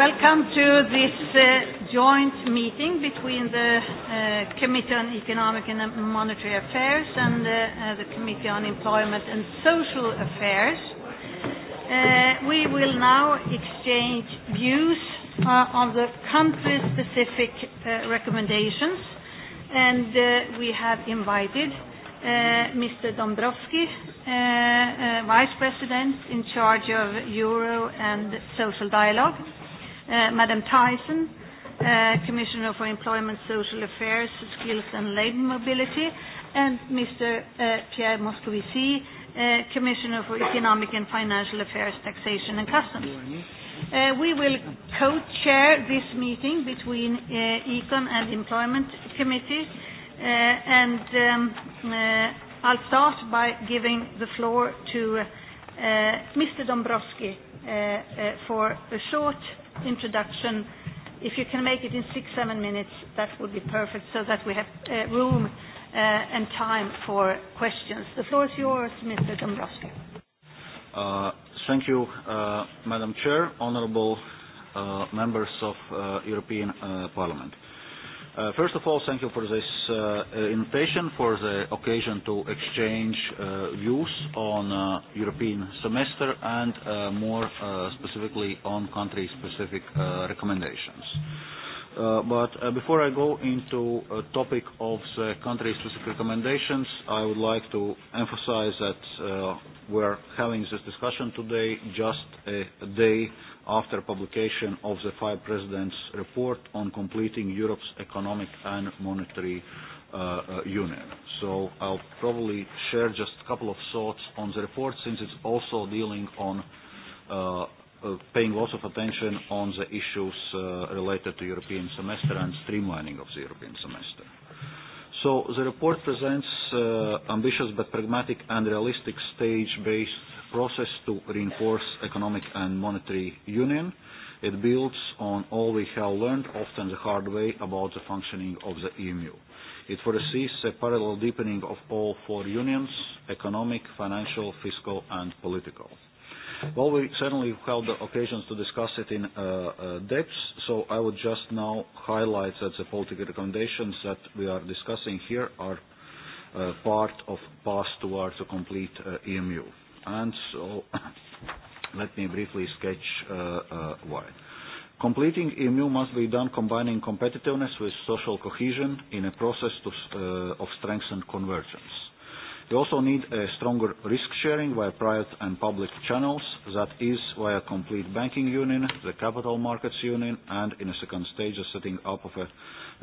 Welcome to this uh, joint meeting between the uh, Committee on Economic and Monetary Affairs and uh, uh, the Committee on Employment and Social Affairs. Uh, we will now exchange views uh, on the country-specific uh, recommendations, and uh, we have invited uh, Mr. Dombrovski, uh, uh, Vice President in charge of Euro and Social Dialogue, uh, Madam Tyson, uh, Commissioner for Employment, Social Affairs, Skills and Labour Mobility, and Mr. Uh, Pierre Moscovici, uh, Commissioner for Economic and Financial Affairs, Taxation and Customs. Uh, we will co-chair this meeting between uh, Econ and Employment Committee, uh, and um, uh, I'll start by giving the floor to uh, Mr. Dombrowski uh, uh, for a short introduction. If you can make it in six, seven minutes, that would be perfect so that we have uh, room uh, and time for questions. The floor is yours, Mr. Dombrowski. Uh, thank you, uh, Madam Chair, honorable uh, members of uh, European uh, Parliament. Uh, Uh, first of all, thank you for this uh, uh, invitation, for the occasion to exchange uh, views on uh, European semester and uh, more uh, specifically on country-specific uh, recommendations. Uh, Uh, but uh, before I go into a topic of the country-specific recommendations, I would like to emphasize that uh, we're having this discussion today just a, a day after publication of the five presidents' report on completing Europe's economic and monetary uh, uh, union. So I'll probably share just a couple of thoughts on the report since it's also dealing on uh, Uh, paying lots of attention on the issues uh, related to European semester and streamlining of the European semester. So the report presents uh, ambitious but pragmatic and realistic stage-based process to reinforce economic and monetary union. It builds on all we have learned, often the hard way, about the functioning of the EMU. It foresees a parallel deepening of all four unions, economic, financial, fiscal and political. Well, we certainly held the occasions to discuss it in uh, uh, depth, so I would just now highlight that the political recommendations that we are discussing here are uh, part of path towards a complete uh, EMU. And so let me briefly sketch uh, uh, why. Completing EMU must be done combining competitiveness with social cohesion in a process to, uh, of strengthened convergence. We also need a stronger risk sharing via private and public channels, that is via complete banking union, the capital markets union, and in a second stage, the setting up of a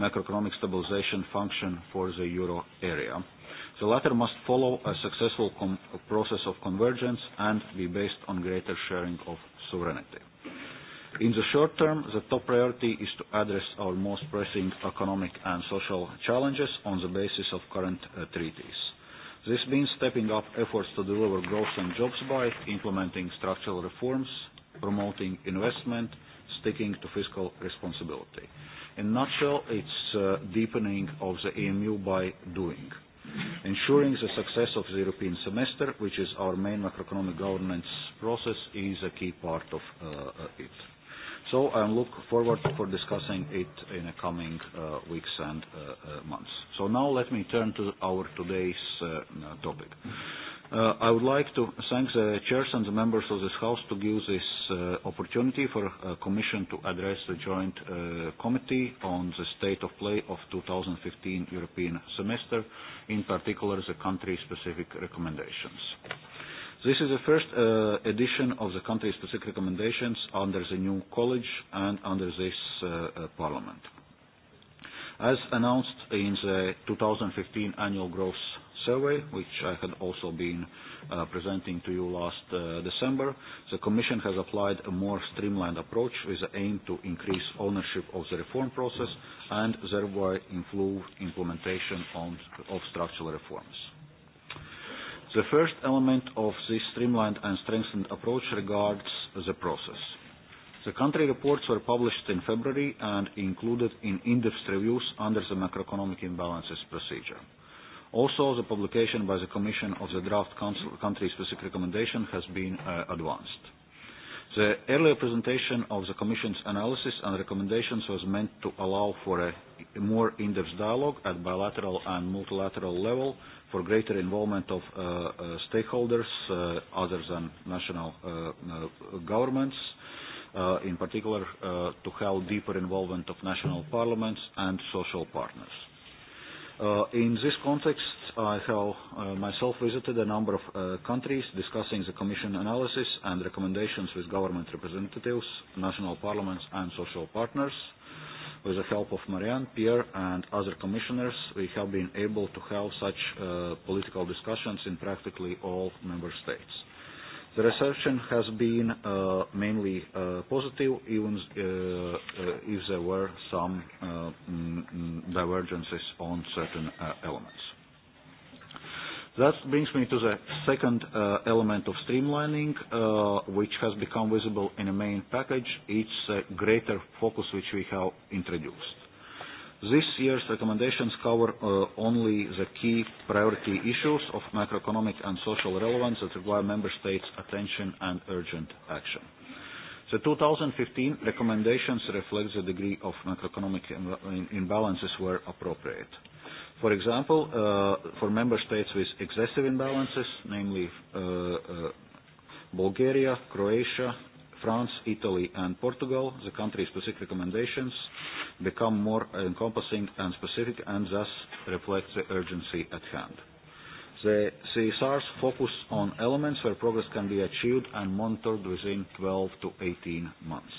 macroeconomic stabilization function for the euro area. The latter must follow a successful com process of convergence and be based on greater sharing of sovereignty. In the short term, the top priority is to address our most pressing economic and social challenges on the basis of current uh, treaties. This means stepping up efforts to deliver growth and jobs by implementing structural reforms, promoting investment, sticking to fiscal responsibility. In nutshell, it's uh, deepening of the EMU by doing. Ensuring the success of the European semester, which is our main macroeconomic governance process, is a key part of uh, uh it. So I look forward for discussing it in the coming uh, weeks and uh, uh, months. So now let me turn to our today's uh, topic. Uh, I would like to thank the chairs and the members of this House to give this uh, opportunity for a Commission to address the joint uh, committee on the state of play of 2015 European semester, in particular the country-specific recommendations. This is the first uh, edition of the country-specific recommendations under the new college and under this uh, uh, parliament. As announced in the 2015 annual growth survey, which I had also been uh, presenting to you last uh, December, the Commission has applied a more streamlined approach with the aim to increase ownership of the reform process and thereby improve implementation on, of structural reforms. The first element of this streamlined and strengthened approach regards the process. The country reports were published in February and included in in-depth reviews under the macroeconomic imbalances procedure. Also, the publication by the Commission of the draft country-specific recommendation has been uh, advanced. The earlier presentation of the Commission's analysis and recommendations was meant to allow for a more in-depth dialogue at bilateral and multilateral level for greater involvement of uh, uh, stakeholders uh, other than national uh, uh, governments, uh, in particular uh, to have deeper involvement of national parliaments and social partners. Uh, in this context, I have uh, myself visited a number of uh, countries discussing the Commission analysis and recommendations with government representatives, national parliaments and social partners with the help of Marianne, Pierre and other commissioners, we have been able to have such uh, political discussions in practically all member states. The reception has been uh, mainly uh, positive, even uh, uh, if there were some uh, mm, mm, divergences on certain uh, elements. That brings me to the second uh, element of streamlining, uh, which has become visible in the main package. It's a greater focus which we have introduced. This year's recommendations cover uh, only the key priority issues of macroeconomic and social relevance that require member states' attention and urgent action. The 2015 recommendations reflect the degree of macroeconomic imbalances where appropriate. For example, uh, for member states with excessive imbalances, namely uh, uh, Bulgaria, Croatia, France, Italy, and Portugal, the country-specific recommendations become more encompassing and specific and thus reflect the urgency at hand. The CSRs focus on elements where progress can be achieved and monitored within 12 to 18 months.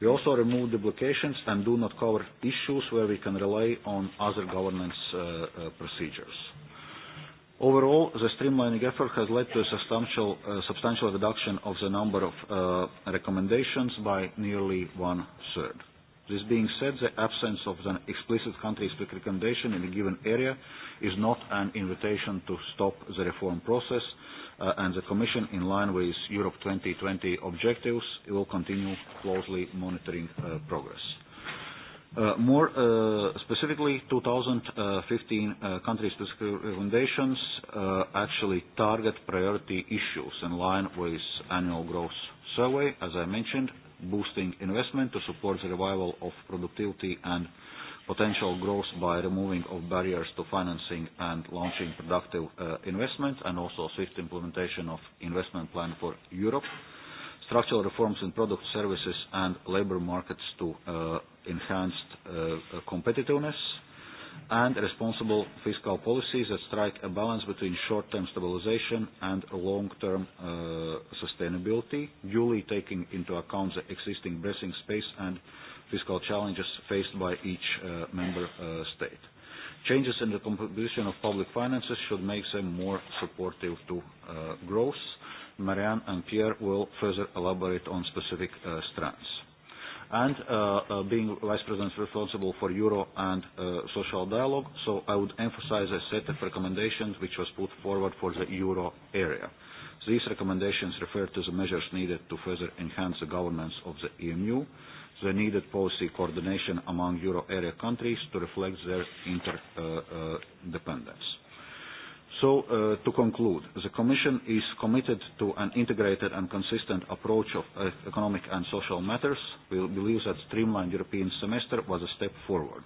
We also remove duplications and do not cover issues where we can rely on other governance uh, uh, procedures. Overall, the streamlining effort has led to a substantial, uh, substantial reduction of the number of uh, recommendations by nearly one third. This being said, the absence of an explicit country-specific recommendation in a given area is not an invitation to stop the reform process, uh, and the Commission, in line with Europe 2020 objectives, will continue closely monitoring uh, progress. Uh, more uh, specifically, 2015 uh, country-specific recommendations uh, actually target priority issues in line with annual growth survey, as I mentioned, boosting investment to support the revival of productivity and potential growth by removing of barriers to financing and launching productive uh, investments and also swift implementation of investment plan for Europe, structural reforms in product services and labor markets to uh, enhanced uh, competitiveness, and responsible fiscal policies that strike a balance between short-term stabilization and long-term uh, sustainability, duly taking into account the existing blessing space and fiscal challenges faced by each uh, member uh, state. Changes in the composition of public finances should make them more supportive to uh, growth. Marianne and Pierre will further elaborate on specific uh, strands and uh, uh, being vice president responsible for euro and uh, social dialogue. So I would emphasize a set of recommendations which was put forward for the euro area. These recommendations refer to the measures needed to further enhance the governance of the EMU, the needed policy coordination among euro area countries to reflect their interdependence. Uh, uh, So, uh, to conclude, the Commission is committed to an integrated and consistent approach of uh, economic and social matters. We believe that streamlined European semester was a step forward.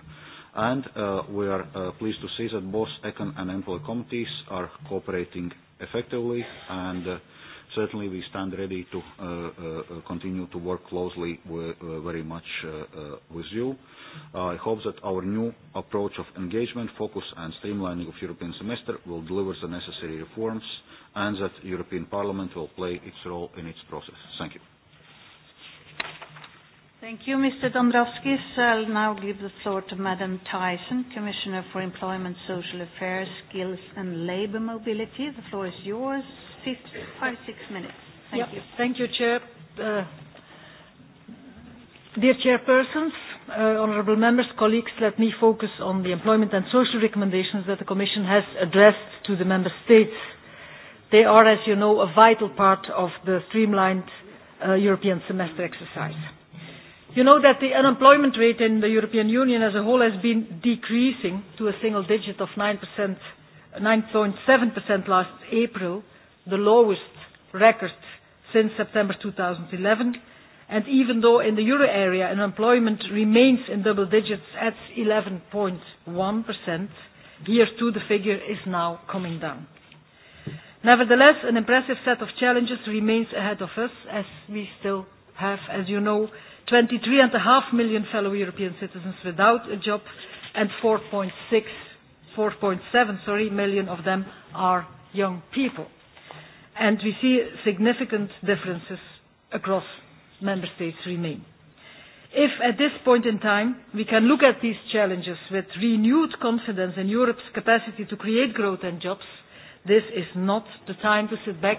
And uh, we are uh, pleased to see that both ECON and employee committees are cooperating effectively and uh, certainly we stand ready to uh, uh, uh continue to work closely with, uh, very much uh, uh, with you. Uh, I hope that our new approach of engagement, focus and streamlining of European semester will deliver the necessary reforms and that European Parliament will play its role in its process. Thank you. Thank you, Mr. Dombrovskis. I'll now give the floor to Madam Tyson, Commissioner for Employment, Social Affairs, Skills and Labour Mobility. The floor is yours five, six minutes. Thank yep. you. Thank you, Chair. Uh, dear Chairpersons, uh, honourable members, colleagues, let me focus on the employment and social recommendations that the Commission has addressed to the member states. They are, as you know, a vital part of the streamlined uh, European semester exercise. You know that the unemployment rate in the European Union as a whole has been decreasing to a single digit of 9.7% last April, the lowest record since September 2011. And even though in the euro area unemployment remains in double digits at 11.1%, here too the figure is now coming down. Nevertheless, an impressive set of challenges remains ahead of us as we still have, as you know, 23.5 million fellow European citizens without a job and 4.6, 4.7 sorry, million of them are young people and we see significant differences across member states remain. If at this point in time we can look at these challenges with renewed confidence in Europe's capacity to create growth and jobs, this is not the time to sit back,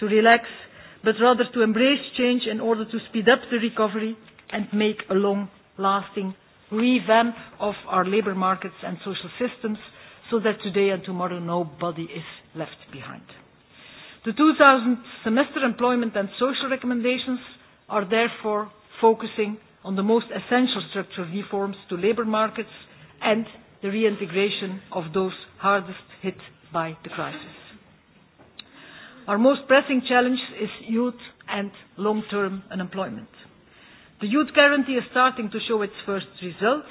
to relax, but rather to embrace change in order to speed up the recovery and make a long-lasting revamp of our labour markets and social systems so that today and tomorrow nobody is left behind. The 2000 semester employment and social recommendations are therefore focusing on the most essential structural reforms to labour markets and the reintegration of those hardest hit by the crisis. Our most pressing challenge is youth and long-term unemployment. The youth guarantee is starting to show its first results.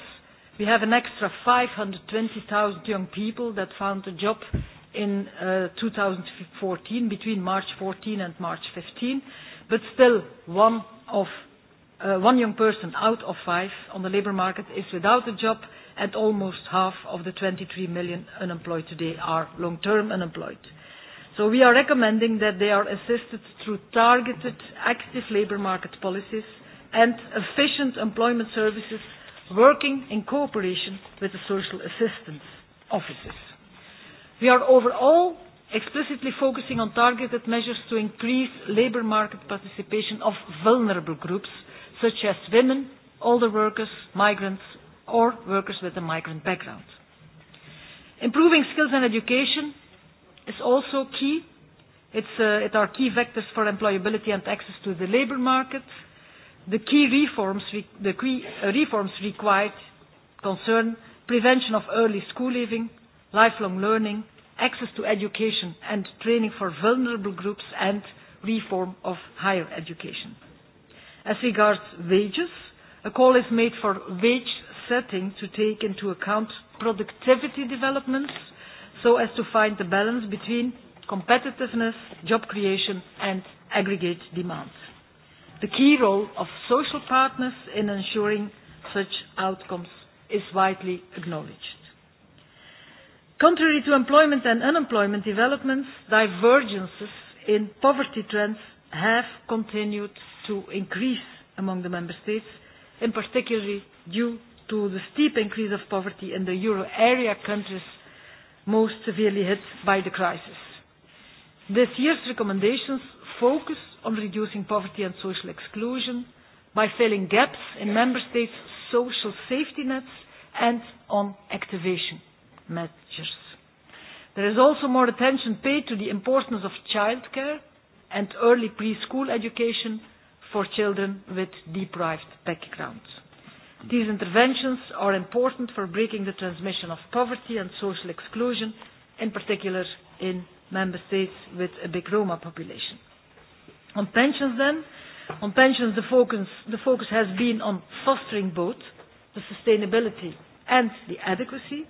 We have an extra 520,000 young people that found a job in uh, 2014, between March 14 and March 15, but still one of uh, one young person out of five on the labor market is without a job, and almost half of the 23 million unemployed today are long-term unemployed. So we are recommending that they are assisted through targeted active labor market policies and efficient employment services working in cooperation with the social assistance offices. We are overall explicitly focusing on targeted measures to increase labor market participation of vulnerable groups, such as women, older workers, migrants, or workers with a migrant background. Improving skills and education is also key. It's, uh, it are key vectors for employability and access to the labor market. The key reforms, re the key uh, reforms required concern prevention of early school leaving, lifelong learning, access to education and training for vulnerable groups and reform of higher education. As regards wages, a call is made for wage setting to take into account productivity developments so as to find the balance between competitiveness, job creation and aggregate demand. The key role of social partners in ensuring such outcomes is widely acknowledged. Contrary to employment and unemployment developments, divergences in poverty trends have continued to increase among the member states, in particular due to the steep increase of poverty in the euro area countries most severely hit by the crisis. This year's recommendations focus on reducing poverty and social exclusion by filling gaps in member states' social safety nets and on activation measures. There is also more attention paid to the importance of childcare and early preschool education for children with deprived backgrounds. These interventions are important for breaking the transmission of poverty and social exclusion, in particular in member states with a big Roma population. On pensions then, on pensions the focus, the focus has been on fostering both the sustainability and the adequacy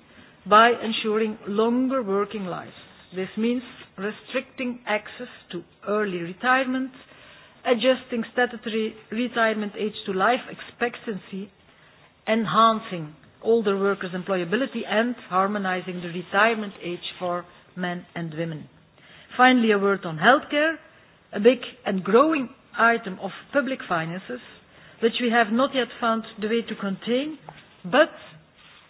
by ensuring longer working lives. This means restricting access to early retirement, adjusting statutory retirement age to life expectancy, enhancing older workers' employability and harmonizing the retirement age for men and women. Finally, a word on healthcare, a big and growing item of public finances, which we have not yet found the way to contain, but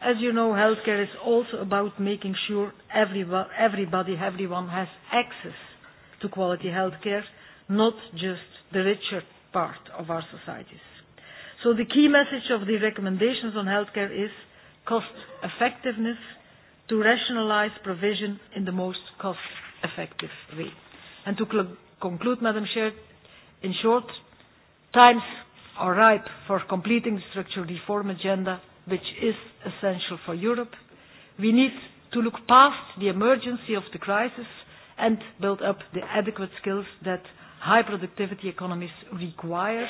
As you know, healthcare is also about making sure everybody, everybody everyone has access to quality healthcare, not just the richer part of our societies. So the key message of the recommendations on healthcare is cost effectiveness to rationalize provision in the most cost effective way. And to conclude, Madam Chair, in short, times are ripe for completing the structural reform agenda which is essential for Europe. We need to look past the emergency of the crisis and build up the adequate skills that high productivity economies require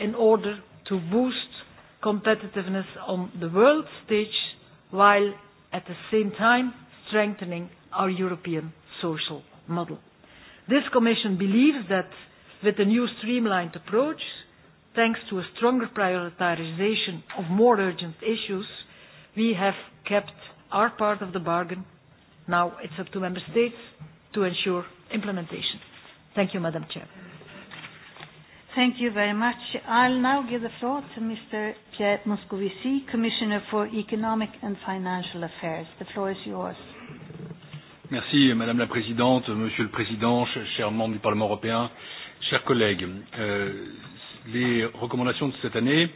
in order to boost competitiveness on the world stage while at the same time strengthening our European social model. This Commission believes that with a new streamlined approach, thanks to a stronger prioritization of more urgent issues, we have kept our part of the bargain. Now it's up to Member States to ensure implementation. Thank you, Madam Chair. Thank you very much. I'll now give the floor to Mr. Pierre Moscovici, Commissioner for Economic and Financial Affairs. The floor is yours. Merci, Madame la Présidente, Monsieur le Président, chers membres du Parlement européen, chers collègues. Euh, Les recommandations de cette année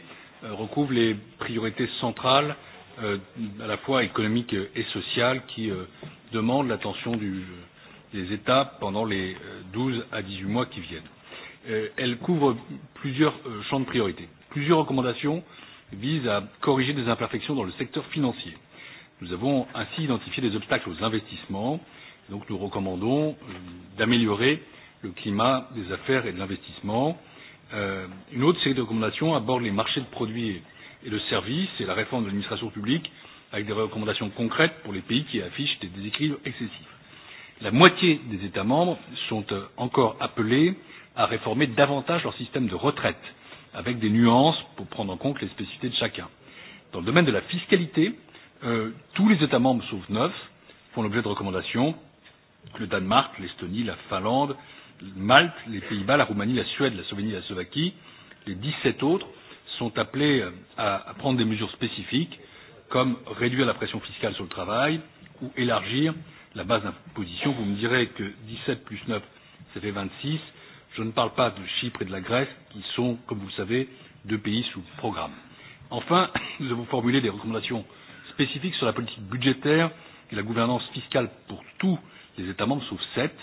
euh, recouvrent les priorités centrales euh, à la fois économiques et sociales qui euh, demandent l'attention des États pendant les 12 à 18 mois qui viennent. Elles couvrent plusieurs champs de priorité. Plusieurs recommandations visent à corriger des imperfections dans le secteur financier. Nous avons ainsi identifié des obstacles aux investissements, donc nous recommandons d'améliorer le climat des affaires et de l'investissement, euh, Euh, une autre série de recommandations aborde les marchés de produits et de services et la réforme de l'administration publique avec des recommandations concrètes pour les pays qui affichent des déséquilibres excessifs. La moitié des États membres sont euh, encore appelés à réformer davantage leur système de retraite, avec des nuances pour prendre en compte les spécificités de chacun. Dans le domaine de la fiscalité, euh, tous les États membres sauf neuf font l'objet de recommandations. Le Danemark, l'Estonie, la Finlande, Malte, les Pays-Bas, la Roumanie, la Suède, la Slovénie et la Slovaquie. Les 17 autres sont appelés euh, à, prendre des mesures spécifiques comme réduire la pression fiscale sur le travail ou élargir la base d'imposition. Vous me direz que 17 plus 9, ça fait 26. Je ne parle pas de Chypre et de la Grèce qui sont, comme vous le savez, deux pays sous programme. Enfin, nous avons formulé des recommandations spécifiques sur la politique budgétaire et la gouvernance fiscale pour tous les États membres sauf sept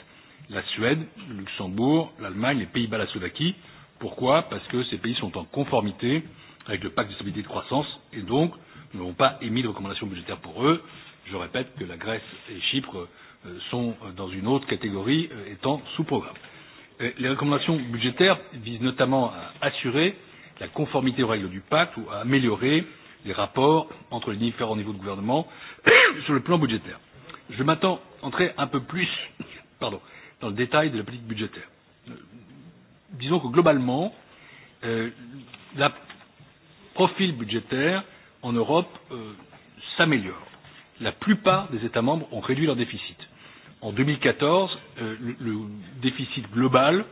la Suède, le Luxembourg, l'Allemagne, les Pays-Bas, la Slovaquie. Pourquoi Parce que ces pays sont en conformité avec le pacte de stabilité et de croissance et donc nous n'avons pas émis de recommandations budgétaires pour eux. Je répète que la Grèce et Chypre euh, sont dans une autre catégorie euh, étant sous programme. Euh, les recommandations budgétaires visent notamment à assurer la conformité aux règles du pacte ou à améliorer les rapports entre les différents niveaux de gouvernement sur le plan budgétaire. Je m'attends à entrer un peu plus pardon, dans le détail de la politique budgétaire. Euh, disons que globalement, euh, le profil budgétaire en Europe euh, s'améliore. La plupart des États membres ont réduit leur déficit. En 2014, euh, le, le déficit global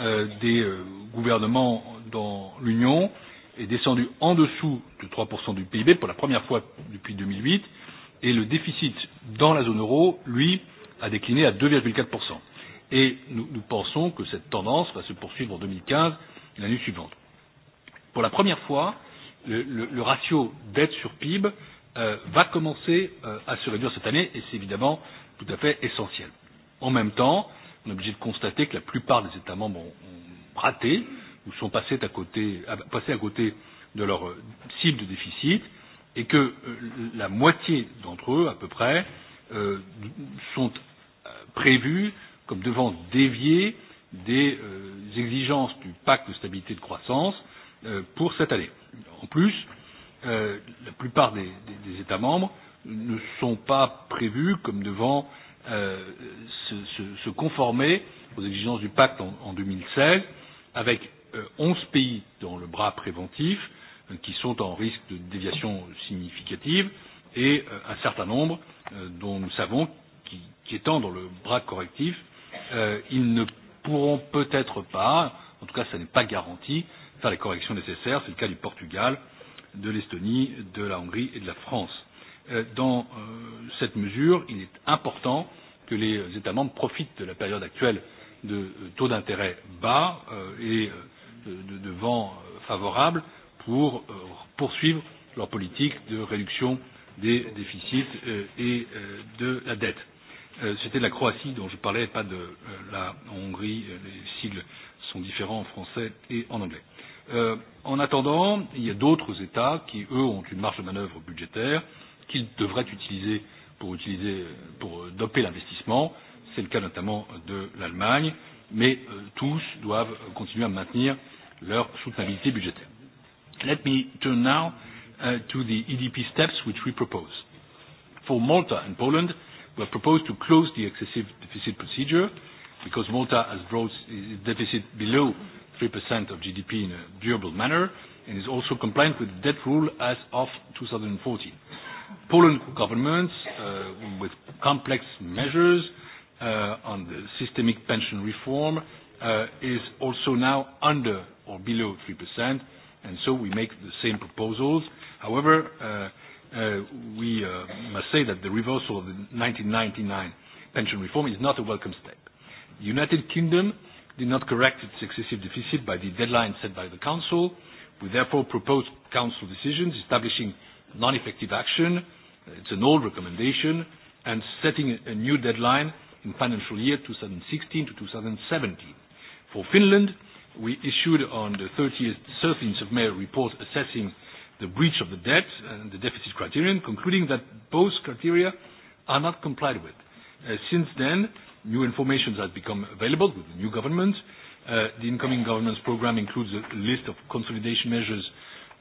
euh, des euh, gouvernements dans l'Union est descendu en dessous de 3% du PIB pour la première fois depuis 2008 et le déficit dans la zone euro, lui, a décliné à 2,4%. Et nous, nous pensons que cette tendance va se poursuivre en 2015 et l'année suivante. Pour la première fois, le, le, le ratio dette sur PIB euh, va commencer euh, à se réduire cette année et c'est évidemment tout à fait essentiel. En même temps, on est obligé de constater que la plupart des États membres ont, ont raté ou sont passés à côté, à, passés à côté de leur euh, cible de déficit et que euh, la moitié d'entre eux, à peu près, euh, sont euh, prévus comme devant dévier des euh, exigences du pacte de stabilité et de croissance euh, pour cette année. En plus, euh, la plupart des, des, des États membres ne sont pas prévus comme devant euh, se, se, se conformer aux exigences du pacte en, en 2016, avec euh, 11 pays dans le bras préventif euh, qui sont en risque de déviation significative et euh, un certain nombre euh, dont nous savons qui, qui étant dans le bras correctif euh, euh, ils ne pourront peut-être pas, en tout cas ça n'est pas garanti, faire les corrections nécessaires. C'est le cas du Portugal, de l'Estonie, de la Hongrie et de la France. Euh, dans euh, cette mesure, il est important que les États membres profitent de la période actuelle de euh, taux d'intérêt bas euh, et euh, de, de vent euh, favorable pour euh, poursuivre leur politique de réduction des déficits euh, et euh, de la dette Euh, c'était la Croatie dont je parlais, pas de euh, la Hongrie. Les sigles sont différents en français et en anglais. Euh, en attendant, il y a d'autres États qui, eux, ont une marge de manœuvre budgétaire qu'ils devraient utiliser pour, utiliser, pour euh, doper l'investissement. C'est le cas notamment de l'Allemagne, mais euh, tous doivent continuer à maintenir leur soutenabilité budgétaire. Let me turn now uh, to the EDP steps which we propose. For Malta and Poland, uh, We have proposed to close the excessive deficit procedure because Malta has brought its deficit below 3% of GDP in a durable manner and is also compliant with the debt rule as of 2014. Poland governments, uh, with complex measures uh, on the systemic pension reform, uh, is also now under or below 3%, and so we make the same proposals. However, uh, uh, we uh, must say that the reversal of the 1999 pension reform is not a welcome step. The United Kingdom did not correct its excessive deficit by the deadline set by the Council. We therefore proposed Council decisions establishing non-effective action, uh, it's an old recommendation, and setting a new deadline in financial year 2016 to 2017. For Finland, we issued on the 30th, 13th of May a report assessing uh, the breach of the debt and the deficit criterion, concluding that both criteria are not complied with. Uh, since then, new information has become available with the new government. Uh, the incoming government's program includes a list of consolidation measures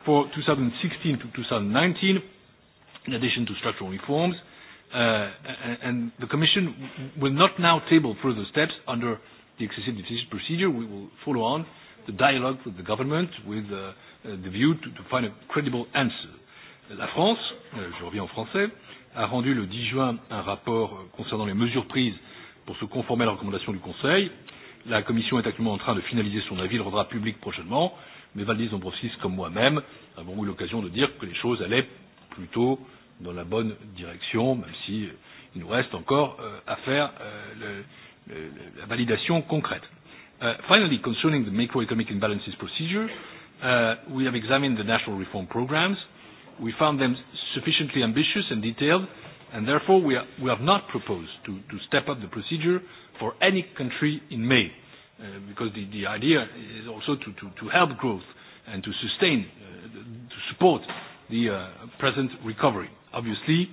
for 2016 to 2019, in addition to structural reforms. Uh, and the Commission will not now table further steps under the excessive deficit procedure. We will follow on the dialogue with the government with uh, uh, the view to, to find a credible answer. La France, euh, je reviens en français, a rendu le 10 juin un rapport euh, concernant les mesures prises pour se conformer à la recommandation du Conseil. La Commission est actuellement en train de finaliser son avis, le rendra public prochainement, mais Valdis Dombrovskis, comme moi-même, avons eu l'occasion de dire que les choses allaient plutôt dans la bonne direction, même si euh, il nous reste encore euh, à faire euh, le, le, la validation concrète. Euh, Uh, finally, concerning the macroeconomic imbalances procedure, uh, we have examined the national reform programs. We found them sufficiently ambitious and detailed, and therefore we, are, we have not proposed to, to step up the procedure for any country in May, uh, because the, the idea is also to, to, to help growth and to sustain, uh, to support the uh, present recovery. Obviously,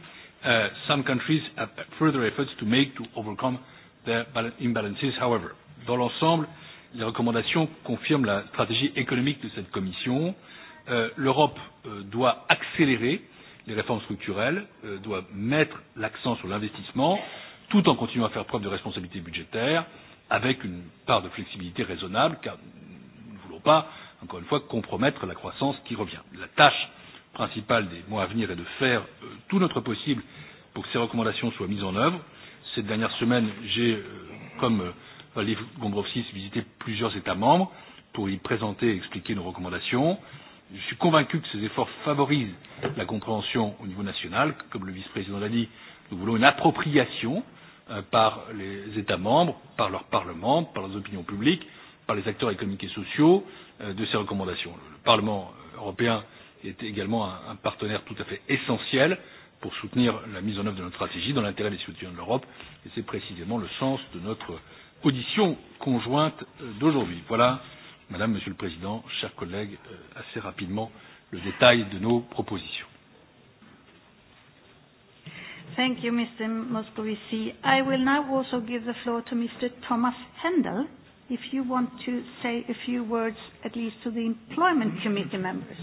uh, some countries have further efforts to make to overcome their imbalances, however. Dans l'ensemble, les recommandations confirment la stratégie économique de cette Commission. Euh, L'Europe euh, doit accélérer les réformes structurelles, euh, doit mettre l'accent sur l'investissement, tout en continuant à faire preuve de responsabilité budgétaire, avec une part de flexibilité raisonnable, car nous ne voulons pas, encore une fois, compromettre la croissance qui revient. La tâche principale des mois à venir est de faire euh, tout notre possible pour que ces recommandations soient mises en œuvre. Cette dernière semaine, j'ai, euh, comme euh, Liv Gombrovskis visiter plusieurs États membres pour y présenter et expliquer nos recommandations. Je suis convaincu que ces efforts favorisent la compréhension au niveau national. Comme le vice-président l'a dit, nous voulons une appropriation euh, par les États membres, par leurs parlements, par leurs opinions publiques, par les acteurs économiques et sociaux euh, de ces recommandations. Le Parlement européen est également un, un partenaire tout à fait essentiel pour soutenir la mise en œuvre de notre stratégie dans l'intérêt des citoyens de l'Europe et c'est précisément le sens de notre audition conjointe euh, d'aujourd'hui. Voilà, Madame, Monsieur le Président, chers collègues, euh, assez rapidement le détail de nos propositions. Thank you, Mr. Moscovici. I will now also give the floor to Mr. Thomas Hendel, if you want to say a few words, at least to the Employment Committee members.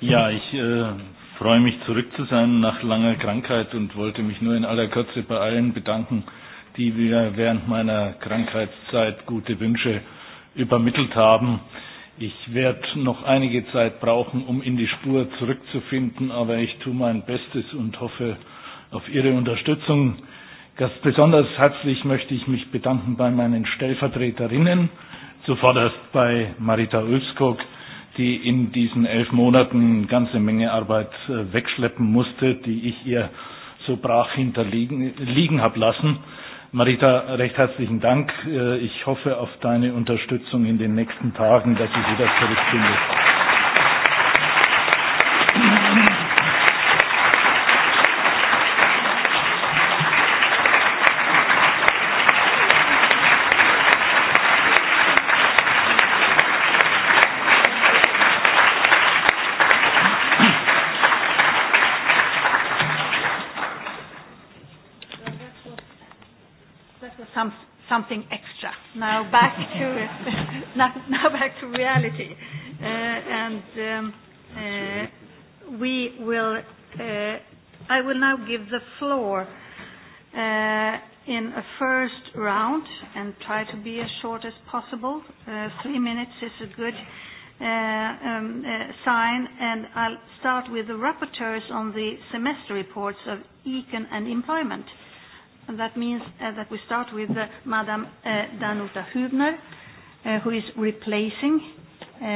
Ja, ich äh, freue mich zurück zu sein nach langer Krankheit und wollte mich nur in aller Kürze bei allen bedanken, die mir während meiner Krankheitszeit gute Wünsche übermittelt haben. Ich werde noch einige Zeit brauchen, um in die Spur zurückzufinden, aber ich tue mein Bestes und hoffe auf Ihre Unterstützung. Ganz besonders herzlich möchte ich mich bedanken bei meinen Stellvertreterinnen, zuvorderst bei Marita Ulskog, die in diesen elf Monaten eine ganze Menge Arbeit äh, wegschleppen musste, die ich ihr so brach hinterliegen liegen habe lassen. Marita, recht herzlichen Dank. Äh, ich hoffe auf deine Unterstützung in den nächsten Tagen, dass ich wieder zurückfinde. something extra. Now back to now, now back to reality, uh, and um, uh, we will. Uh, I will now give the floor uh, in a first round and try to be as short as possible. Uh, three minutes is a good uh, um, uh, sign, and I'll start with the rapporteurs on the semester reports of Econ and Employment and that means uh, that we start with uh, Madam uh, Danuta Hübner, uh, who is replacing uh, uh,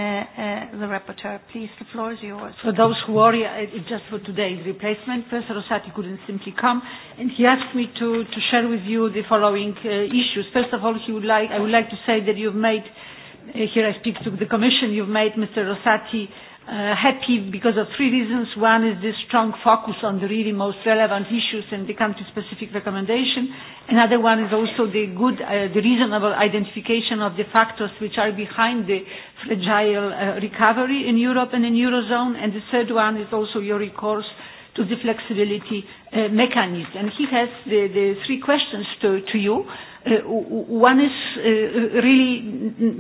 the rapporteur. Please, the floor is yours. For those who worry, it's just for today's replacement. Professor Rosati couldn't simply come, and he asked me to, to share with you the following uh, issues. First of all, he would like, I would like to say that you've made, uh, here I speak to the Commission, you've made Mr. Rosati uh, happy because of three reasons. One is this strong focus on the really most relevant issues and the country-specific recommendation. Another one is also the good, uh, the reasonable identification of the factors which are behind the fragile uh, recovery in Europe and in Eurozone. And the third one is also your recourse to the flexibility uh, mechanism. And he has the, the three questions to, to you. Uh, one is uh, really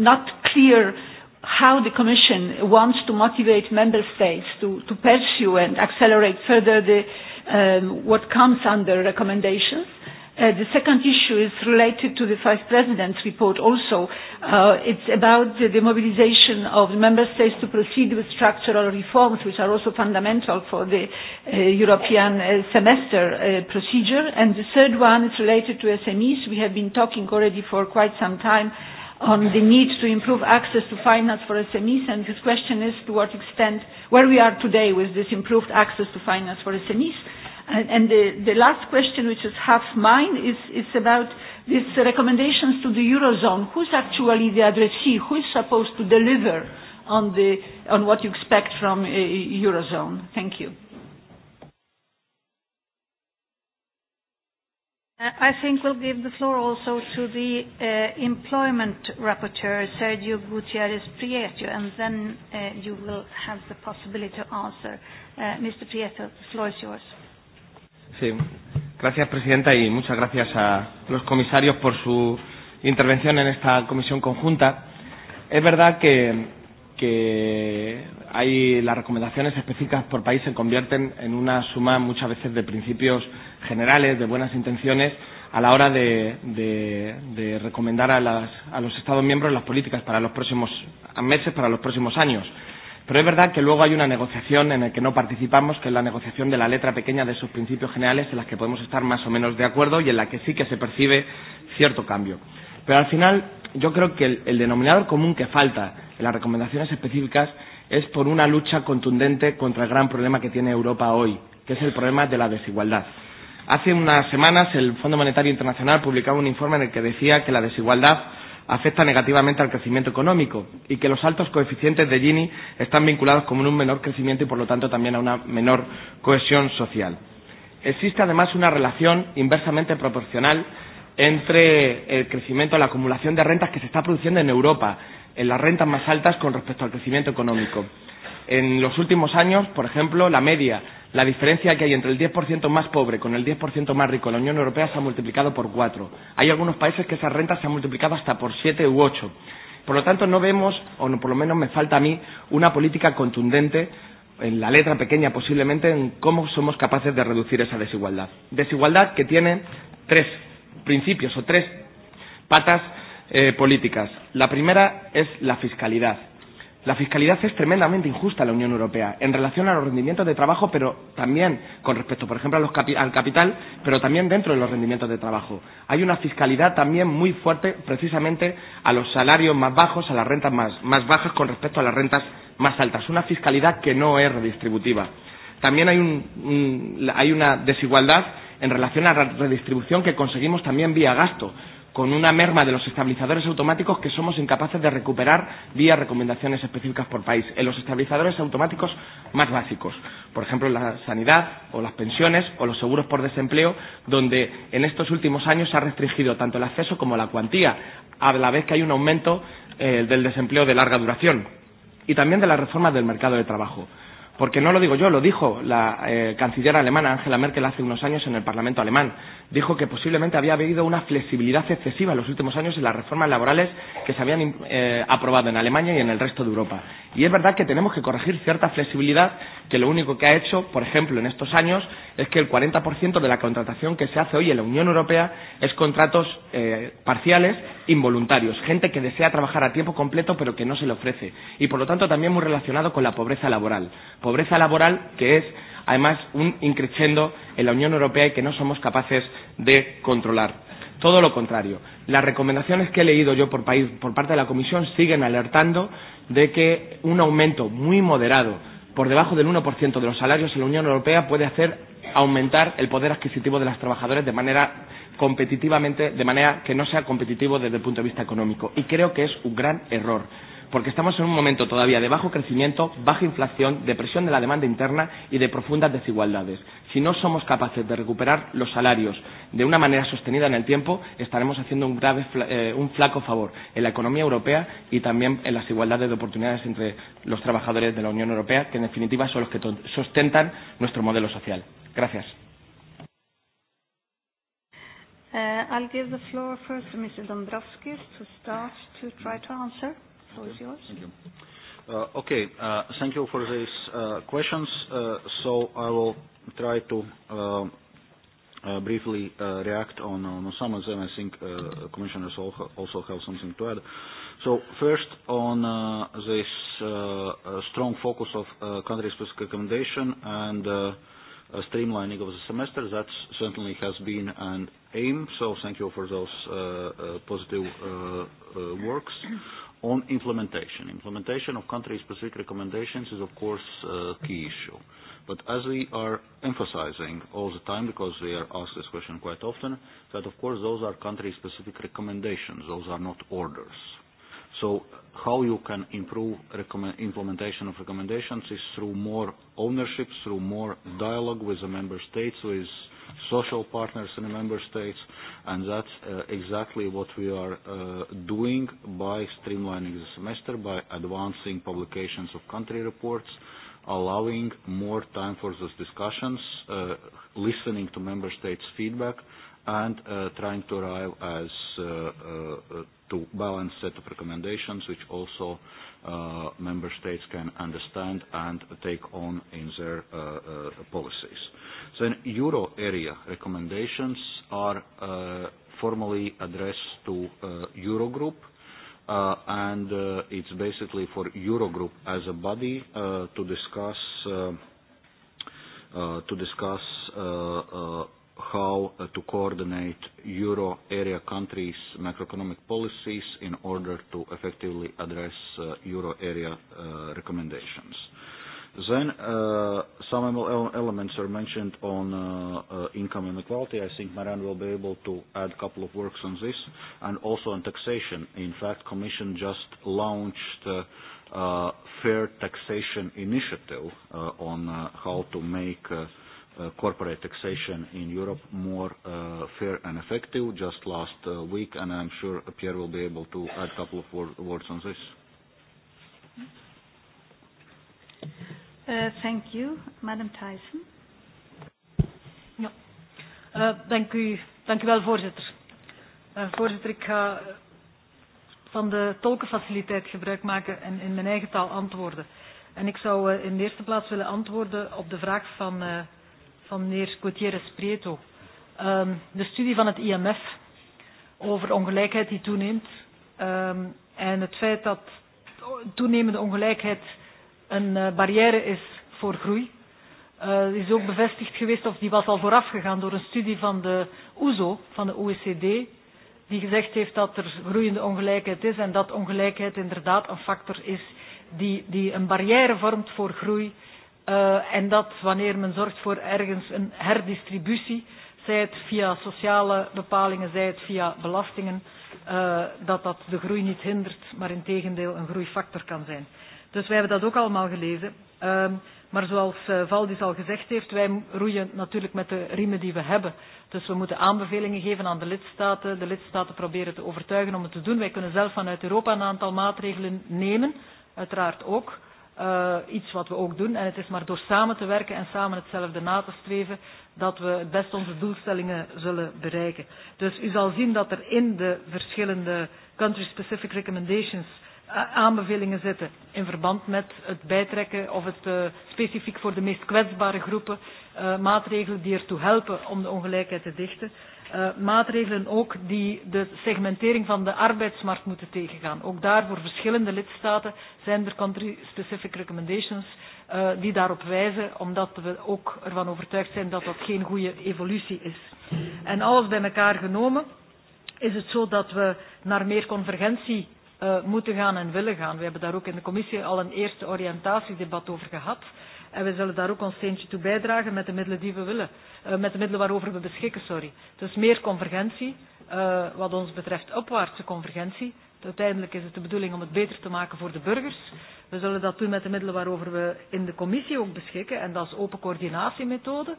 not clear how the Commission wants to motivate member states to, to pursue and accelerate further the, um, what comes under recommendations. Uh, the second issue is related to the Vice President's report also. Uh, it's about the, the mobilization of the Member States to proceed with structural reforms, which are also fundamental for the uh, European uh, semester uh, procedure. And the third one is related to SMEs. We have been talking already for quite some time on the need to improve access to finance for SMEs, and his question is to what extent, where we are today with this improved access to finance for SMEs. And, and the, the last question, which is half mine, is, is about these recommendations to the Eurozone. Who's actually the addressee? Who is supposed to deliver on, the, on what you expect from uh, Eurozone? Thank you. I think we'll give the floor also to the uh, employment rapporteur, Sergio Gutierrez Prieto, and then uh, you will have the possibility to answer. Uh, Mr. Prieto, the floor is yours. Sí, gracias, Presidenta, y muchas gracias a los comisarios por su intervención en esta comisión conjunta. Es verdad que, que hay las recomendaciones específicas por país se convierten en una suma muchas veces de principios generales, de buenas intenciones a la hora de, de, de recomendar a, las, a los Estados miembros las políticas para los próximos meses, para los próximos años. Pero es verdad que luego hay una negociación en la que no participamos, que es la negociación de la letra pequeña de sus principios generales, en las que podemos estar más o menos de acuerdo y en la que sí que se percibe cierto cambio. Pero al final, yo creo que el, el denominador común que falta en las recomendaciones específicas es por una lucha contundente contra el gran problema que tiene Europa hoy, que es el problema de la desigualdad. Hace unas semanas el Fondo Monetario Internacional publicaba un informe en el que decía que la desigualdad afecta negativamente al crecimiento económico y que los altos coeficientes de Gini están vinculados con un menor crecimiento y por lo tanto también a una menor cohesión social. Existe además una relación inversamente proporcional entre el crecimiento, la acumulación de rentas que se está produciendo en Europa, en las rentas más altas con respecto al crecimiento económico. En los últimos años, por ejemplo, la media, la diferencia que hay entre el 10% más pobre con el 10% más rico en la Unión Europea se ha multiplicado por 4. Hay algunos países que esas rentas se han multiplicado hasta por 7 u 8. Por lo tanto, no vemos, o no, por lo menos me falta a mí, una política contundente en la letra pequeña posiblemente en cómo somos capaces de reducir esa desigualdad. Desigualdad que tiene tres principios o tres patas eh, políticas. La primera es la fiscalidad. La fiscalidad es tremendamente injusta en la Unión Europea en relación a los rendimientos de trabajo, pero también con respecto, por ejemplo, a los capi al capital, pero también dentro de los rendimientos de trabajo. Hay una fiscalidad también muy fuerte precisamente a los salarios más bajos, a las rentas más, más bajas con respecto a las rentas más altas. Una fiscalidad que no es redistributiva. También hay, un, un, hay una desigualdad en relación a la redistribución que conseguimos también vía gasto con una merma de los estabilizadores automáticos que somos incapaces de recuperar vía recomendaciones específicas por país, en los estabilizadores automáticos más básicos, por ejemplo la sanidad o las pensiones o los seguros por desempleo, donde en estos últimos años se ha restringido tanto el acceso como la cuantía, a la vez que hay un aumento eh, del desempleo de larga duración y también de las reformas del mercado de trabajo. Porque no lo digo yo, lo dijo la eh, canciller alemana Angela Merkel hace unos años en el Parlamento alemán. Dijo que posiblemente había habido una flexibilidad excesiva en los últimos años en las reformas laborales que se habían eh, aprobado en Alemania y en el resto de Europa. Y es verdad que tenemos que corregir cierta flexibilidad que lo único que ha hecho, por ejemplo, en estos años es que el 40% de la contratación que se hace hoy en la Unión Europea es contratos eh, parciales involuntarios, gente que desea trabajar a tiempo completo pero que no se le ofrece y por lo tanto también muy relacionado con la pobreza laboral. Pobreza laboral que es además un increciendo en la Unión Europea y que no somos capaces de controlar. Todo lo contrario. Las recomendaciones que he leído yo por, país, por parte de la Comisión siguen alertando de que un aumento muy moderado por debajo del 1% de los salarios en la Unión Europea puede hacer aumentar el poder adquisitivo de las trabajadoras de manera competitivamente, de manera que no sea competitivo desde el punto de vista económico. Y creo que es un gran error porque estamos en un momento todavía de bajo crecimiento, baja inflación, depresión de la demanda interna y de profundas desigualdades. Si no somos capaces de recuperar los salarios de una manera sostenida en el tiempo, estaremos haciendo un, grave, eh, un flaco favor en la economía europea y también en las igualdades de oportunidades entre los trabajadores de la Unión Europea, que en definitiva son los que sustentan nuestro modelo social. Gracias. Uh, I'll give the floor first to Mr. Dombrovskis to start to try to answer. The floor is yours. Thank you. Uh, okay, uh, thank you for these uh, questions. Uh, so I will try to uh, uh, briefly uh, react on, on some of them. I think uh, commissioners also have something to add. So first on uh, this uh, uh strong focus of uh, country-specific recommendation and uh, uh, streamlining of the semester. That certainly has been an aim, so thank you for those uh, uh, positive uh, uh, works. On implementation, implementation of country-specific recommendations is of course a uh, key issue. But as we are emphasizing all the time, because we are asked this question quite often, that of course those are country-specific recommendations, those are not orders. So how you can improve recommend, implementation of recommendations is through more ownership, through more dialogue with the member states, with social partners in the member states, and that's uh, exactly what we are uh, doing by streamlining the semester, by advancing publications of country reports, allowing more time for those discussions, uh, listening to member states' feedback, and uh, trying to arrive as uh, uh, to balanced set of recommendations which also uh, member states can understand and take on in their uh, uh, policies. So in euro area recommendations are uh, formally addressed to uh, Eurogroup uh, and uh, it's basically for Eurogroup as a body uh, to discuss uh, uh, to discuss uh, uh, how uh, to coordinate euro area countries' macroeconomic policies in order to effectively address uh, euro area uh, recommendations. Then uh, some elements are mentioned on uh, uh, income inequality. I think Maran will be able to add a couple of works on this, and also on taxation. In fact, Commission just launched uh, uh, fair taxation initiative uh, on uh, how to make uh, uh, corporate taxation in Europe more uh, fair and effective just last uh, week, and I'm sure Pierre will be able to add a couple of wor words on this. Uh, thank you. Madam Tyson. Ja. Uh, dank, u, dank u wel, voorzitter. Uh, voorzitter, ik ga uh, van de tolkenfaciliteit gebruik maken en in mijn eigen taal antwoorden. En ik zou uh, in de eerste plaats willen antwoorden op de vraag van... Uh, van meneer Gutierrez Prieto. Um, ehm, de studie van het IMF over ongelijkheid die toeneemt um, en het feit dat toenemende ongelijkheid een uh, barrière is voor groei. Uh, is ook bevestigd geweest, of die was al vooraf gegaan door een studie van de OESO, e van de OECD, die gezegd heeft dat er groeiende ongelijkheid is en dat ongelijkheid inderdaad een factor is die, die een barrière vormt voor groei Uh, en dat wanneer men zorgt voor ergens een herdistributie, zij het via sociale bepalingen, zij het via belastingen, uh, dat dat de groei niet hindert, maar in tegendeel een groeifactor kan zijn. Dus wij hebben dat ook allemaal gelezen. Uh, maar zoals uh, Valdis al gezegd heeft, wij roeien natuurlijk met de riemen die we hebben. Dus we moeten aanbevelingen geven aan de lidstaten. De lidstaten proberen te overtuigen om het te doen. Wij kunnen zelf vanuit Europa een aantal maatregelen nemen, uiteraard ook uh, iets wat we ook doen. En het is maar door samen te werken en samen hetzelfde na te streven dat we het best onze doelstellingen zullen bereiken. Dus u zal zien dat er in de verschillende country-specific recommendations eh, aanbevelingen zitten in verband met het bijtrekken of het uh, specifiek voor de meest kwetsbare groepen uh, maatregelen die ertoe helpen om de ongelijkheid te dichten uh, maatregelen ook die de segmentering van de arbeidsmarkt moeten tegengaan. Ook daar voor verschillende lidstaten zijn er country-specific recommendations uh, die daarop wijzen, omdat we ook ervan overtuigd zijn dat dat geen goede evolutie is. En alles bij elkaar genomen is het zo dat we naar meer convergentie uh, moeten gaan en willen gaan. We hebben daar ook in de commissie al een eerste oriëntatiedebat over gehad. Uh, En we zullen daar ook ons steentje toe bijdragen met de middelen die we willen. Uh, met de middelen waarover we beschikken, sorry. Dus meer convergentie, uh, wat ons betreft opwaartse convergentie. Uiteindelijk is het de bedoeling om het beter te maken voor de burgers. We zullen dat doen met de middelen waarover we in de commissie ook beschikken. En dat is open coördinatiemethode.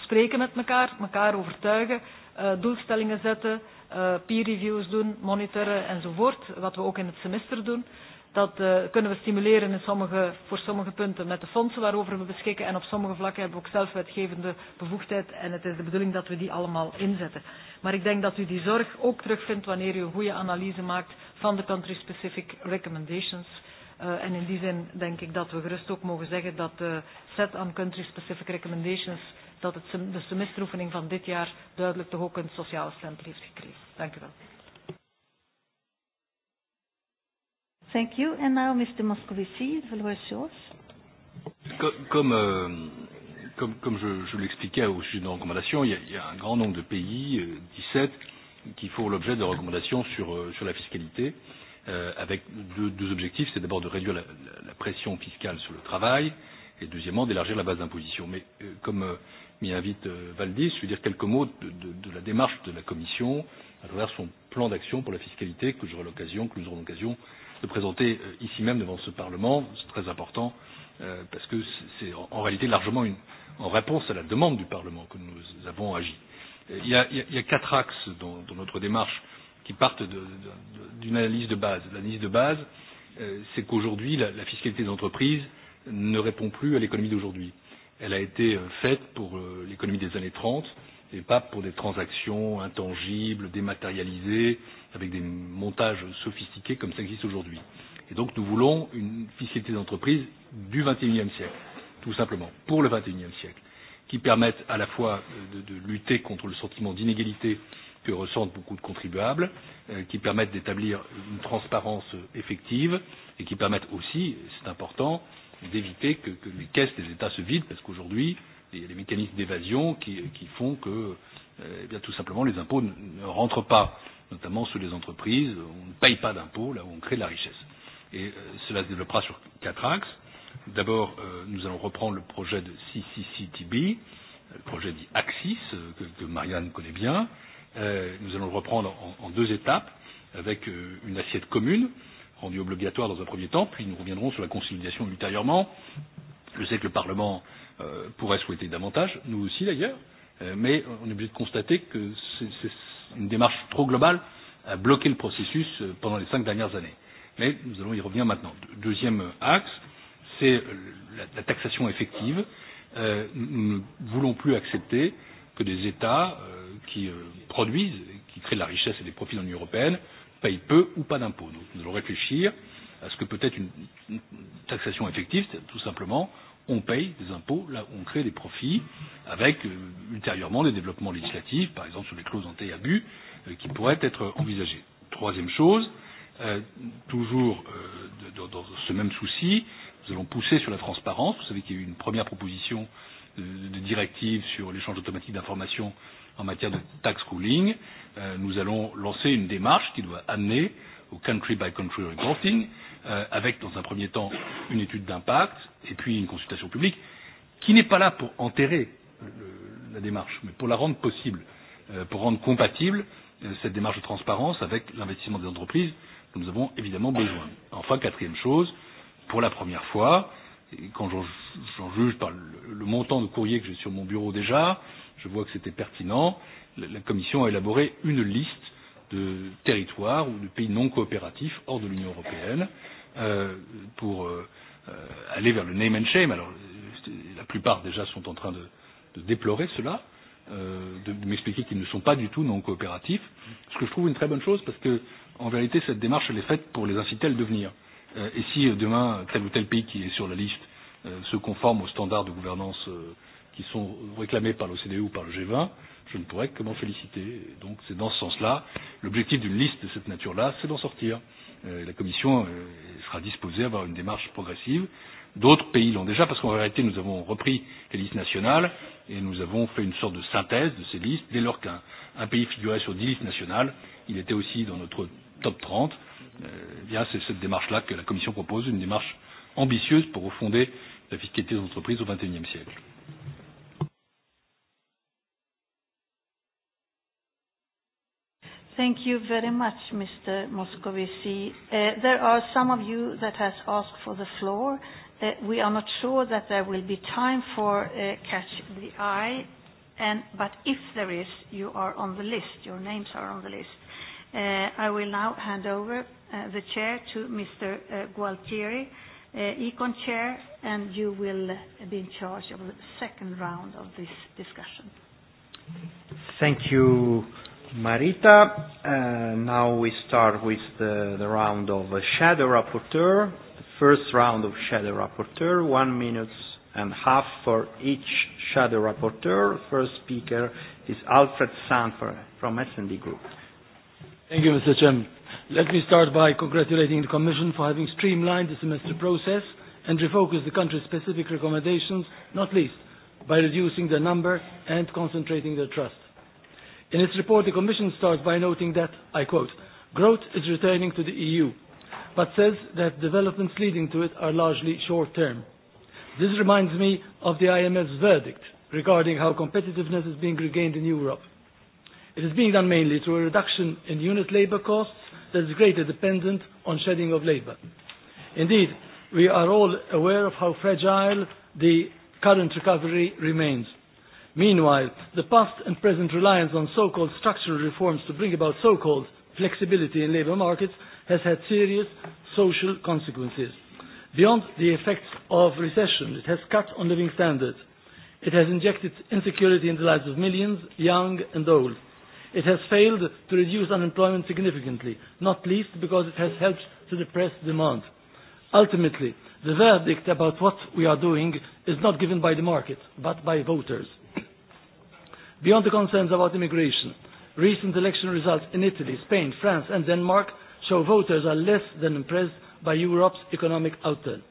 Spreken met elkaar, elkaar overtuigen, uh, doelstellingen zetten, uh, peer reviews doen, monitoren enzovoort. Wat we ook in het semester doen. Dat uh, kunnen we stimuleren in sommige, voor sommige punten met de fondsen waarover we beschikken. En op sommige vlakken hebben we ook zelf wetgevende bevoegdheid. En het is de bedoeling dat we die allemaal inzetten. Maar ik denk dat u die zorg ook terugvindt wanneer u een goede analyse maakt van de country-specific recommendations. Uh, en in die zin denk ik dat we gerust ook mogen zeggen dat de set aan country-specific recommendations, dat het, de semesteroefening van dit jaar duidelijk toch ook een sociale stempel heeft gekregen. Dank u wel. Thank you. And now Mr. Moscovici, the floor is yours. Comme, euh, comme, comme je, je l'expliquais au sujet de nos recommandations, il y, a, il y a un grand nombre de pays, 17, euh, qui font l'objet de recommandations sur, euh, sur la fiscalité, euh, avec deux, deux objectifs. C'est d'abord de réduire la, la, la pression fiscale sur le travail, et deuxièmement d'élargir la base d'imposition. Mais euh, comme euh, m'y invite euh, Valdis, je vais dire quelques mots de, de, de la démarche de la Commission à travers son plan d'action pour la fiscalité, que j'aurai l'occasion, que nous aurons l'occasion de présenter euh, ici même devant ce Parlement. C'est très important euh, parce que c'est en réalité largement une, en réponse à la demande du Parlement que nous avons agi. Euh, il y a, il y a quatre axes dans, dans notre démarche qui partent d'une analyse de base. L'analyse de base, euh, c'est qu'aujourd'hui, la, la fiscalité des entreprises ne répond plus à l'économie d'aujourd'hui. Elle a été euh, faite pour euh, l'économie des années 30 et pas pour des transactions intangibles, dématérialisées, avec des montages sophistiqués comme ça existe aujourd'hui. Et donc nous voulons une fiscalité d'entreprise du XXIe siècle, tout simplement, pour le XXIe siècle, qui permette à la fois de, de lutter contre le sentiment d'inégalité que ressentent beaucoup de contribuables, euh, qui permettent d'établir une transparence effective et qui permettent aussi, c'est important, d'éviter que, que les caisses des États se vident, parce qu'aujourd'hui, il y a des mécanismes d'évasion qui, qui font que, euh, eh bien, tout simplement, les impôts ne rentrent pas notamment ceux les entreprises. On ne paye pas d'impôts là où on crée de la richesse. Et euh, cela se développera sur quatre axes. D'abord, euh, nous allons reprendre le projet de CCCTB, euh, le projet dit Axis, euh, que, que Marianne connaît bien. Euh, nous allons le reprendre en, en deux étapes, avec euh, une assiette commune, rendue obligatoire dans un premier temps, puis nous reviendrons sur la consolidation ultérieurement. Je sais que le Parlement euh, pourrait souhaiter davantage, nous aussi d'ailleurs, euh, mais on est obligé de constater que une démarche trop globale a bloqué le processus euh, pendant les cinq dernières années. Mais nous allons y revenir maintenant. Deuxième euh, axe, c'est euh, la, taxation effective. nous ne voulons plus accepter que des États qui produisent, qui créent de la richesse et des profits dans l'Union européenne, payent peu ou pas d'impôts. Donc nous allons réfléchir à ce que peut être une, une taxation effective, tout simplement on paye des impôts là où on crée des profits, avec euh, ultérieurement des développements législatifs, par exemple sur les clauses anti-abus, euh, qui pourraient être envisagées. Troisième chose, euh, toujours euh, dans, dans ce même souci, nous allons pousser sur la transparence. Vous savez qu'il y a eu une première proposition de, de directive sur l'échange automatique d'informations en matière de tax cooling. Euh, nous allons lancer une démarche qui doit amener au country by country reporting euh, avec dans un premier temps une étude d'impact et puis une consultation publique qui n'est pas là pour enterrer le, la démarche, mais pour la rendre possible, euh, pour rendre compatible euh, cette démarche de transparence avec l'investissement des entreprises dont nous avons évidemment besoin. Enfin, quatrième chose, pour la première fois, et quand j'en juge par le, le montant de courrier que j'ai sur mon bureau déjà, je vois que c'était pertinent, la, la Commission a élaboré une liste de territoires ou de pays non coopératifs hors de l'Union européenne euh, pour euh, aller vers le name and shame. Alors, euh, la plupart déjà sont en train de, de déplorer cela, euh, de, de m'expliquer qu'ils ne sont pas du tout non coopératifs, ce que je trouve une très bonne chose parce que, en vérité, cette démarche, elle est faite pour les inciter à le devenir. Euh, et si euh, demain, tel ou tel pays qui est sur la liste euh, se conforme aux standards de gouvernance euh, qui sont réclamés par l'OCDE ou par le G20, je ne pourrais que m'en féliciter. Donc c'est dans ce sens-là, l'objectif d'une liste de cette nature-là, c'est d'en sortir. Euh, la Commission euh, sera disposée à avoir une démarche progressive. D'autres pays l'ont déjà, parce qu'en réalité, nous avons repris les listes nationales et nous avons fait une sorte de synthèse de ces listes. Dès lors qu'un un pays figurait sur 10 listes nationales, il était aussi dans notre top 30. Euh, eh bien, c'est cette démarche-là que la Commission propose, une démarche ambitieuse pour refonder la fiscalité des entreprises au XXIe siècle. Thank you very much, Mr. Moscovici. Uh, there are some of you that has asked for the floor. Uh, we are not sure that there will be time for uh, Catch the Eye, and, but if there is, you are on the list. Your names are on the list. Uh, I will now hand over uh, the chair to Mr. Uh, Gualtieri, uh, Econ Chair, and you will uh, be in charge of the second round of this discussion. Thank you. Marita. Uh, now we start with the, the round of a shadow rapporteur. The first round of shadow rapporteur, one minute and a half for each shadow rapporteur. First speaker is Alfred Sanford from S&D Group. Thank you, Mr. Chairman. Let me start by congratulating the Commission for having streamlined the semester process and refocused the country's specific recommendations, not least by reducing the number and concentrating their trust. In its report, the Commission starts by noting that, I quote, growth is returning to the EU, but says that developments leading to it are largely short-term. This reminds me of the IMF's verdict regarding how competitiveness is being regained in Europe. It is being done mainly through a reduction in unit labour costs that is greatly dependent on shedding of labour. Indeed, we are all aware of how fragile the current recovery remains. Meanwhile, the past and present reliance on so-called structural reforms to bring about so-called flexibility in labour markets has had serious social consequences. Beyond the effects of recession, it has cut on living standards. It has injected insecurity in the lives of millions, young and old. It has failed to reduce unemployment significantly, not least because it has helped to depress demand. Ultimately, the verdict about what we are doing is not given by the market, but by voters. Beyond the concerns about immigration, recent election results in Italy, Spain, France and Denmark show voters are less than impressed by Europe's economic outturn.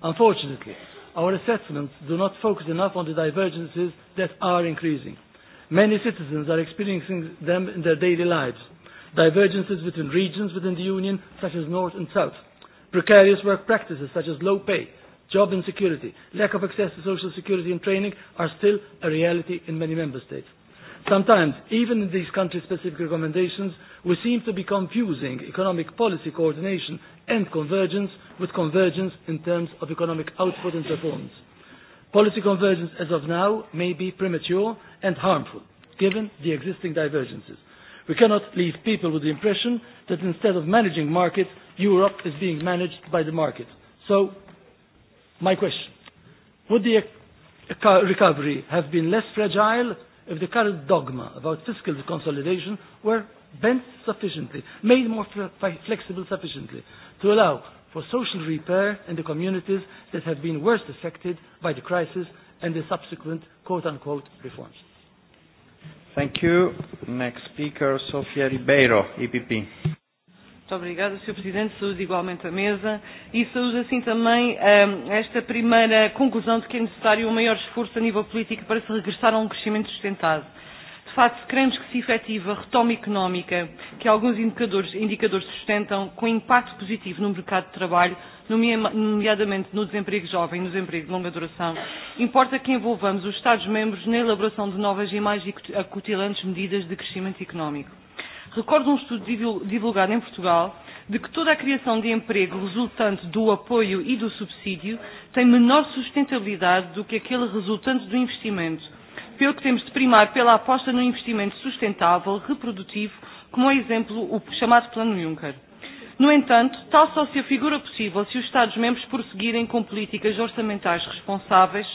Unfortunately, our assessments do not focus enough on the divergences that are increasing. Many citizens are experiencing them in their daily lives. Divergences between regions within the Union, such as North and South. Precarious work practices, such as low pay, job insecurity, lack of access to social security and training, are still a reality in many member states. Sometimes, even in these country-specific recommendations, we seem to be confusing economic policy coordination and convergence with convergence in terms of economic output and performance. Policy convergence as of now may be premature and harmful, given the existing divergences. We cannot leave people with the impression that instead of managing markets, Europe is being managed by the market. So, my question, would the e-, e-, recovery have been less fragile if the current dogma about fiscal consolidation were bent sufficiently, made more flexible sufficiently, to allow for social repair in the communities that have been worst affected by the crisis and the subsequent quote-unquote reforms. Thank you. Next speaker, Sofia Ribeiro, EPP. Muito obrigada, Sr. Presidente. Saúde igualmente à mesa. E saúde, assim, também um, esta primeira conclusão de que é necessário um maior esforço a nível político para se regressar a um crescimento sustentado. De facto, queremos que se efetive a retoma económica que alguns indicadores, indicadores sustentam com impacto positivo no mercado de trabalho, nomeadamente no desemprego jovem e no desemprego de longa duração, importa que envolvamos os Estados-membros na elaboração de novas e mais acutilantes medidas de crescimento económico. Recordo um estudo divulgado em Portugal de que toda a criação de emprego resultante do apoio e do subsídio tem menor sustentabilidade do que aquele resultante do investimento, pelo que temos de primar pela aposta no investimento sustentável, reprodutivo, como é exemplo o chamado Plano Juncker. No entanto, tal só se afigura possível se os Estados-membros prosseguirem com políticas orçamentais responsáveis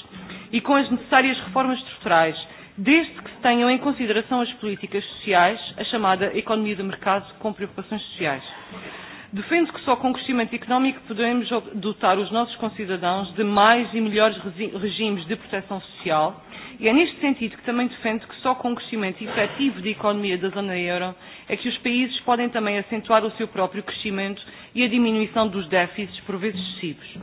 e com as necessárias reformas estruturais, desde que se tenham em consideração as políticas sociais, a chamada economia de mercado com preocupações sociais. Defendo que só com crescimento económico podemos dotar os nossos concidadãos de mais e melhores regimes de proteção social e é neste sentido que também defendo que só com o crescimento efetivo da economia da zona euro é que os países podem também acentuar o seu próprio crescimento e a diminuição dos déficits por vezes excessivos.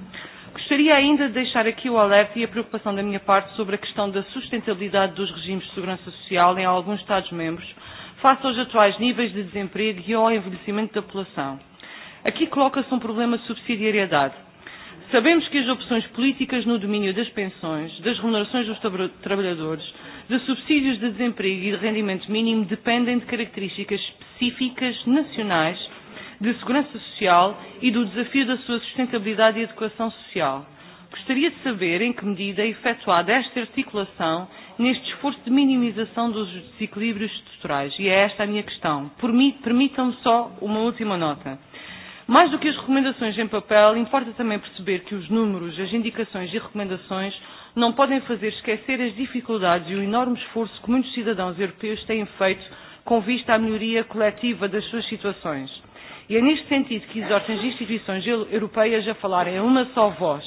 Gostaria ainda de deixar aqui o alerta e a preocupação da minha parte sobre a questão da sustentabilidade dos regimes de segurança social em alguns Estados-membros, face aos atuais níveis de desemprego e ao envelhecimento da população. Aqui coloca-se um problema de subsidiariedade. Sabemos que as opções políticas no domínio das pensões, das remunerações dos trabalhadores, de subsídios de desemprego e de rendimento mínimo dependem de características específicas nacionais de segurança social e do desafio da sua sustentabilidade e adequação social. Gostaria de saber em que medida é efetuada esta articulação neste esforço de minimização dos desequilíbrios estruturais. E é esta a minha questão. Permitam-me só uma última nota. Mais do que as recomendações em papel, importa também perceber que os números, as indicações e recomendações não podem fazer esquecer as dificuldades e o enorme esforço que muitos cidadãos europeus têm feito com vista à melhoria coletiva das suas situações. E é neste sentido que exorto as instituições europeias a falarem em uma só voz,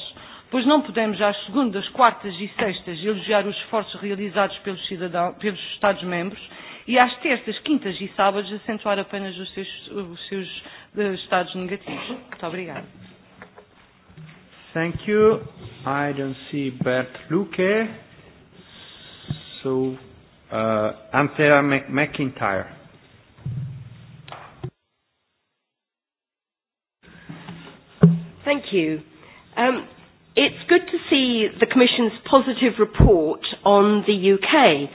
pois não podemos às segundas, quartas e sextas elogiar os esforços realizados pelos, cidadão, pelos Estados-membros e às terças, quintas e sábados acentuar apenas os seus, os seus uh, estados negativos. Muito obrigada. Thank you. I don't see Bert Luque. So, uh, Anthea McIntyre. Thank you. Um, it's good to see the Commission's positive report on the UK.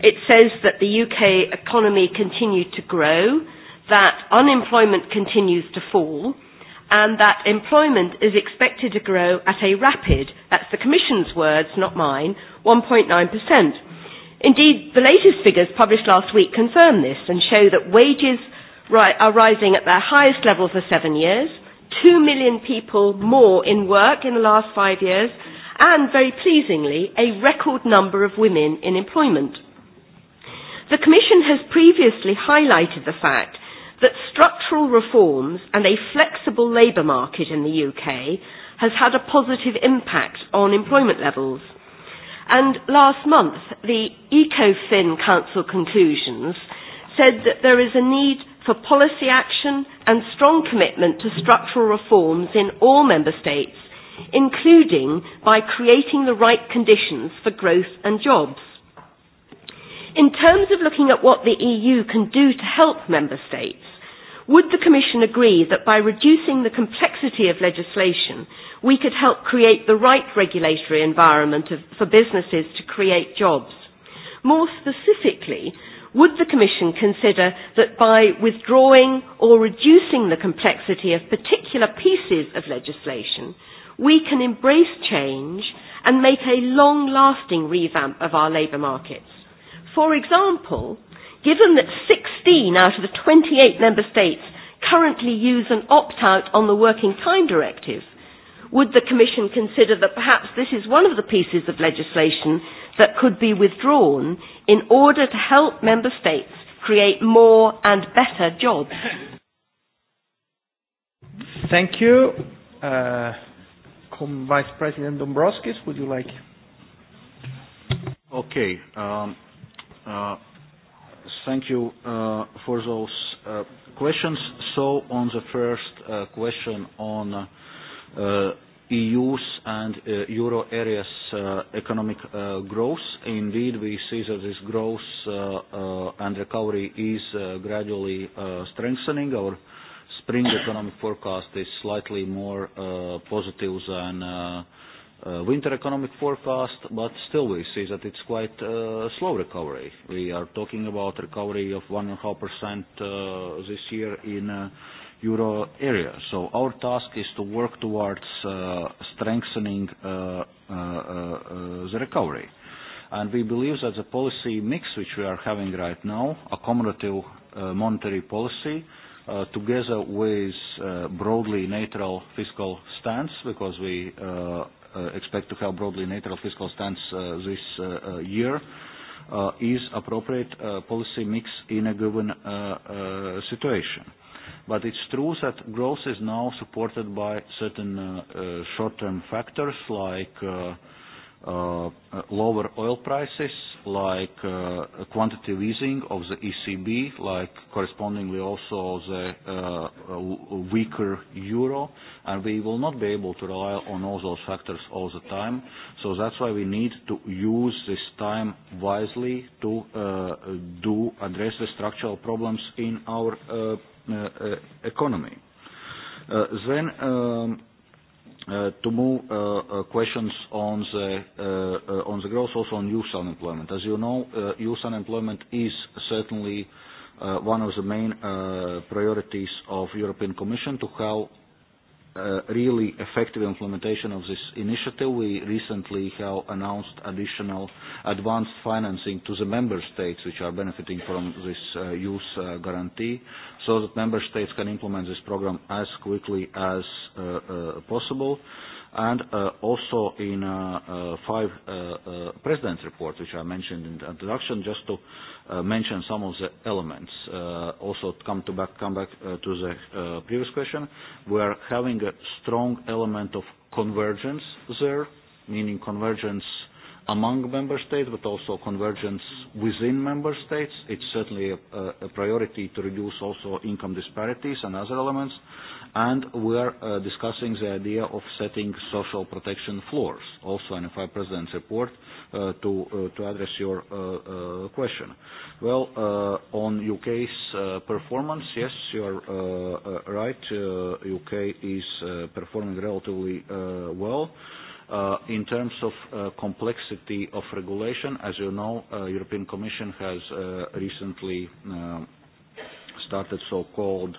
It says that the UK economy continued to grow, that unemployment continues to fall, and that employment is expected to grow at a rapid, that's the Commission's words, not mine, 1.9%. Indeed, the latest figures published last week confirm this and show that wages ri are rising at their highest level for seven years, 2 million people more in work in the last five years, and very pleasingly, a record number of women in employment. The Commission has previously highlighted the fact that structural reforms and a flexible labour market in the UK has had a positive impact on employment levels. And last month, the ECOFIN Council conclusions said that there is a need for policy action and strong commitment to structural reforms in all member states, including by creating the right conditions for growth and jobs. In terms of looking at what the EU can do to help member states, would the Commission agree that by reducing the complexity of legislation, we could help create the right regulatory environment of, for businesses to create jobs? More specifically, would the Commission consider that by withdrawing or reducing the complexity of particular pieces of legislation, we can embrace change and make a long-lasting revamp of our labour markets? For example, given that 16 out of the 28 member states currently use an opt-out on the working time directive, Would the Commission consider that perhaps this is one of the pieces of legislation that could be withdrawn in order to help Member States create more and better jobs? Thank you. Uh, Vice President Dombrovskis, would you like? Okay. Um, uh, thank you uh, for those uh, questions. So on the first uh, question on uh, uh, EU's and uh, euro area's uh, economic uh, growth. Indeed, we see that this growth uh, uh, and recovery is uh, gradually uh, strengthening. Our spring economic forecast is slightly more uh, positive than uh, uh, winter economic forecast, but still we see that it's quite uh, slow recovery. We are talking about recovery of 1.5% uh, this year in uh, euro area. So our task is to work towards uh, strengthening uh, uh, uh, the recovery. And we believe that the policy mix which we are having right now, accommodative uh, monetary policy, uh, together with uh, broadly neutral fiscal stance, because we uh, uh, expect to have broadly neutral fiscal stance uh, this uh, uh, year, uh, is appropriate uh, policy mix in a given uh, uh, situation. But it's true that growth is now supported by certain uh, uh, short-term factors like uh, uh, lower oil prices, like uh, quantitative easing of the ECB, like correspondingly also the uh, uh, weaker euro, and we will not be able to rely on all those factors all the time. So that's why we need to use this time wisely to uh, do address the structural problems in our uh, Eh, economy. Eh, then um, Uh, to move uh, uh, questions on the, uh, uh, on the growth, also on youth unemployment. As you know, uh, youth unemployment is certainly uh, one of the main uh, priorities of European Commission to, help uh, really effective implementation of this initiative, we recently have announced additional advanced financing to the member states which are benefiting from this uh, youth uh, guarantee so that member states can implement this program as quickly as uh, uh, possible. And uh, also in uh, uh, five uh, uh, president's reports which I mentioned in the introduction, just to Uh, mention some of the elements. Uh, also, come to back, come back uh, to the uh, previous question, We are having a strong element of convergence there, meaning convergence among member states, but also convergence within member states. It's certainly a, a priority to reduce also income disparities and other elements. And we are uh, discussing the idea of setting social protection floors, also in the President's report, uh, to, uh, to address your uh, uh, question. Well, uh, on UK's uh, performance, yes, you are uh, uh, right. Uh, UK is uh, performing relatively uh, well. Uh, in terms of uh, complexity of regulation, as you know, uh, European Commission has uh, recently uh, started so-called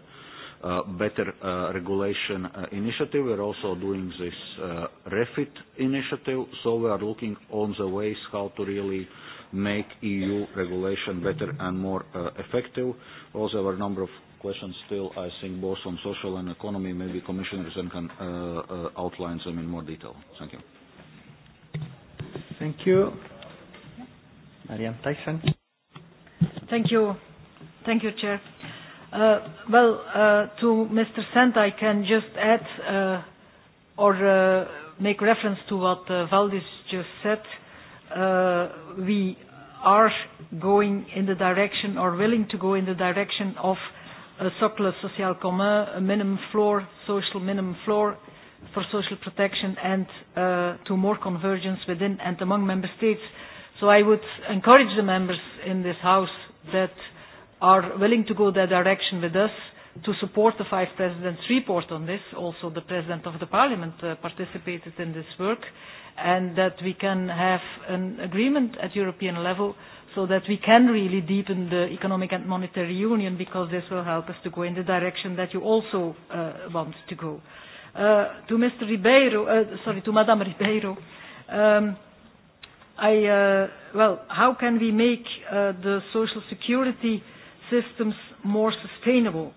Uh, better uh, regulation uh, initiative. We're also doing this uh, refit initiative, so we are looking on the ways how to really make EU regulation better and more uh, effective. Also, there are a number of questions still, I think, both on social and economy. Maybe commissioners then can uh, uh, outline them in more detail. Thank you. Thank you. Marianne Tyson. Thank you. Thank you, Chair. Uh, well, uh, to Mr. Sant, I can just add uh, or uh, make reference to what uh, Valdis just said. Uh, we are going in the direction or willing to go in the direction of a socle social commun, a minimum floor, social minimum floor for social protection and uh, to more convergence within and among member states. So I would encourage the members in this house that are willing to go that direction with us to support the five presidents' report on this. Also, the president of the parliament uh, participated in this work, and that we can have an agreement at European level so that we can really deepen the economic and monetary union because this will help us to go in the direction that you also uh, want to go. Uh, to Mr. Ribeiro, uh, sorry, to Madame Ribeiro, um, I, uh, well, how can we make uh, the social security uh, systems more sustainable.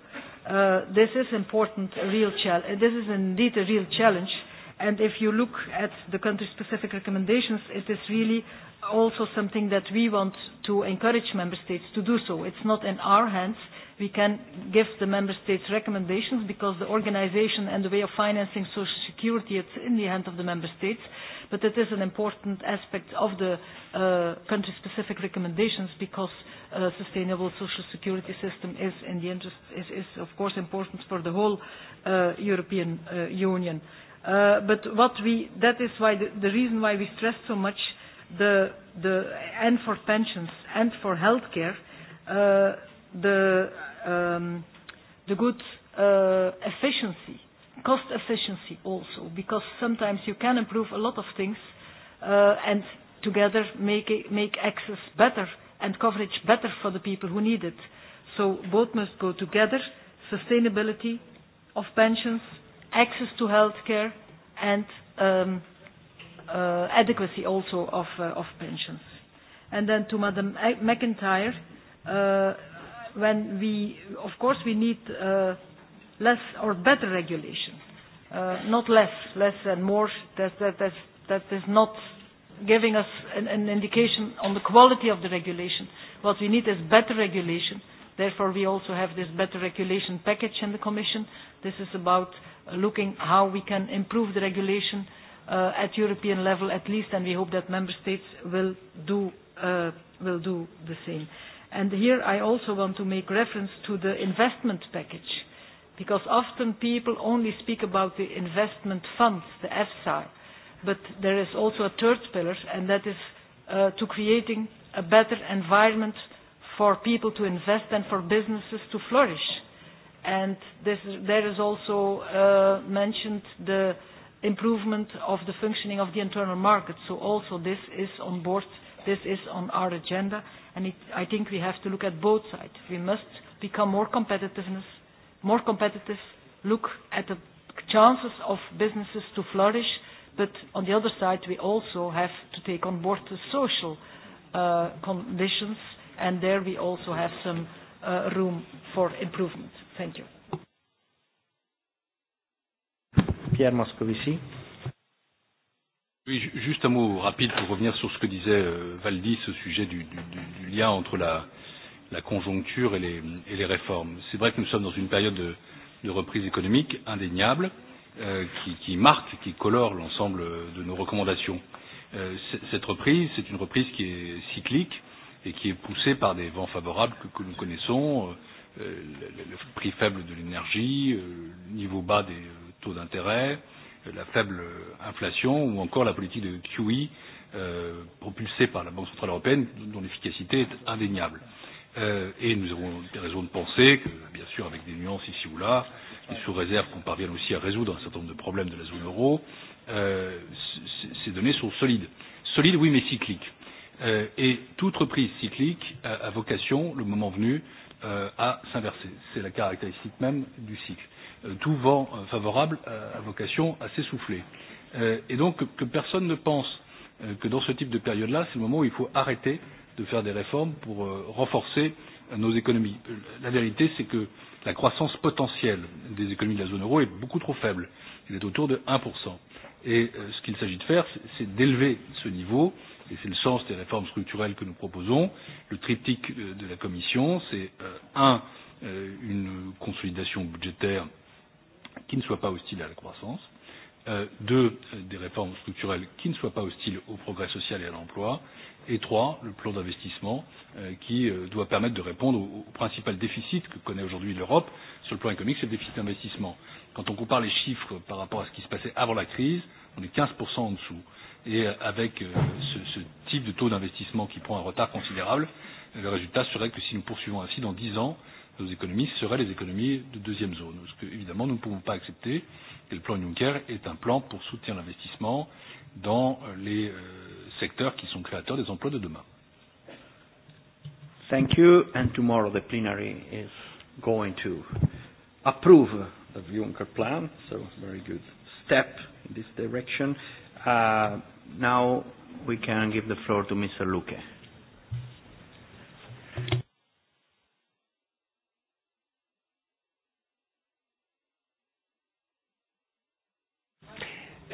Uh, this is important, a real chal uh, this is indeed a real challenge. And if you look at the country-specific recommendations, it is really also something that we want to encourage member states to do so. It's not in our hands we can give the member states recommendations because the organization and the way of financing social security it's in the hands of the member states but it is an important aspect of the uh, country specific recommendations because a uh, sustainable social security system is in the interest is, is of course important for the whole uh, European uh, Union uh, but what we that is why the, the reason why we stress so much the the and for pensions and for healthcare uh, the um, the good uh, efficiency, cost efficiency also, because sometimes you can improve a lot of things uh, and together make, it, make access better and coverage better for the people who need it. So both must go together, sustainability of pensions, access to health care and um, uh, adequacy also of, uh, of pensions. And then to Madam McIntyre, uh, when we, of course, we need uh, less or better regulation, uh, not less, less and more. That, that, that, that is not giving us an, an indication on the quality of the regulation. What we need is better regulation. Therefore, we also have this better regulation package in the Commission. This is about uh, looking how we can improve the regulation uh, at European level at least, and we hope that member states will do, uh, will do the same. And here I also want to make reference to the investment package, because often people only speak about the investment funds, the EFSA. but there is also a third pillar, and that is uh, to creating a better environment for people to invest and for businesses to flourish. And this, there is also uh, mentioned the improvement of the functioning of the internal market, so also this is on board This is on our agenda, and it, I think we have to look at both sides. We must become more competitiveness, more competitive, look at the chances of businesses to flourish, but on the other side, we also have to take on board the social uh, conditions, and there we also have some uh, room for improvement. Thank you. Pierre Moscovici. Oui, juste un mot rapide pour revenir sur ce que disait euh, Valdis au sujet du, du, du lien entre la, la conjoncture et les, et les réformes. C'est vrai que nous sommes dans une période de, de reprise économique indéniable euh, qui, qui marque, qui colore l'ensemble de nos recommandations. Euh, cette reprise, c'est une reprise qui est cyclique et qui est poussée par des vents favorables que, que nous connaissons, euh, le, le prix faible de l'énergie, euh, le niveau bas des euh, taux d'intérêt, euh, la faible inflation ou encore la politique de QE euh, propulsée par la Banque Centrale Européenne dont l'efficacité est indéniable. Euh, et nous avons des raisons de penser que, bien sûr, avec des nuances ici ou là, et sous réserve qu'on parvienne aussi à résoudre un certain nombre de problèmes de la zone euro, euh, ces données sont solides. Solides, oui, mais cycliques. Euh, et toute reprise cyclique a, a vocation, le moment venu, euh, à s'inverser. C'est la caractéristique même du cycle. Euh, tout vent euh, favorable a euh, vocation à s'essouffler. Et donc que personne ne pense que dans ce type de période-là, c'est le moment où il faut arrêter de faire des réformes pour renforcer nos économies. La vérité, c'est que la croissance potentielle des économies de la zone euro est beaucoup trop faible. Elle est autour de 1%. Et ce qu'il s'agit de faire, c'est d'élever ce niveau, et c'est le sens des réformes structurelles que nous proposons. Le triptyque de la Commission, c'est un, une consolidation budgétaire qui ne soit pas hostile à la croissance, euh, deux, euh, des réformes structurelles qui ne soient pas hostiles au progrès social et à l'emploi, et trois, le plan d'investissement euh, qui euh, doit permettre de répondre au, au principal déficit que connaît aujourd'hui l'Europe sur le plan économique, c'est le déficit d'investissement. Quand on compare les chiffres par rapport à ce qui se passait avant la crise, on est 15% en dessous. Et euh, avec euh, ce, ce type de taux d'investissement qui prend un retard considérable, le résultat serait que si nous poursuivons ainsi dans 10 ans, nos économies seraient les économies de deuxième zone. Parce que, évidemment, nous ne pouvons pas accepter que le plan Juncker est un plan pour soutenir l'investissement dans euh, les euh, secteurs qui sont créateurs des emplois de demain. Thank you. And tomorrow the plenary is going to approve the Juncker plan. So very good step in this direction. Uh, now we can give the floor to Mr. Luque.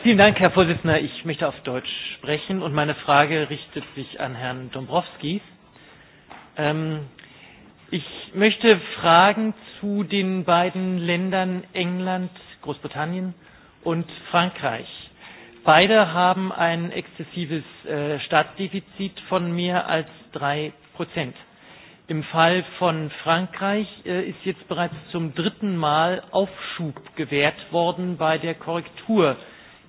Vielen Dank, Herr Vorsitzender. Ich möchte auf Deutsch sprechen und meine Frage richtet sich an Herrn Dombrovskis. Ähm, ich möchte Fragen zu den beiden Ländern England, Großbritannien und Frankreich. Beide haben ein exzessives äh, Staatsdefizit von mehr als drei Prozent. Im Fall von Frankreich äh, ist jetzt bereits zum dritten Mal Aufschub gewährt worden bei der Korrektur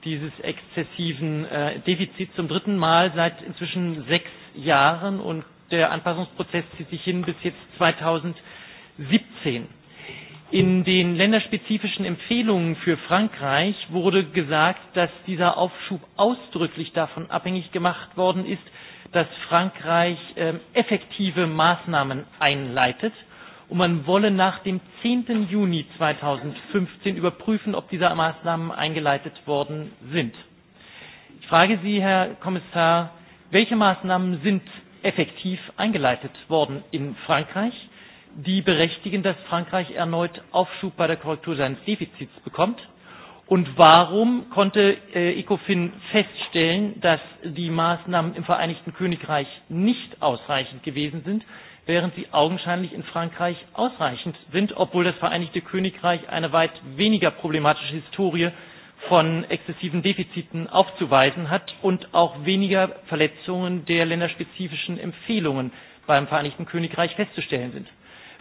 dieses exzessiven äh, Defizits zum dritten Mal seit inzwischen sechs Jahren und der Anpassungsprozess zieht sich hin bis jetzt 2017. In den länderspezifischen Empfehlungen für Frankreich wurde gesagt, dass dieser Aufschub ausdrücklich davon abhängig gemacht worden ist, dass Frankreich äh, effektive Maßnahmen einleitet und man wolle nach dem 10. Juni 2015 überprüfen, ob diese Maßnahmen eingeleitet worden sind. Ich frage Sie, Herr Kommissar, welche Maßnahmen sind effektiv eingeleitet worden in Frankreich, die berechtigen, dass Frankreich erneut Aufschub bei der Korrektur seines Defizits bekommt? Und warum konnte äh, ECOFIN feststellen, dass die Maßnahmen im Vereinigten Königreich nicht ausreichend gewesen sind? während sie augenscheinlich in Frankreich ausreichend sind, obwohl das Vereinigte Königreich eine weit weniger problematische Historie von exzessiven Defiziten aufzuweisen hat und auch weniger Verletzungen der länderspezifischen Empfehlungen beim Vereinigten Königreich festzustellen sind.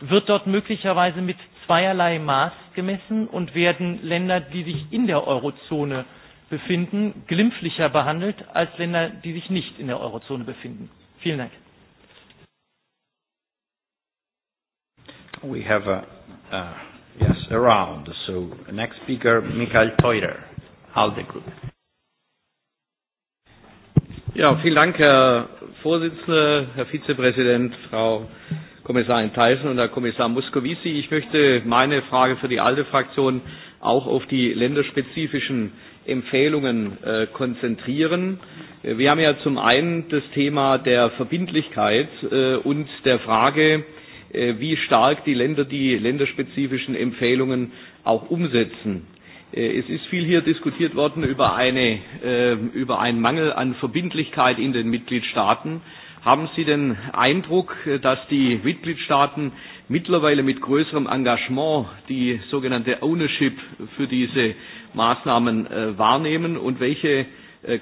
Wird dort möglicherweise mit zweierlei Maß gemessen und werden Länder, die sich in der Eurozone befinden, glimpflicher behandelt als Länder, die sich nicht in der Eurozone befinden? Vielen Dank. we have a, uh, yes, around So next speaker, Michael Teurer, ALDE Group. Ja, vielen Dank, Herr Vorsitzender, Herr Vizepräsident, Frau Kommissarin Theissen und Herr Kommissar Muscovici. Ich möchte meine Frage für die ALDE-Fraktion auch auf die länderspezifischen Empfehlungen äh, konzentrieren. Wir haben ja zum einen das Thema der Verbindlichkeit äh, und der Frage, Äh, wie stark die Länder die länderspezifischen Empfehlungen auch umsetzen. Äh, es ist viel hier diskutiert worden über, eine, äh, über einen Mangel an Verbindlichkeit in den Mitgliedstaaten. Haben Sie den Eindruck, dass die Mitgliedstaaten mittlerweile mit größerem Engagement die sogenannte Ownership für diese Maßnahmen wahrnehmen und welche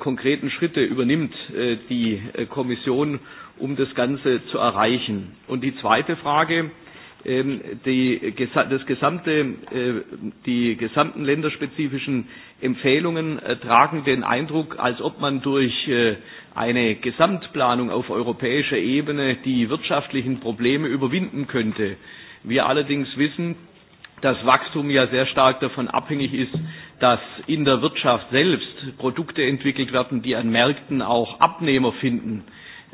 konkreten Schritte übernimmt die Kommission, um das Ganze zu erreichen. Und die zweite Frage, ähm, die, das gesamte, äh, die gesamten länderspezifischen Empfehlungen äh, tragen den Eindruck, als ob man durch äh, eine Gesamtplanung auf europäischer Ebene die wirtschaftlichen Probleme überwinden könnte. Wir allerdings wissen, dass Wachstum ja sehr stark davon abhängig ist, dass in der Wirtschaft selbst Produkte entwickelt werden, die an Märkten auch Abnehmer finden.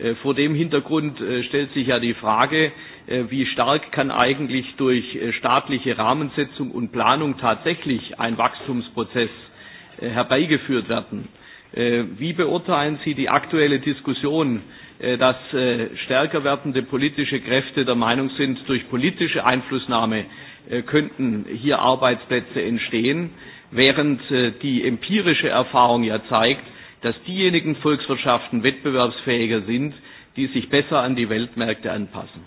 Äh, vor dem Hintergrund äh, stellt sich ja die Frage, äh, wie stark kann eigentlich durch staatliche Rahmensetzung und Planung tatsächlich ein Wachstumsprozess herbeigeführt werden. Wie beurteilen Sie die aktuelle Diskussion, dass stärker werdende politische Kräfte der Meinung sind, durch politische Einflussnahme könnten hier Arbeitsplätze entstehen, während die empirische Erfahrung ja zeigt, dass diejenigen Volkswirtschaften wettbewerbsfähiger sind, die sich besser an die Weltmärkte anpassen.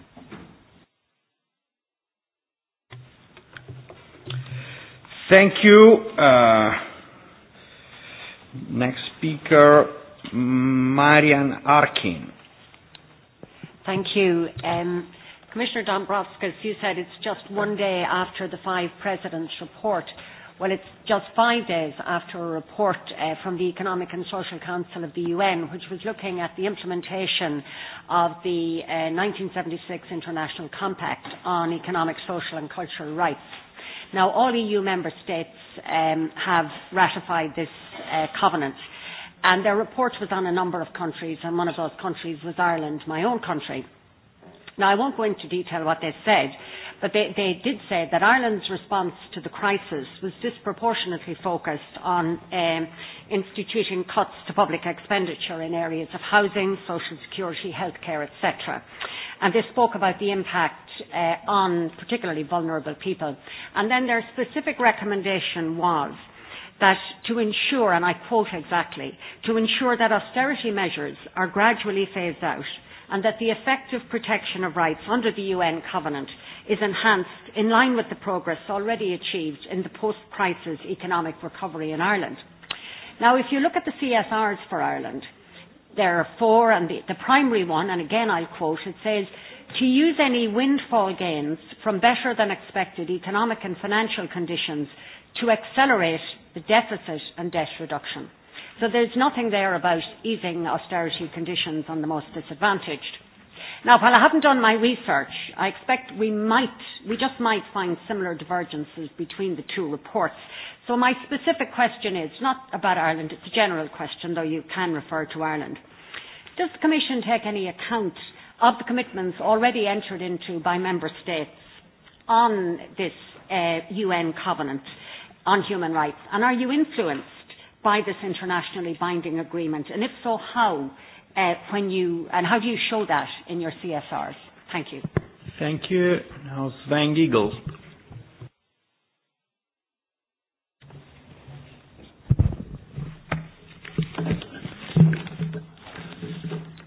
Thank you. Uh, next speaker, Marian Arkin. Thank you. Um, Commissioner Dombrovskis, you said it's just one day after the five presidents' report. Well, it's just five days after a report uh, from the Economic and Social Council of the UN, which was looking at the implementation of the uh, 1976 International Compact on Economic, Social and Cultural Rights. Now, all EU member states um, have ratified this uh, covenant. And their report was on a number of countries, and one of those countries was Ireland, my own country. Now, I won't go into detail what they said, But they, they did say that Ireland's response to the crisis was disproportionately focused on um, instituting cuts to public expenditure in areas of housing, social security, healthcare, etc. And they spoke about the impact uh, on particularly vulnerable people. And then their specific recommendation was that to ensure, and I quote exactly, to ensure that austerity measures are gradually phased out and that the effective protection of rights under the UN Covenant is enhanced in line with the progress already achieved in the post-crisis economic recovery in Ireland. Now, if you look at the CSRs for Ireland, there are four, and the, the primary one, and again I'll quote, it says, to use any windfall gains from better than expected economic and financial conditions to accelerate the deficit and debt reduction. So there's nothing there about easing austerity conditions on the most disadvantaged. Now, while I haven't done my research, I expect we might, we just might find similar divergences between the two reports. So my specific question is not about Ireland, it's a general question, though you can refer to Ireland. Does the Commission take any account of the commitments already entered into by Member States on this uh, UN Covenant on Human Rights? And are you influenced by this internationally binding agreement? And if so, how? Uh, when you, and how do you show that in your CSRs? Thank you. Thank you. Now Sven Giegel.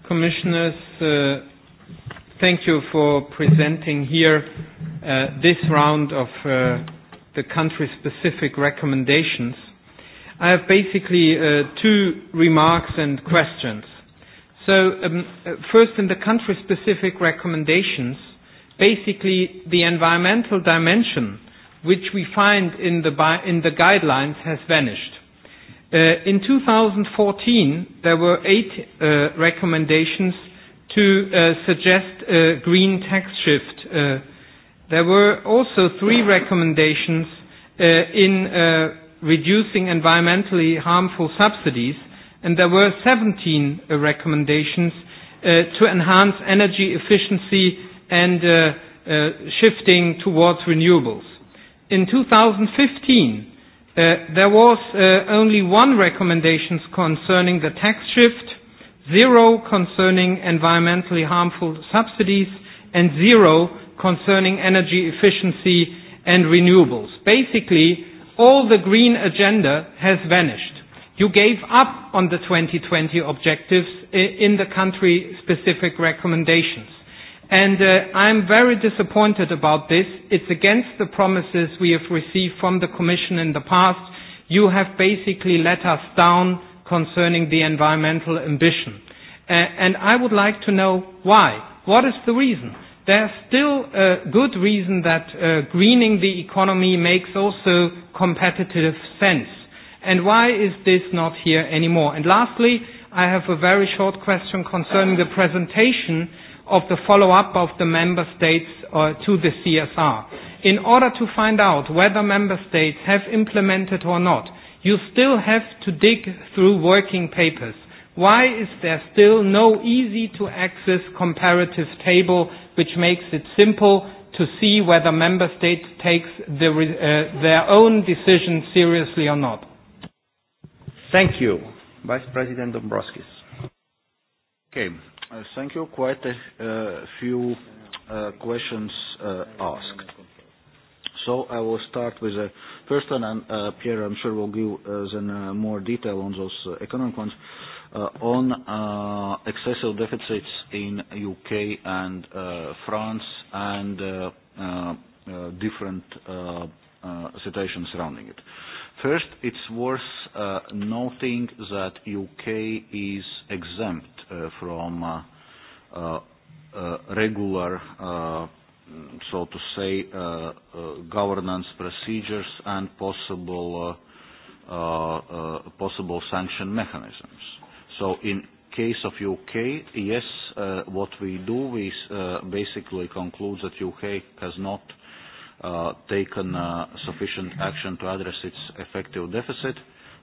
Commissioners, uh, thank you for presenting here uh, this round of uh, the country-specific recommendations. I have basically uh, two remarks and questions. So um, uh, first in the country-specific recommendations, basically the environmental dimension which we find in the, in the guidelines has vanished. Uh, in 2014, there were eight uh, recommendations to uh, suggest a green tax shift. Uh, there were also three recommendations uh, in uh, reducing environmentally harmful subsidies, and there were 17 uh, recommendations uh, to enhance energy efficiency and uh, uh, shifting towards renewables. In 2015, uh, there was uh, only one recommendation concerning the tax shift, zero concerning environmentally harmful subsidies, and zero concerning energy efficiency and renewables. Basically, all the green agenda has vanished. You gave up on the 2020 objectives in the country-specific recommendations. And uh, I'm very disappointed about this. It's against the promises we have received from the Commission in the past. You have basically let us down concerning the environmental ambition. Uh, and I would like to know why. What is the reason? there's still a good reason that uh, greening the economy makes also competitive sense. And why is this not here anymore? And lastly, I have a very short question concerning the presentation of the follow-up of the member states uh, to the CSR. In order to find out whether member states have implemented or not, you still have to dig through working papers. Why is there still no easy to access comparative table which makes it simple to see whether member states takes the, uh, their own decision seriously or not. Thank you, Vice President Dombrovskis. Okay, uh, thank you. Quite a uh, few uh, questions uh, asked. So I will start with the first one, and uh, Pierre, I'm sure, will give uh, then uh, more detail on those uh, economic ones. Uh, uh, on uh, excessive deficits in UK and uh, France and uh, uh, uh, different uh, uh, situations surrounding it. First, it's worth uh, noting that UK is exempt uh, from uh, uh, uh, regular, uh, so to say, uh, uh, governance procedures and possible, uh, uh, uh, possible sanction mechanisms. So in case of UK, yes, uh, what we do is uh, basically conclude that UK has not uh, taken uh, sufficient action to address its effective deficit,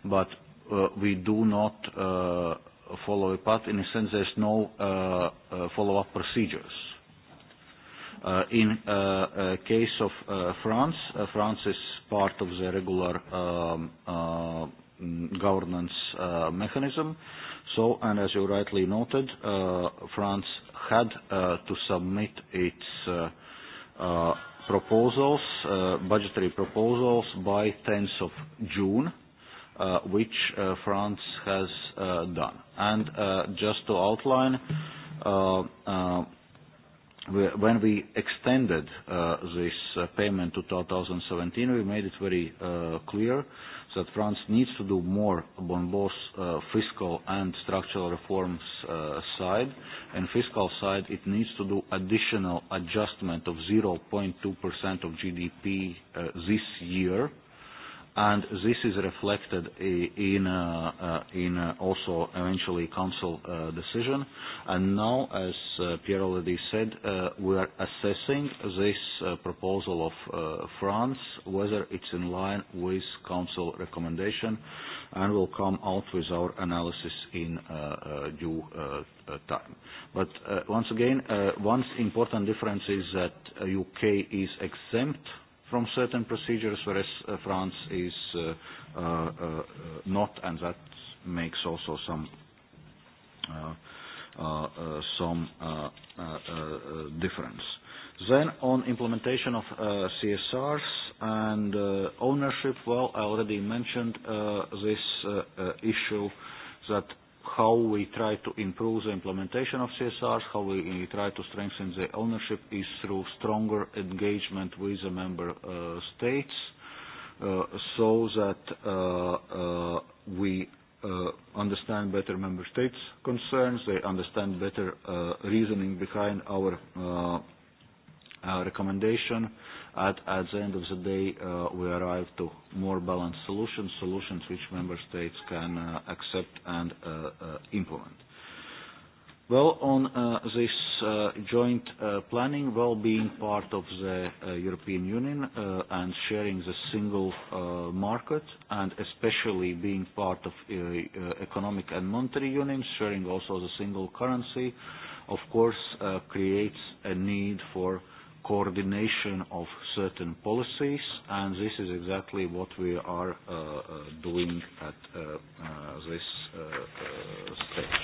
but uh, we do not uh, follow a path. In a sense, there's no uh, uh, follow-up procedures. Uh, in uh, uh, case of uh, France, uh, France is part of the regular um, uh, mm, governance uh, mechanism. Uh, So, and as you rightly noted, uh, France had uh, to submit its uh, uh, proposals, uh, budgetary proposals, by 10th of June, uh, which uh, France has uh, done. And uh, just to outline, uh, uh, when we extended uh, this uh, payment to 2017, we made it very uh, clear that France needs to do more on both uh, fiscal and structural reforms uh, side. And fiscal side, it needs to do additional adjustment of 0.2% of GDP uh, this year and this is reflected in, uh, uh, in uh, also eventually council uh, decision. And now, as uh, Pierre already said, uh, we are assessing this uh, proposal of uh, France, whether it's in line with council recommendation, and will come out with our analysis in uh, uh, due uh, uh, time. But uh, once again, uh, one important difference is that UK uh, is exempt from certain procedures, whereas uh, France is uh, uh, uh, not, and that makes also some uh, uh, uh, some uh, uh, uh, difference. Then on implementation of uh, CSRs and uh, ownership, well, I already mentioned uh, this uh, uh, issue that how we try to improve the implementation of CSRs, how we try to strengthen the ownership is through stronger engagement with the member uh, states uh, so that uh, uh, we uh, understand better member states' concerns, they understand better uh, reasoning behind our uh, uh, recommendation, at, at the end of the day, uh, we arrive to more balanced solutions, solutions which member states can uh, accept and uh, uh, implement. Well, on uh, this uh, joint uh, planning, well, being part of the uh, European Union uh, and sharing the single uh, market, and especially being part of uh, uh, economic and monetary union, sharing also the single currency, of course, uh, creates a need for uh, coordination of certain policies, and this is exactly what we are uh, uh, doing at uh, uh, this uh, uh, stage.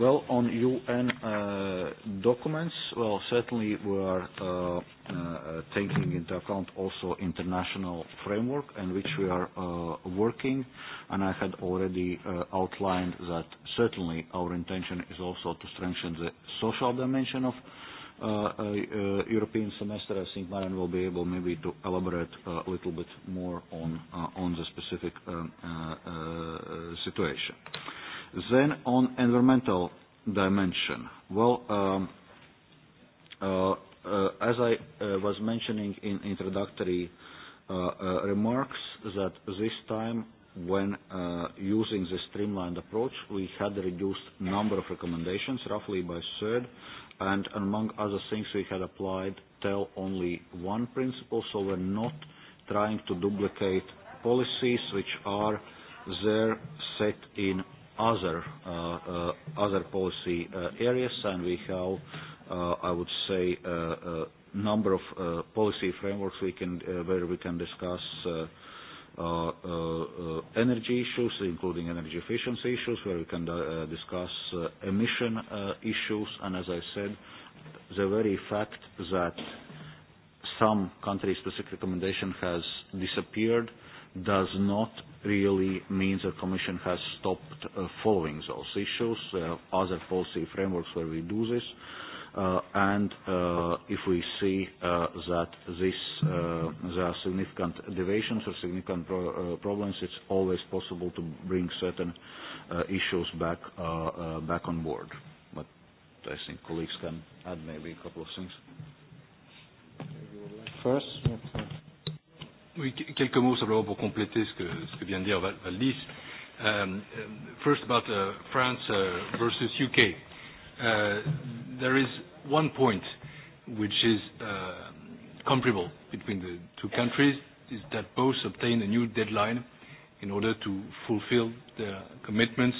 Well, on UN uh, documents, well, certainly we are uh, uh, taking into account also international framework in which we are uh, working, and I had already uh, outlined that certainly our intention is also to strengthen the social dimension of uh, uh, European semester, I think Marian will be able maybe to elaborate uh, a little bit more on, uh, on the specific um, uh, uh, situation. Then on environmental dimension, well, um, uh, uh, as I uh, was mentioning in introductory uh, uh, remarks, that this time when uh, using the streamlined approach, we had reduced number of recommendations, roughly by third, and among other things we had applied tell only one principle, so we're not trying to duplicate policies which are there set in other uh, uh, other policy uh, areas, and we have, uh, I would say, a uh, uh, number of uh, policy frameworks we can uh, where we can discuss. Uh, uh, uh, uh, energy issues, including energy efficiency issues, where we can uh, discuss uh, emission uh, issues. And as I said, the very fact that some country-specific recommendation has disappeared does not really mean the Commission has stopped uh, following those issues. There are other policy frameworks where we do this. Uh, and uh, if we see uh, that this, uh, there are significant deviations or significant pro uh, problems, it's always possible to bring certain uh, issues back, uh, uh, back on board. But I think colleagues can add maybe a couple of things. First, Oui, quelques mots simplement pour compléter ce que, ce que vient de dire Valdis. Um, first about uh, France uh, versus UK. Uh, there is one point which is uh, comparable between the two countries is that both obtain a new deadline in order to fulfill their commitments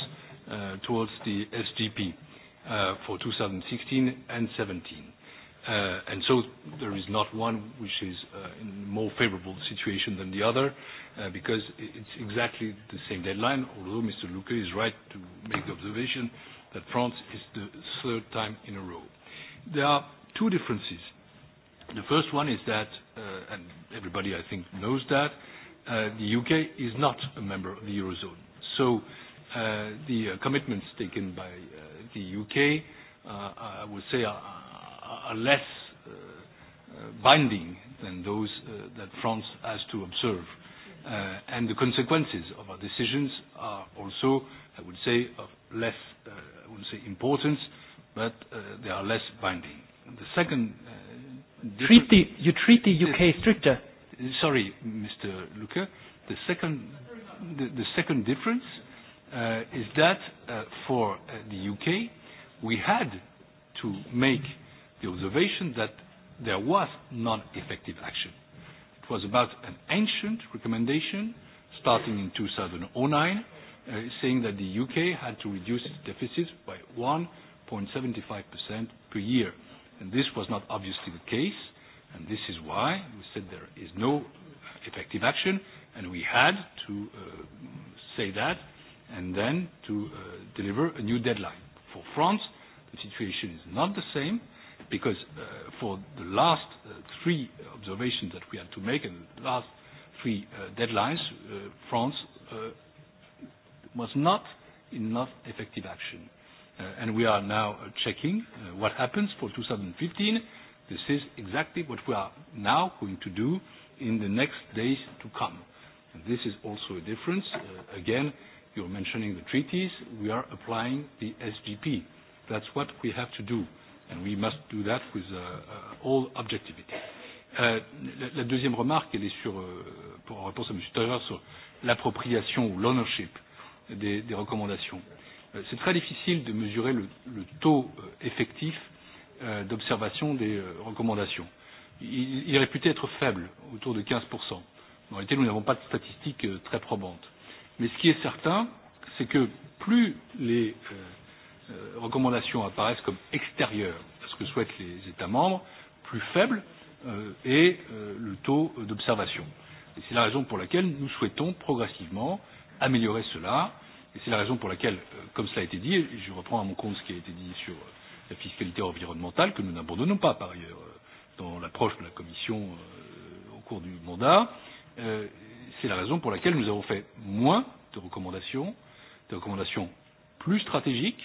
uh, towards the SGP uh, for 2016 and 17. Uh, and so there is not one which is uh, in a more favorable situation than the other uh, because it's exactly the same deadline, although Mr. Luque is right to make the observation uh, that France is the third time in a row. There are two differences. The first one is that, uh, and everybody I think knows that, uh, the UK is not a member of the Eurozone. So uh, the uh, commitments taken by uh, the UK, uh, I would say, are, are less uh, uh, binding than those uh, that France has to observe. Uh, and the consequences of our decisions are also, I would say, of less, uh, I wouldn't say importance, but uh, they are less binding. The second uh, treaty, you treat the UK the, stricter. Sorry, Mr. Luca. The second, the, the second difference uh, is that uh, for uh, the UK, we had to make the observation that there was non-effective action. It was about an ancient recommendation starting in 2009 uh, saying that the UK had to reduce its deficit by 1.75% per year. And this was not obviously the case, and this is why we said there is no effective action, and we had to uh, say that and then to uh, deliver a new deadline. For France, the situation is not the same because uh, for the last uh, three observations that we had to make and the last three uh, deadlines, uh, France uh, was not enough effective action. Uh, and we are now uh, checking uh, what happens for 2015. This is exactly what we are now going to do in the next days to come. And this is also a difference. Uh, again, you're mentioning the treaties. We are applying the SGP. That's what we have to do. And we must do that with uh, uh, all objectivity. Euh, la deuxième remarque, elle est sur, euh, pour réponse à M. Teurer, sur l'appropriation ou l'ownership des, des recommandations. Euh, C'est très difficile de mesurer le, le taux euh, effectif euh, d'observation des euh, recommandations. Il, il est réputé être faible, autour de 15%. En réalité, nous n'avons pas de statistiques euh, très probantes. Mais ce qui est certain, c'est que plus les euh, euh, recommandations apparaissent comme extérieures à ce que souhaitent les États membres, plus faible euh, est euh, le taux euh, d'observation. Et c'est la raison pour laquelle nous souhaitons progressivement euh, améliorer cela. Et c'est la raison pour laquelle, euh, comme cela a été dit, et je reprends à mon compte ce qui a été dit sur euh, la fiscalité environnementale, que nous n'abandonnons pas par ailleurs euh, dans l'approche de la Commission au cours du mandat. C'est la raison pour laquelle nous avons fait moins de recommandations, des recommandations plus stratégiques,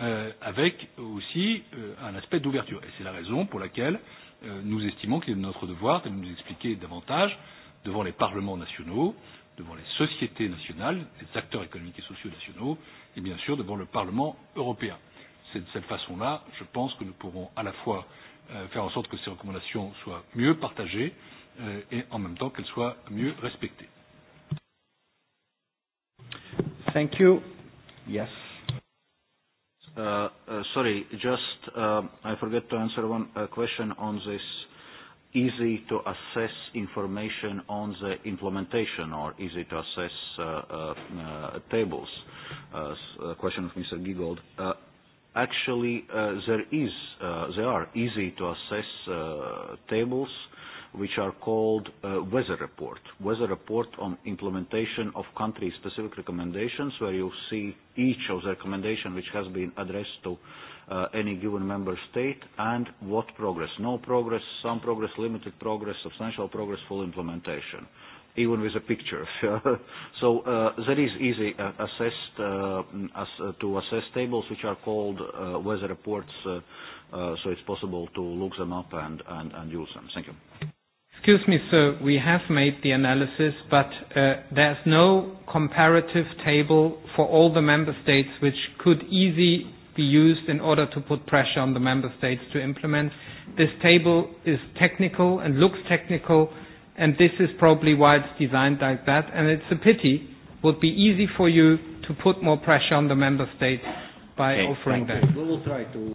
euh, avec aussi euh, un aspect d'ouverture. Et c'est la raison pour laquelle euh, nous estimons qu'il est de notre devoir de nous expliquer davantage devant les parlements nationaux devant les sociétés nationales, les acteurs économiques et sociaux nationaux, et bien sûr devant le Parlement européen. C'est de cette façon-là, je pense que nous pourrons à la fois euh, faire en sorte que ces recommandations soient mieux partagées euh, et en même temps qu'elles soient mieux respectées. Thank you. Yes. Uh, uh, sorry, just uh, I forgot to answer one uh, question on this easy to assess information on the implementation or easy to assess uh, uh, uh, tables. Uh, uh question of Mr. Giegold. Uh, actually, uh, there is, uh, there are easy to assess uh, tables which are called uh, weather report, weather report on implementation of country-specific recommendations where you see each of the recommendations which has been addressed to uh, uh, any given member state and what progress. No progress, some progress, limited progress, substantial progress, full implementation, even with a picture. so uh, that is easy uh, assessed, uh, mm, as, uh, to assess tables which are called uh, weather reports, uh, uh, so it's possible to look them up and, and, and use them. Thank you. Excuse me, sir, we have made the analysis, but uh, there's no comparative table for all the member states which could easy be used in order to put pressure on the member states to implement. This table is technical and looks technical, and this is probably why it's designed like that. And it's a pity. It would be easy for you to put more pressure on the member states by okay, offering that. We will try to.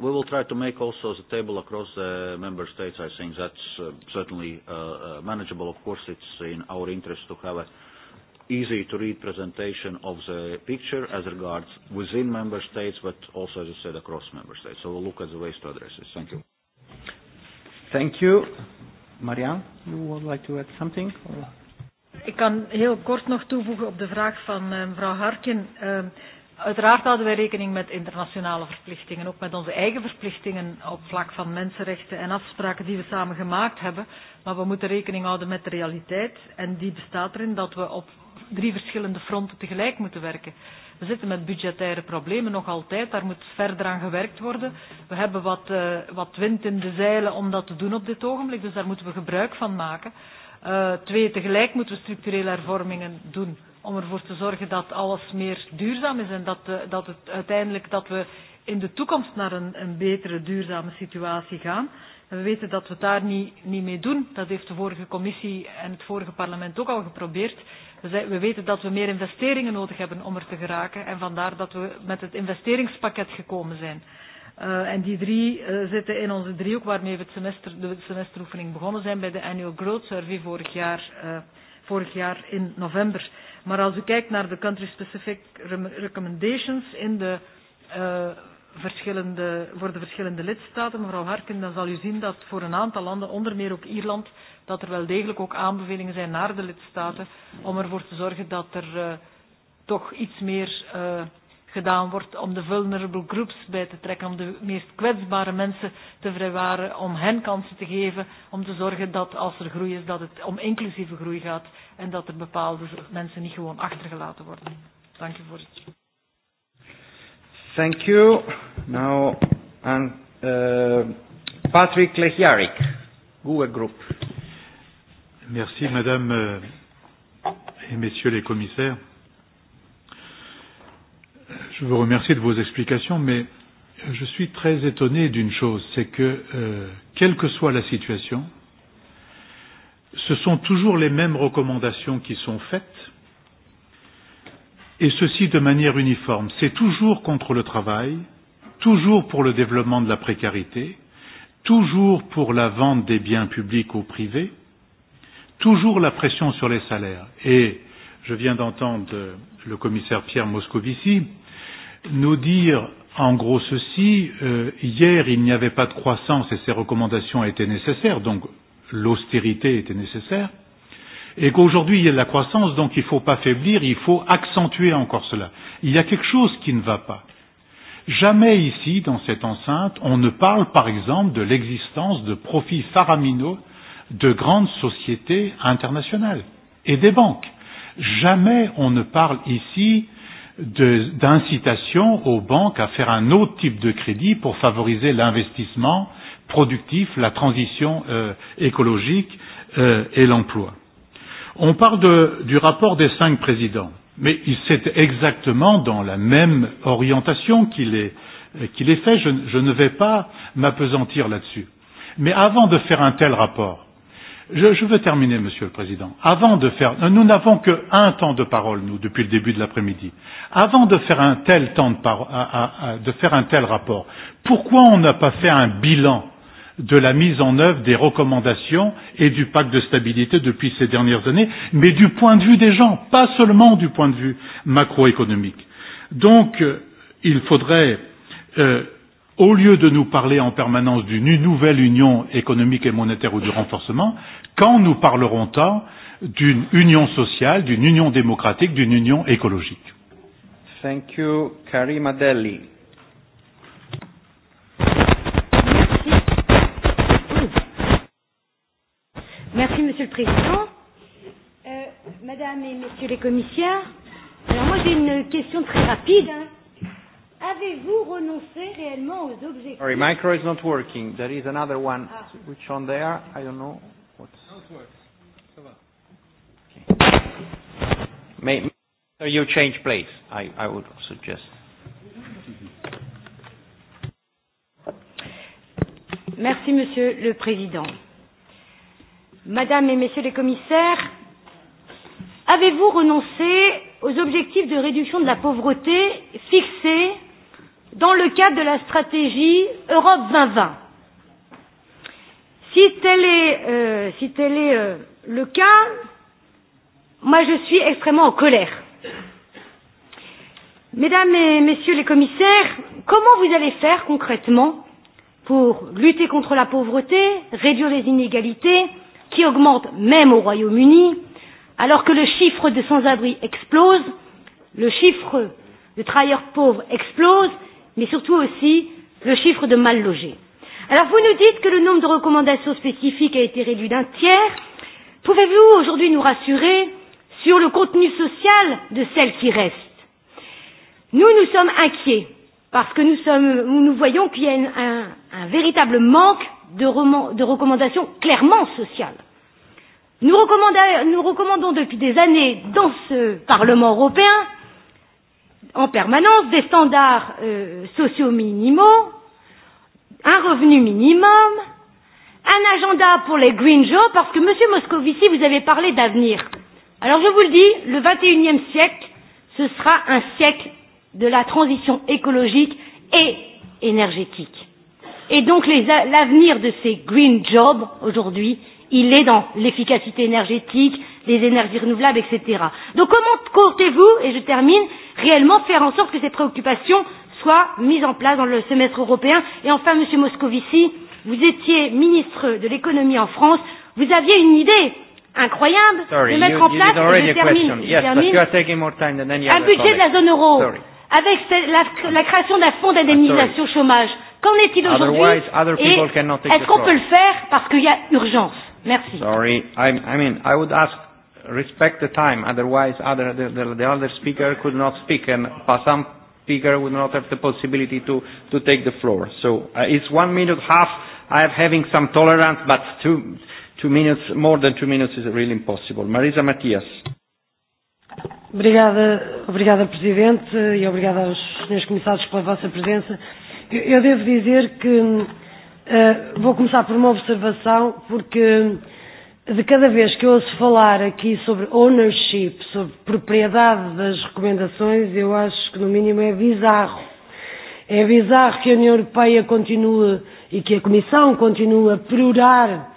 We will try to make also the table across the member states. I think that's uh, certainly uh, uh, manageable. Of course, it's in our interest to have a easy to read presentation of the picture as regards within member states, but also, as I said, across member states. So we'll look at the ways to address this. Thank you. Thank you. Marianne, you would like to add something? Ik kan heel kort nog toevoegen op de vraag van uh, mevrouw Harkin. Uh, Uiteraard houden wij rekening met internationale verplichtingen, ook met onze eigen verplichtingen op vlak van mensenrechten en afspraken die we samen gemaakt hebben. Maar we moeten rekening houden met de realiteit en die bestaat erin dat we op drie verschillende fronten tegelijk moeten werken. We zitten met budgettaire problemen nog altijd, daar moet verder aan gewerkt worden. We hebben wat, uh, wat wind in de zeilen om dat te doen op dit ogenblik, dus daar moeten we gebruik van maken. Uh, twee, tegelijk moeten we structurele hervormingen doen om ervoor te zorgen dat alles meer duurzaam is en dat, uh, dat het uiteindelijk dat we in de toekomst naar een, een betere duurzame situatie gaan. En we weten dat we het daar niet, niet mee doen. Dat heeft de vorige commissie en het vorige parlement ook al geprobeerd. We weten dat we meer investeringen nodig hebben om er te geraken en vandaar dat we met het investeringspakket gekomen zijn. Uh, en die drie uh, zitten in onze driehoek waarmee we het semester, de semesteroefening begonnen zijn bij de Annual Growth Survey vorig jaar, uh, vorig jaar in november. Maar als u kijkt naar de country-specific recommendations in de uh, verschillende, voor de verschillende lidstaten. Mevrouw Harkin, dan zal u zien dat voor een aantal landen, onder meer ook Ierland, dat er wel degelijk ook aanbevelingen zijn naar de lidstaten om ervoor te zorgen dat er uh, toch iets meer uh, gedaan wordt om de vulnerable groups bij te trekken, om de meest kwetsbare mensen te vrijwaren, om hen kansen te geven, om te zorgen dat als er groei is, dat het om inclusieve groei gaat en dat er bepaalde mensen niet gewoon achtergelaten worden. Dank u voor het Thank you. Now, and, uh, Patrick Lechiarik, Google Group. Merci, Madame euh, et Messieurs les commissaires. Je vous remercie de vos explications, mais je suis très étonné d'une chose, c'est que, euh, quelle que soit la situation, ce sont toujours les mêmes recommandations qui sont faites, et ceci de manière uniforme. C'est toujours contre le travail, toujours pour le développement de la précarité, toujours pour la vente des biens publics ou privés, toujours la pression sur les salaires. Et je viens d'entendre le commissaire Pierre Moscovici nous dire en gros ceci, euh, hier il n'y avait pas de croissance et ces recommandations étaient nécessaires, donc l'austérité était nécessaire et qu'aujourd'hui il y a de la croissance, donc il ne faut pas faiblir, il faut accentuer encore cela. Il y a quelque chose qui ne va pas. Jamais ici, dans cette enceinte, on ne parle par exemple de l'existence de profits faraminaux de grandes sociétés internationales et des banques. Jamais on ne parle ici d'incitation aux banques à faire un autre type de crédit pour favoriser l'investissement productif, la transition euh, écologique euh, et l'emploi. On parle de, du rapport des cinq présidents, mais c'est exactement dans la même orientation qu'il est, euh, qu est fait. Je, je ne vais pas m'apesantir là-dessus. Mais avant de faire un tel rapport, je, je veux terminer, Monsieur le Président. Avant de faire, euh, nous n'avons qu'un temps de parole, nous, depuis le début de l'après-midi. Avant de faire un tel temps de, paro, à, à, à, de faire un tel rapport, pourquoi on n'a pas fait un bilan de la mise en œuvre des recommandations et du pacte de stabilité depuis ces dernières années, mais du point de vue des gens, pas seulement du point de vue macroéconomique. Donc, euh, il faudrait, euh, au lieu de nous parler en permanence d'une nouvelle union économique et monétaire ou du renforcement, quand nous parlerons-en d'une union sociale, d'une union démocratique, d'une union écologique Thank you, Karim Adelli. Merci, Monsieur le Président. Euh, Madame et Messieurs les commissaires, alors moi j'ai une question très rapide. Avez-vous renoncé réellement aux objectifs Sorry, micro is not working. There is another one. Ah. Which one there? I don't know. What? No, it works. Ça va. Okay. May, so you change place, I, I would suggest. Merci, Monsieur le Président. Madame et Messieurs les commissaires, avez-vous renoncé aux objectifs de réduction de la pauvreté fixés dans le cadre de la stratégie Europe 2020 Si tel est, euh, si tel est euh, le cas, moi je suis extrêmement en colère. Mesdames et Messieurs les commissaires, comment vous allez faire concrètement pour lutter contre la pauvreté, réduire les inégalités qui augmente même au Royaume-Uni, alors que le chiffre des sans-abri explose, le chiffre de travailleurs pauvres explose, mais surtout aussi le chiffre de mal logés. Alors vous nous dites que le nombre de recommandations spécifiques a été réduit d'un tiers. Pouvez-vous aujourd'hui nous rassurer sur le contenu social de celles qui restent Nous, nous sommes inquiets parce que nous, sommes, nous voyons qu'il y a un, un véritable manque de, de recommandations clairement sociales. Nous, nous recommandons depuis des années dans ce Parlement européen en permanence des standards euh, sociaux minimaux, un revenu minimum, un agenda pour les Green Jobs, parce que Monsieur Moscovici, vous avez parlé d'avenir. Alors je vous le dis, le 21e siècle, ce sera un siècle de la transition écologique et énergétique. Et donc l'avenir de ces green jobs aujourd'hui, il est dans l'efficacité énergétique, les énergies renouvelables, etc. Donc comment comptez-vous, et je termine, réellement faire en sorte que ces préoccupations soient mises en place dans le semestre européen Et enfin, Monsieur Moscovici, vous étiez ministre de l'économie en France, vous aviez une idée incroyable Sorry, de mettre you, en place, you je termine, yes, termine un budget de la zone euro Sorry. avec la, la création d'un fonds ah, d'indemnisation chômage. Qu'en est-il aujourd'hui Est-ce qu'on peut le faire parce qu'il y a urgence Merci. Sorry, I, I mean, I would ask respect the time, otherwise other, the, the, the other speaker could not speak and some speaker would not have the possibility to, to take the floor. So uh, it's one minute half. I am having some tolerance, but two, two minutes, more than two minutes is really impossible. Marisa Matias. Obrigada, obrigada Presidente, e obrigada aos senhores comissários pela vossa presença. Eu devo dizer que uh, vou começar por uma observação, porque de cada vez que eu ouço falar aqui sobre ownership, sobre propriedade das recomendações, eu acho que no mínimo é bizarro. É bizarro que a União Europeia continue e que a Comissão continue a perorar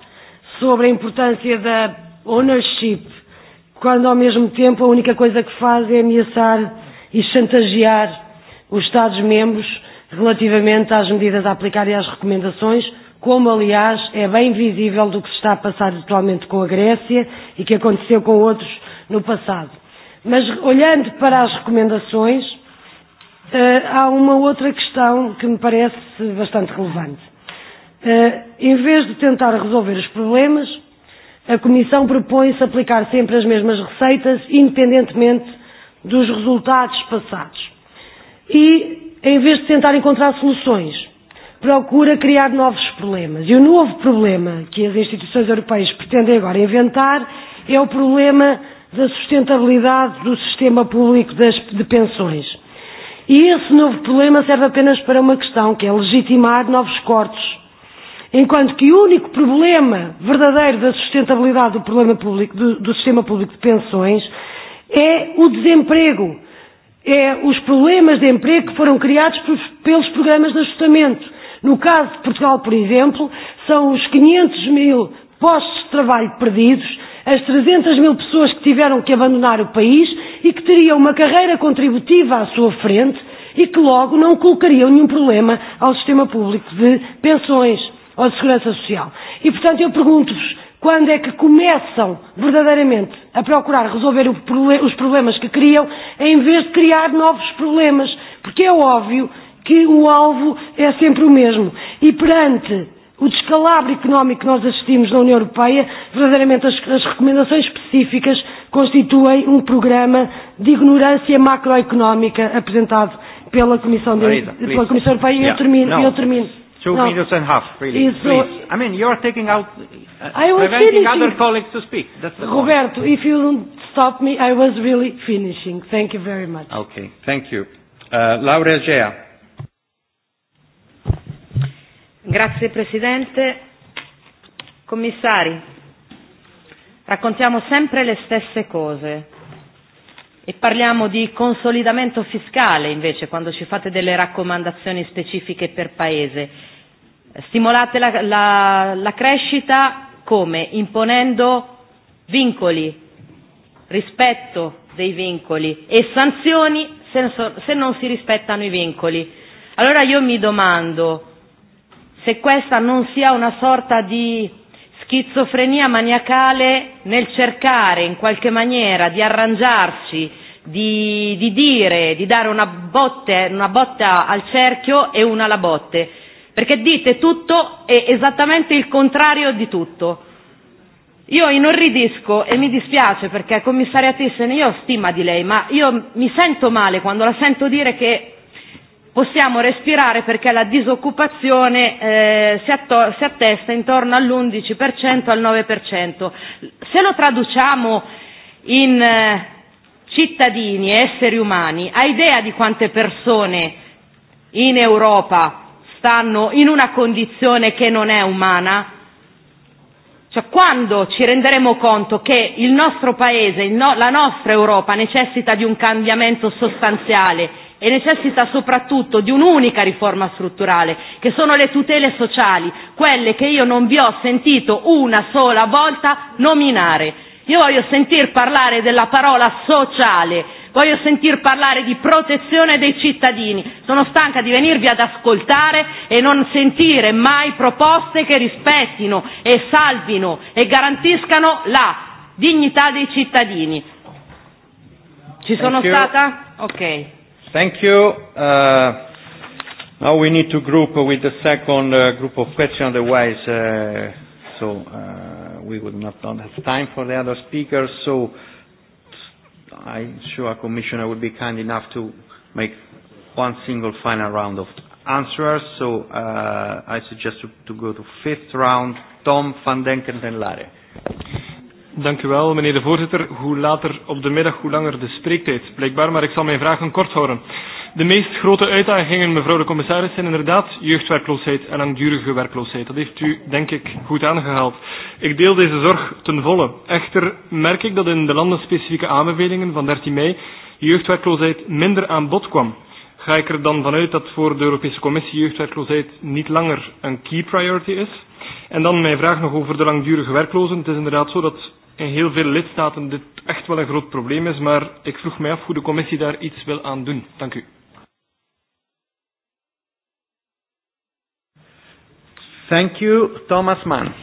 sobre a importância da ownership, quando ao mesmo tempo a única coisa que faz é ameaçar e chantagear os Estados-membros relativamente às medidas a aplicar e às recomendações, como aliás é bem visível do que se está a passar atualmente com a Grécia e que aconteceu com outros no passado. Mas olhando para as recomendações, eh, há uma outra questão que me parece bastante relevante. Eh, em vez de tentar resolver os problemas, a Comissão propõe-se aplicar sempre as mesmas receitas, independentemente dos resultados passados. E em vez de tentar encontrar soluções, procura criar novos problemas. E o novo problema que as instituições europeias pretendem agora inventar é o problema da sustentabilidade do sistema público das, de pensões. E esse novo problema serve apenas para uma questão, que é legitimar novos cortes. Enquanto que o único problema verdadeiro da sustentabilidade do, problema público, do, do sistema público de pensões é o desemprego é os problemas de emprego que foram criados pelos programas de ajustamento. No caso de Portugal, por exemplo, são os 500 mil postos de trabalho perdidos, as 300 mil pessoas que tiveram que abandonar o país e que teriam uma carreira contributiva à sua frente e que logo não colocariam nenhum problema ao sistema público de pensões ou de segurança social. E, portanto, eu pergunto-vos, Quando é que começam verdadeiramente a procurar resolver os problemas que criam, em vez de criar novos problemas? Porque é óbvio que o alvo é sempre o mesmo. E perante o descalabro económico que nós assistimos na União Europeia, verdadeiramente as, as recomendações específicas constituem um programa de ignorância macroeconómica apresentado pela Comissão, de, Marisa, pela Comissão Europeia. E yeah. E eu termino. Não. Eu termino. Two no. minutes and a half, really. It's Please. I mean, you're taking out, uh, I was preventing finishing. other colleagues to speak. That's the Roberto, point. if you don't stop me, I was really finishing. Thank you very much. Okay, thank you. Uh, Laura Gea. Grazie Presidente. Commissari, raccontiamo sempre le stesse cose e parliamo di consolidamento fiscale invece quando ci fate delle raccomandazioni specifiche per Paese Stimolate la, la, la crescita come? Imponendo vincoli, rispetto dei vincoli e sanzioni se, se non si rispettano i vincoli. Allora io mi domando se questa non sia una sorta di schizofrenia maniacale nel cercare in qualche maniera di arrangiarci, di, di dire, di dare una, botte, una botta al cerchio e una alla botte perché dite tutto è e esattamente il contrario di tutto. Io inorridisco e mi dispiace perché commissaria Tissen, io ho stima di lei, ma io mi sento male quando la sento dire che possiamo respirare perché la disoccupazione eh, si, atto- si attesta intorno all'11% al 9%. Se lo traduciamo in eh, cittadini e esseri umani, ha idea di quante persone in Europa stanno in una condizione che non è umana? Cioè, quando ci renderemo conto che il nostro Paese, il no, la nostra Europa necessita di un cambiamento sostanziale e necessita soprattutto di un'unica riforma strutturale, che sono le tutele sociali, quelle che io non vi ho sentito una sola volta nominare. Io voglio sentir parlare della parola sociale, voglio sentir parlare di protezione dei cittadini, sono stanca di venirvi ad ascoltare e non sentire mai proposte che rispettino e salvino e garantiscano la dignità dei cittadini. Ci sono Thank stata? You. Ok. Thank you. Uh... Now we need to group with the second uh, group of questions, otherwise, uh, so uh, we would not have time for the other speakers. So I'm sure Commissioner will be kind enough to make one single final round of answers. So uh, I suggest to, to go to fifth round. Tom van Denken den Lare. Dank u wel, meneer de voorzitter. Hoe later op de middag, hoe langer de spreektijd. Blijkbaar, maar ik zal mijn vragen kort houden. De meest grote uitdagingen, mevrouw de commissaris, zijn inderdaad jeugdwerkloosheid en langdurige werkloosheid. Dat heeft u, denk ik, goed aangehaald. Ik deel deze zorg ten volle. Echter merk ik dat in de landenspecifieke aanbevelingen van 13 mei jeugdwerkloosheid minder aan bod kwam. Ga ik er dan vanuit dat voor de Europese Commissie jeugdwerkloosheid niet langer een key priority is? En dan mijn vraag nog over de langdurige werklozen. Het is inderdaad zo dat in heel veel lidstaten dit echt wel een groot probleem is, maar ik vroeg mij af hoe de Commissie daar iets wil aan doen. Dank u. Thank you, Thomas Mann.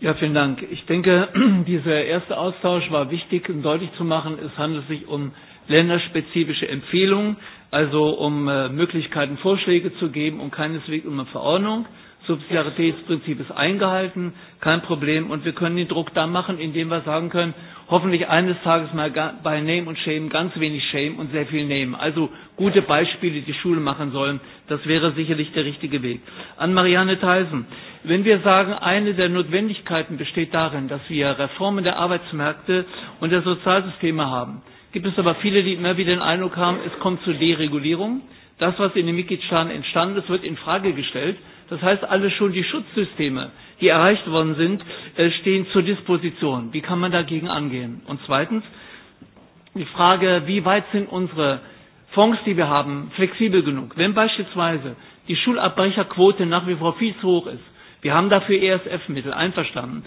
Ja, vielen Dank. Ich denke, dieser erste Austausch war wichtig, um deutlich zu machen, es handelt sich um länderspezifische Empfehlungen, also um äh, Möglichkeiten, Vorschläge zu geben und keineswegs um eine Verordnung. Subsidiaritätsprinzip ist eingehalten, kein Problem. Und wir können den Druck da machen, indem wir sagen können, hoffentlich eines Tages mal bei Name und Shame ganz wenig Shame und sehr viel Name. Also gute Beispiele, die Schule machen sollen, das wäre sicherlich der richtige Weg. An Marianne Theisen. Wenn wir sagen, eine der Notwendigkeiten besteht darin, dass wir Reformen der Arbeitsmärkte und der Sozialsysteme haben, gibt es aber viele, die immer wieder den Eindruck haben, es kommt zur Deregulierung. Das, was in den Mitgliedstaaten entstanden ist, wird in Frage gestellt. Das heißt, alle schon die Schutzsysteme, die erreicht worden sind, äh, stehen zur Disposition. Wie kann man dagegen angehen? Und zweitens, die Frage, wie weit sind unsere Fonds, die wir haben, flexibel genug? Wenn beispielsweise die Schulabbrecherquote nach wie vor viel zu hoch ist, wir haben dafür ESF-Mittel, einverstanden,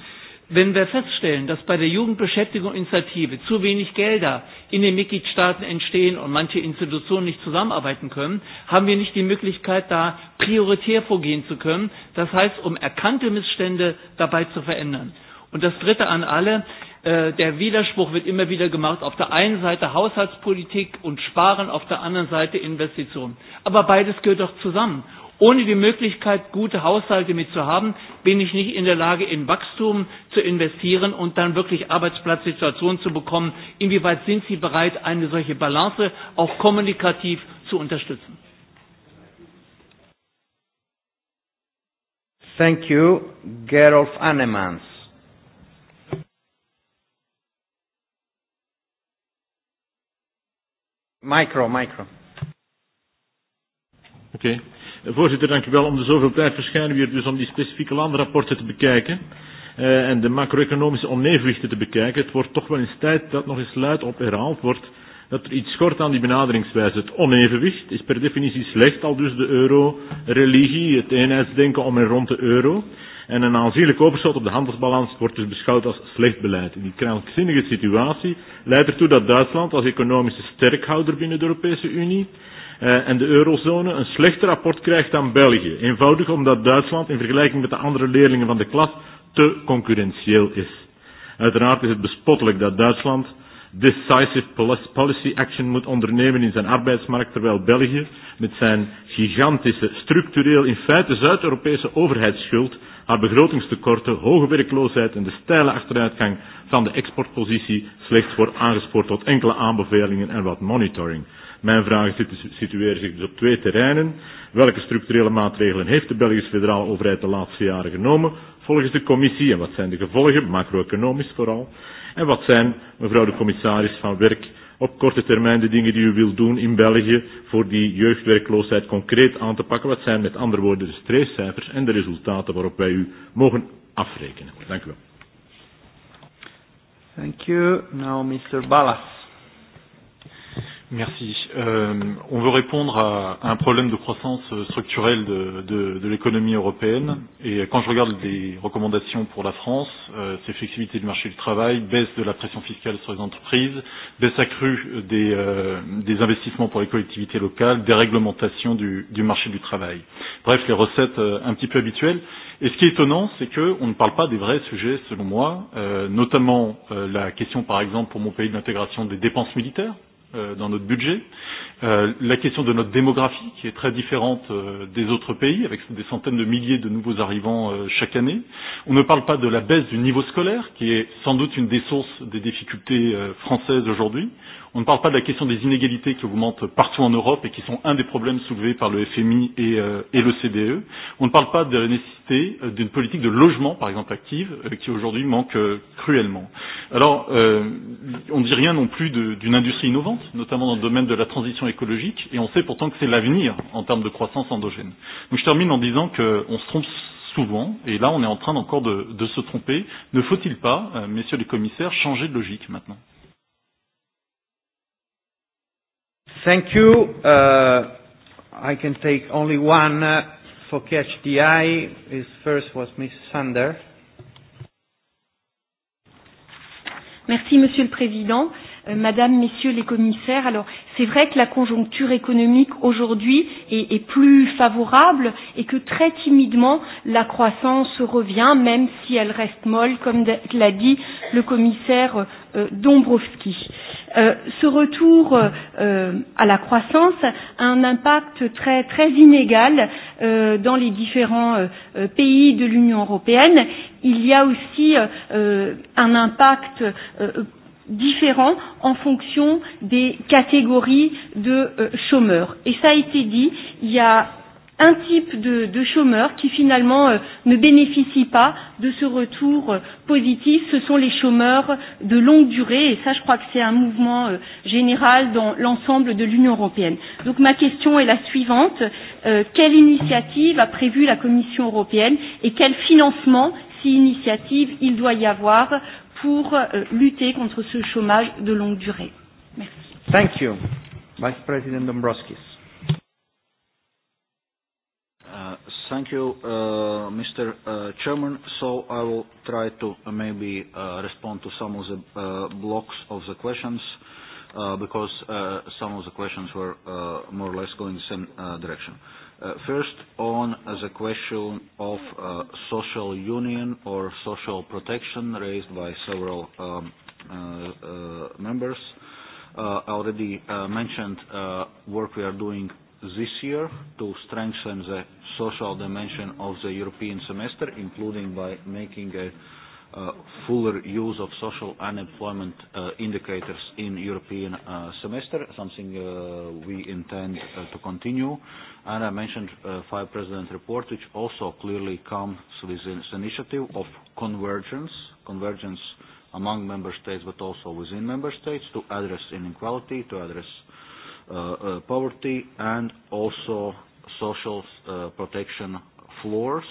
Wenn wir feststellen, dass bei der Jugendbeschäftigungsinitiative zu wenig Gelder in den Mitgliedstaaten entstehen und manche Institutionen nicht zusammenarbeiten können, haben wir nicht die Möglichkeit, da prioritär vorgehen zu können. Das heißt, um erkannte Missstände dabei zu verändern. Und das Dritte an alle, äh, der Widerspruch wird immer wieder gemacht, auf der einen Seite Haushaltspolitik und Sparen, auf der anderen Seite Investitionen. Aber beides gehört doch zusammen. Ohne die Möglichkeit, gute Haushalte mit zu haben, bin ich nicht in der Lage, in Wachstum zu investieren und dann wirklich Arbeitsplatzsituationen zu bekommen. Inwieweit sind Sie bereit, eine solche Balance auch kommunikativ zu unterstützen? Thank you, Gerolf Annemans. Micro, micro. Okay. Voorzitter, dank u wel. Om de zoveel tijd verschijnen we hier dus om die specifieke landrapporten te bekijken uh, en de macro-economische onevenwichten te bekijken. Het wordt toch wel eens tijd dat nog eens luid op herhaald wordt dat er iets schort aan die benaderingswijze. Het onevenwicht is per definitie slecht, al dus de euro-religie, het eenheidsdenken om en rond de euro. En een aanzienlijk overschot op de handelsbalans wordt dus beschouwd als slecht beleid. En die krankzinnige situatie leidt ertoe dat Duitsland als economische sterkhouder binnen de Europese Unie uh, en de eurozone een slechter rapport krijgt dan België. Eenvoudig omdat Duitsland in vergelijking met de andere leerlingen van de klas te concurrentieel is. Uiteraard is het bespottelijk dat Duitsland decisive policy action moet ondernemen in zijn arbeidsmarkt, terwijl België met zijn gigantische, structureel in feite Zuid-Europese overheidsschuld, haar begrotingstekorten, hoge werkloosheid en de steile achteruitgang van de exportpositie slechts wordt aangespoord tot enkele aanbevelingen en wat monitoring. Mijn vraag situeren zich dus op twee terreinen. Welke structurele maatregelen heeft de Belgische federale overheid de laatste jaren genomen volgens de commissie? En wat zijn de gevolgen, macro-economisch vooral? En wat zijn, mevrouw de commissaris van Werk, op korte termijn de dingen die u wilt doen in België voor die jeugdwerkloosheid concreet aan te pakken? Wat zijn met andere woorden de streefcijfers en de resultaten waarop wij u mogen afrekenen? Dank u wel. Thank you. Now Mr. Ballas. Merci. Euh, on veut répondre à, un problème de croissance euh, structurelle de, de, de l'économie européenne. Et quand je regarde les recommandations pour la France, euh, c'est flexibilité du marché du travail, baisse de la pression fiscale sur les entreprises, baisse accrue des, euh, des investissements pour les collectivités locales, déréglementation du, du marché du travail. Bref, les recettes euh, un petit peu habituelles. Et ce qui est étonnant, c'est qu'on ne parle pas des vrais sujets, selon moi, euh, notamment euh, la question, par exemple, pour mon pays, de l'intégration des dépenses militaires Euh, dans notre budget. Euh, la question de notre démographie, qui est très différente euh, des autres pays, avec des centaines de milliers de nouveaux arrivants euh, chaque année. On ne parle pas de la baisse du niveau scolaire, qui est sans doute une des sources des difficultés euh, françaises aujourd'hui. On ne parle pas de la question des inégalités qui augmentent partout en Europe et qui sont un des problèmes soulevés par le FMI et, euh, et le CDE. On ne parle pas de la nécessité euh, d'une politique de logement, par exemple, active, euh, qui aujourd'hui manque euh, cruellement. Alors, euh, on ne dit rien non plus d'une industrie innovante, notamment dans le domaine de la transition écologique et on sait pourtant que c'est l'avenir en termes de croissance endogène. Donc je termine en disant qu'on se trompe souvent, et là on est en train encore de, de se tromper. Ne faut-il pas, euh, messieurs les commissaires, changer de logique maintenant Thank you. Uh, I can take only one uh, for catch the eye. His first was Ms. Sander. Merci, Monsieur le Président. Euh, Madame, Messieurs les commissaires, alors c'est vrai que la conjoncture économique aujourd'hui est, est plus favorable et que très timidement la croissance revient, même si elle reste molle, comme l'a dit le commissaire euh, Dombrovski. Euh, ce retour euh, à la croissance a un impact très, très inégal euh, dans les différents euh, pays de l'Union européenne. Il y a aussi euh, un impact euh, différents en fonction des catégories de euh, chômeurs. Et ça a été dit, il y a un type de, de chômeurs qui finalement euh, ne bénéficient pas de ce retour euh, positif, ce sont les chômeurs de longue durée et ça je crois que c'est un mouvement euh, général dans l'ensemble de l'Union européenne. Donc ma question est la suivante, euh, quelle initiative a prévu la Commission européenne et quel financement si initiative il doit y avoir pour euh, lutter contre ce chômage de longue durée. Merci. Thank you. Vice President Dombrovskis. Uh, thank you, uh, Mr. Uh, Chairman. So I will try to uh, maybe uh, respond to some of the uh, blocks of the questions uh, because uh, some of the questions were uh, more or less going the same uh, direction. Uh, Uh, first, on uh, the question of uh, social union or social protection raised by several um, uh, uh, members. Uh, already uh, mentioned uh, work we are doing this year to strengthen the social dimension of the European semester, including by making a uh, fuller use of social unemployment uh, indicators in European uh, semester, something uh, we intend uh, to continue. And I mentioned uh, five president report, which also clearly comes with this initiative of convergence, convergence among member states, but also within member states to address inequality, to address uh, uh, poverty, and also social uh, protection floors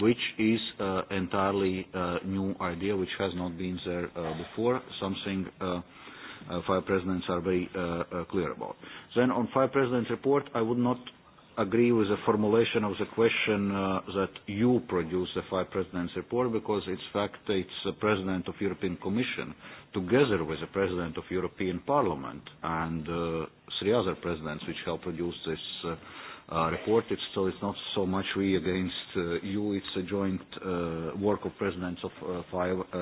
which is uh, entirely uh, new idea, which has not been there uh, before, something uh, uh, five presidents are very uh, uh, clear about. Then on five presidents report, I would not agree with the formulation of the question uh, that you produce the five presidents report because it's fact it's the president of European Commission together with the president of European Parliament and uh, three other presidents which help produce this uh, uh, reported, so it's not so much we against uh, you, it's a joint uh, work of presidents of uh, five uh,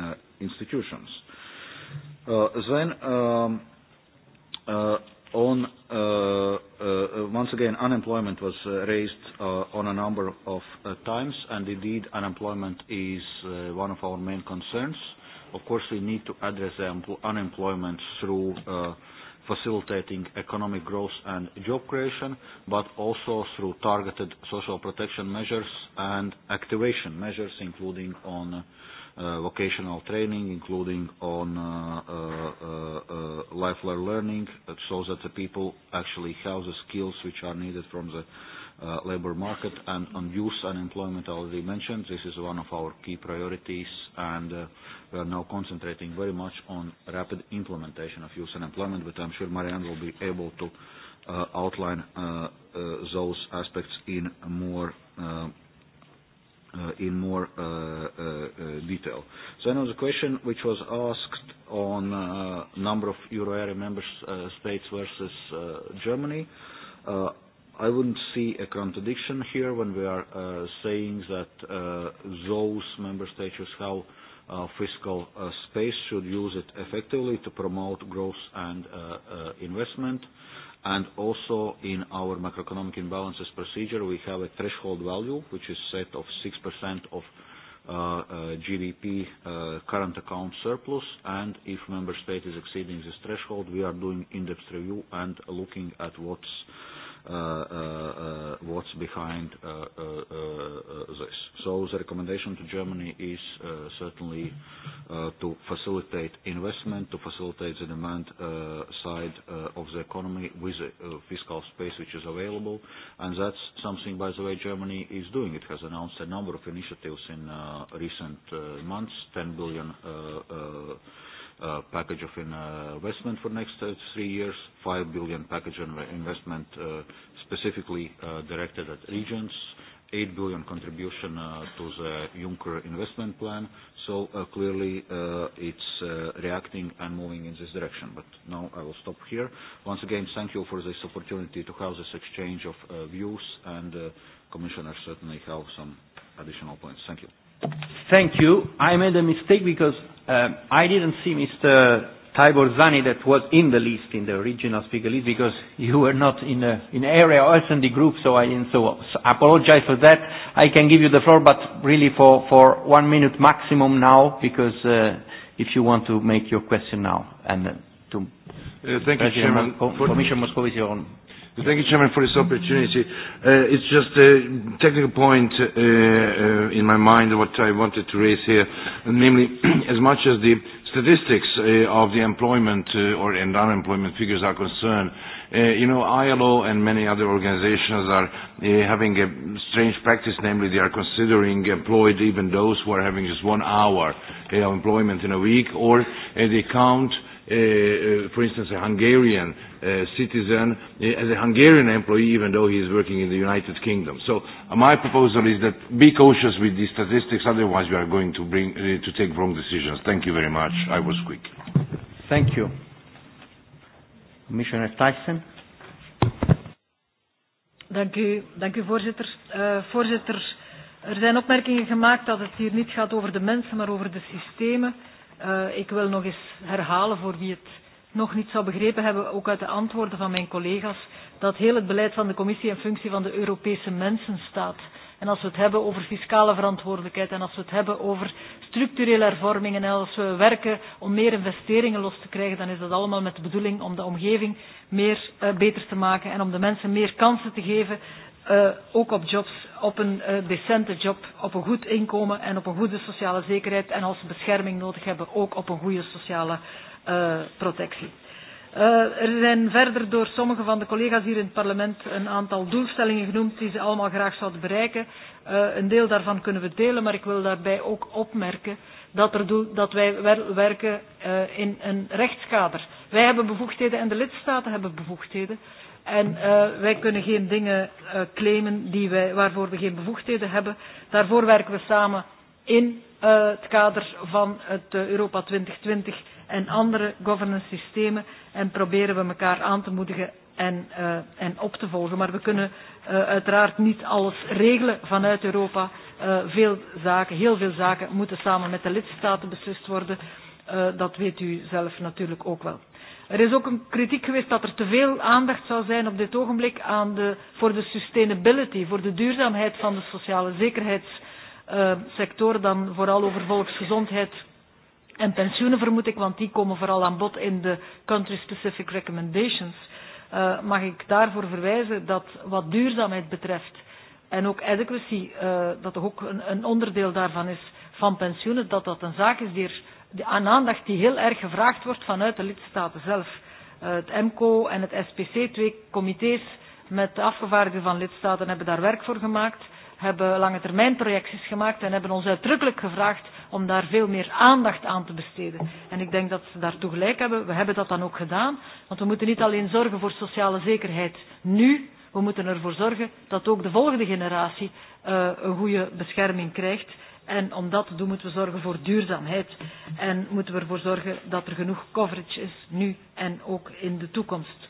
uh, institutions. Uh, then, um, uh, on, uh, uh, once again, unemployment was uh, raised uh, on a number of uh, times, and indeed unemployment is uh, one of our main concerns. Of course, we need to address the unemployment through uh, facilitating economic growth and job creation, but also through targeted social protection measures and activation measures, including on uh, vocational training, including on uh, uh, uh, uh lifelong learning, so that the people actually have the skills which are needed from the uh, labor market and on youth unemployment I already mentioned. This is one of our key priorities and uh, we are now concentrating very much on rapid implementation of youth unemployment but I'm sure Marianne will be able to uh, outline uh, uh, those aspects in more uh, uh, in more uh, uh, uh, detail. So another question which was asked on uh, number of euro area member uh, states versus uh, Germany. Uh, I wouldn't see a contradiction here when we are uh, saying that uh, those member states have uh, fiscal uh, space should use it effectively to promote growth and uh, uh, investment. And also in our macroeconomic imbalances procedure, we have a threshold value, which is set of 6% of uh, uh, GDP uh, current account surplus. And if member state is exceeding this threshold, we are doing in-depth review and looking at what's Uh, uh, uh, what's behind uh, uh, uh, uh, this. So the recommendation to Germany is uh, certainly uh, to facilitate investment, to facilitate the demand uh, side uh, of the economy with the uh, fiscal space which is available. And that's something, by the way, Germany is doing. It has announced a number of initiatives in uh, recent uh, months, 10 billion uh, uh, uh, package of uh, investment for next uh, three years, 5 billion package of investment uh, specifically uh, directed at regions, 8 billion contribution uh, to the Juncker investment plan. So uh, clearly uh, it's uh, reacting and moving in this direction. But now I will stop here. Once again, thank you for this opportunity to have this exchange of uh, views and uh, Commissioner certainly have some additional points. Thank you. Thank you. I made a mistake because uh I didn't see Mr. Tibor Zani that was in the list, in the original speaker list, because you were not in the in area or S&D group, so I didn't, so, so apologize for that. I can give you the floor, but really for, for one minute maximum now, because uh, if you want to make your question now, and uh, to uh, thank President you, Chairman. Mosco Commissioner Moscovici on Thank you, Chairman, for this opportunity. Uh, it's just a technical point uh, uh, in my mind what I wanted to raise here, namely, as much as the statistics uh, of the employment uh, or and unemployment figures are concerned, uh, you know, ILO and many other organizations are uh, having a strange practice, namely they are considering employed even those who are having just one hour uh, of employment in a week, or uh, they count uh, uh, uh, for instance, a Hungarian uh, citizen uh, as a Hungarian employee, even though he is working in the United Kingdom. So uh, my proposal is that be cautious with these statistics, otherwise we are going to, bring, uh, to take wrong decisions. Thank you very much. I was quick. Thank you. Commissioner Tyson. Dank u, dank u voorzitter. Uh, voorzitter, er zijn opmerkingen gemaakt dat het hier niet gaat over de mensen, maar over de systemen. Uh, ik wil nog eens herhalen voor wie het nog niet zou begrepen hebben, ook uit de antwoorden van mijn collega's, dat heel het beleid van de commissie in functie van de Europese mensen staat. En als we het hebben over fiscale verantwoordelijkheid en als we het hebben over structurele hervormingen en als we werken om meer investeringen los te krijgen, dan is dat allemaal met de bedoeling om de omgeving meer, uh, beter te maken en om de mensen meer kansen te geven uh, ook op jobs, op een uh, decente job, op een goed inkomen en op een goede sociale zekerheid. En als ze bescherming nodig hebben, ook op een goede sociale uh, protectie. Uh, er zijn verder door sommige van de collega's hier in het parlement een aantal doelstellingen genoemd die ze allemaal graag zouden bereiken. Uh, een deel daarvan kunnen we delen, maar ik wil daarbij ook opmerken dat, er doel, dat wij wer werken uh, in een rechtskader. Wij hebben bevoegdheden en de lidstaten hebben bevoegdheden. En uh, wij kunnen geen dingen uh, claimen die wij, waarvoor we geen bevoegdheden hebben. Daarvoor werken we samen in uh, het kader van het uh, Europa 2020 en andere governance systemen en proberen we elkaar aan te moedigen en, uh, en op te volgen. Maar we kunnen uh, uiteraard niet alles regelen vanuit Europa. Uh, veel zaken, heel veel zaken moeten samen met de lidstaten beslist worden. Uh, dat weet u zelf natuurlijk ook wel. Er is ook een kritiek geweest dat er te veel aandacht zou zijn op dit ogenblik aan de, voor de sustainability, voor de duurzaamheid van de sociale zekerheidssector uh, dan vooral over volksgezondheid en pensioenen vermoed ik, want die komen vooral aan bod in de country-specific recommendations. Uh, mag ik daarvoor verwijzen dat wat duurzaamheid betreft en ook adequacy, uh, dat toch ook een, een onderdeel daarvan is van pensioenen, dat dat een zaak is die er aan aandacht die heel erg gevraagd wordt vanuit de lidstaten zelf. Uh, het MCO en het SPC, twee comité's met afgevaardigden van lidstaten, hebben daar werk voor gemaakt, hebben lange termijn projecties gemaakt en hebben ons uitdrukkelijk gevraagd om daar veel meer aandacht aan te besteden. En ik denk dat ze daartoe gelijk hebben. We hebben dat dan ook gedaan, want we moeten niet alleen zorgen voor sociale zekerheid nu, we moeten ervoor zorgen dat ook de volgende generatie uh, een goede bescherming krijgt. En om dat te doen moeten we zorgen voor duurzaamheid en moeten we ervoor zorgen dat er genoeg coverage is nu en ook in de toekomst.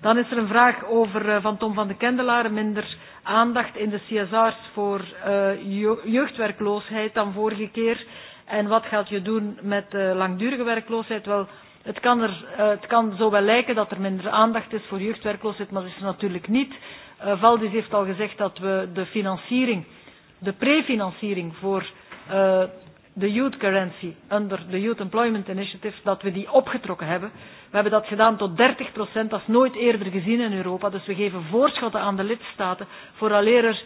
Dan is er een vraag over, eh, van Tom van de Kendelaar, minder aandacht in de CSR's voor uh, jeugdwerkloosheid dan vorige keer. En wat gaat je doen met uh, langdurige werkloosheid? Wel, het kan, er, uh, het kan zo wel lijken dat er minder aandacht is voor jeugdwerkloosheid, maar dat is er natuurlijk niet. Uh, Valdis heeft al gezegd dat we de financiering de prefinanciering voor uh, de youth currency under de Youth Employment Initiative, dat we die opgetrokken hebben. We hebben dat gedaan tot 30 procent, dat is nooit eerder gezien in Europa. Dus we geven voorschotten aan de lidstaten vooraleer er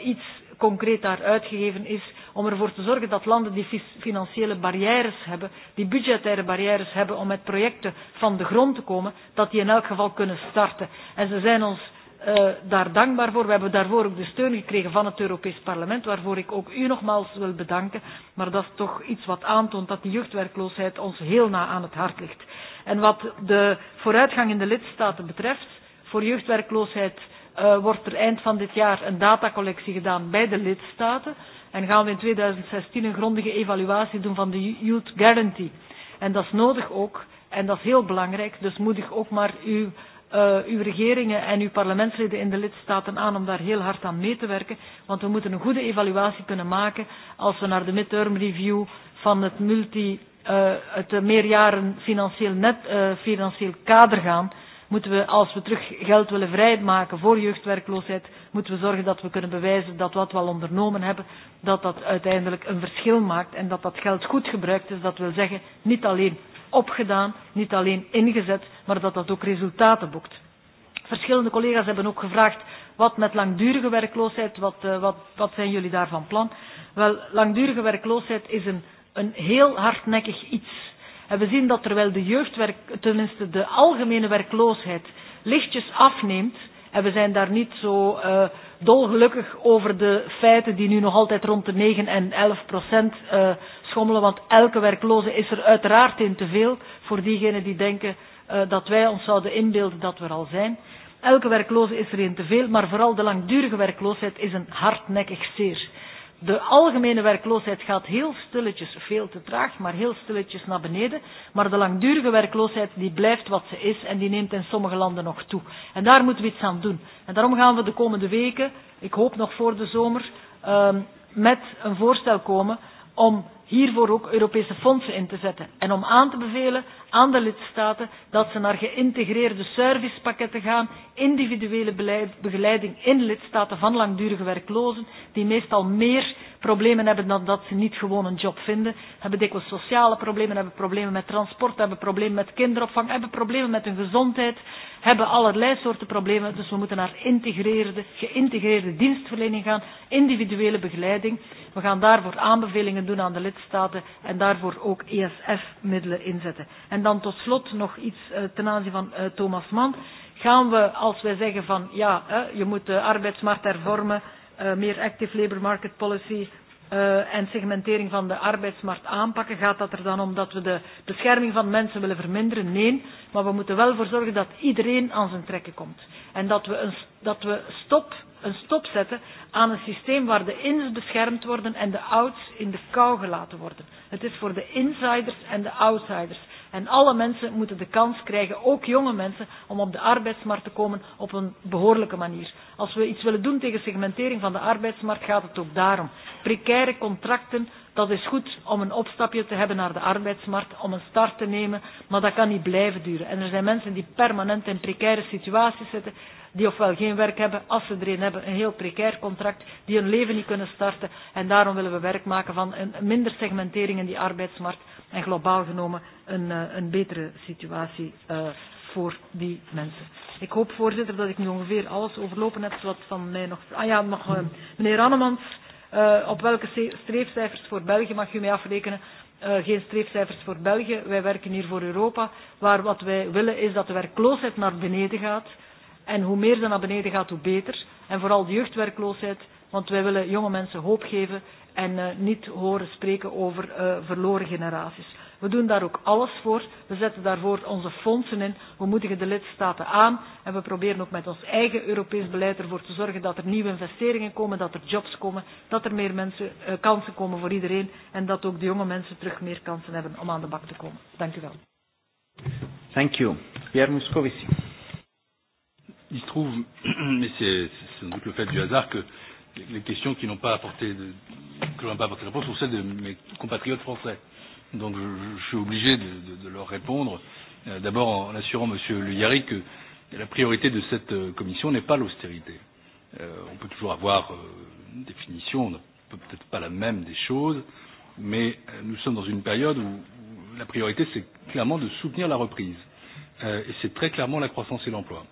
uh, iets concreet daar uitgegeven is om ervoor te zorgen dat landen die financiële barrières hebben, die budgettaire barrières hebben om met projecten van de grond te komen, dat die in elk geval kunnen starten. En ze zijn ons uh, daar dankbaar voor. We hebben daarvoor ook de steun gekregen van het Europees Parlement, waarvoor ik ook u nogmaals wil bedanken. Maar dat is toch iets wat aantoont dat de jeugdwerkloosheid ons heel na aan het hart ligt. En wat de vooruitgang in de lidstaten betreft, voor jeugdwerkloosheid uh, wordt er eind van dit jaar een datacollectie gedaan bij de lidstaten. En gaan we in 2016 een grondige evaluatie doen van de Youth Guarantee. En dat is nodig ook. En dat is heel belangrijk. Dus moedig ook maar uw uh, uw regeringen en uw parlementsleden in de lidstaten aan om daar heel hard aan mee te werken. Want we moeten een goede evaluatie kunnen maken als we naar de midterm review van het multi, uh, het meerjaren financieel, net, uh, financieel kader gaan. Moeten we, als we terug geld willen vrijmaken voor jeugdwerkloosheid, moeten we zorgen dat we kunnen bewijzen dat wat we al ondernomen hebben, dat dat uiteindelijk een verschil maakt en dat dat geld goed gebruikt is. Dat wil zeggen, niet alleen opgedaan, niet alleen ingezet, maar dat dat ook resultaten boekt. Verschillende collega's hebben ook gevraagd wat met langdurige werkloosheid, wat, uh, wat, wat zijn jullie daarvan plan? Wel, langdurige werkloosheid is een, een heel hardnekkig iets. En we zien dat terwijl de jeugdwerk, tenminste de algemene werkloosheid, lichtjes afneemt, en we zijn daar niet zo uh, dolgelukkig over de feiten die nu nog altijd rond de 9 en 11 procent uh, schommelen, want elke werkloze is er uiteraard in te veel voor diegenen die denken uh, dat wij ons zouden inbeelden dat we er al zijn. Elke werkloze is er in te veel, maar vooral de langdurige werkloosheid is een hardnekkig zeer. De algemene werkloosheid gaat heel stilletjes, veel te traag, maar heel stilletjes naar beneden. Maar de langdurige werkloosheid die blijft wat ze is en die neemt in sommige landen nog toe. En daar moeten we iets aan doen. En daarom gaan we de komende weken, ik hoop nog voor de zomer, uh, met een voorstel komen om hiervoor ook Europese fondsen in te zetten. En om aan te bevelen aan de lidstaten dat ze naar geïntegreerde servicepakketten gaan, individuele beleid, begeleiding in lidstaten van langdurige werklozen, die meestal meer problemen hebben nadat ze niet gewoon een job vinden, hebben dikwijls sociale problemen, hebben problemen met transport, hebben problemen met kinderopvang, hebben problemen met hun gezondheid, hebben allerlei soorten problemen. Dus we moeten naar integreerde, geïntegreerde dienstverlening gaan, individuele begeleiding. We gaan daarvoor aanbevelingen doen aan de lidstaten en daarvoor ook ESF-middelen inzetten. En dan tot slot nog iets eh, ten aanzien van eh, Thomas Mann gaan we, als wij zeggen van ja, eh, je moet de arbeidsmarkt hervormen, uh, meer active labour market policy uh, en segmentering van de arbeidsmarkt aanpakken? Gaat dat er dan om dat we de bescherming van mensen willen verminderen? Nee, maar we moeten wel voor zorgen dat iedereen aan zijn trekken komt. En dat we een, dat we stop, een stop zetten aan een systeem waar de ins beschermd worden en de outs in de kou gelaten worden. Het is voor de insiders en de outsiders. En alle mensen moeten de kans krijgen, ook jonge mensen, om op de arbeidsmarkt te komen op een behoorlijke manier. Als we iets willen doen tegen segmentering van de arbeidsmarkt, gaat het ook daarom. Precaire contracten, dat is goed om een opstapje te hebben naar de arbeidsmarkt, om een start te nemen, maar dat kan niet blijven duren. En er zijn mensen die permanent in precaire situaties zitten, die ofwel geen werk hebben, als ze er een hebben, een heel precair contract, die hun leven niet kunnen starten. En daarom willen we werk maken van een minder segmentering in die arbeidsmarkt, en globaal genomen een, uh, een betere situatie uh, voor die mensen. Ik hoop, voorzitter, dat ik nu ongeveer alles overlopen heb wat van mij nog... Ah ja, nog, uh, meneer Annemans, uh, op welke streefcijfers voor België mag u mij afrekenen? Uh, geen streefcijfers voor België. Wij werken hier voor Europa, waar wat wij willen is dat de werkloosheid naar beneden gaat. En hoe meer ze naar beneden gaat, hoe beter. En vooral de jeugdwerkloosheid Want wij willen jonge mensen hoop geven en uh, niet horen spreken over uh, verloren generaties. We doen daar ook alles voor. We zetten daarvoor onze fondsen in. We moedigen de lidstaten aan. En we proberen ook met ons eigen Europees beleid ervoor te zorgen dat er nieuwe investeringen komen, dat er jobs komen, dat er meer mensen, uh, kansen komen voor iedereen. En dat ook de jonge mensen terug meer kansen hebben om aan de bak te komen. Dank u wel. Dank u. Pierre Moscovici. Ik trouve, mais c'est sans doute le du hasard, que les questions qui n'ont pas apporté de, que n'ont pas apporté de réponse sont celles de mes compatriotes français. Donc je, je suis obligé de, de, de leur répondre, euh, d'abord en assurant M. Le que la priorité de cette euh, commission n'est pas l'austérité. Euh, on peut toujours avoir euh, une définition, on peut peut-être pas la même des choses, mais euh, nous sommes dans une période où, où la priorité c'est clairement de soutenir la reprise. Euh, et c'est très clairement la croissance et l'emploi.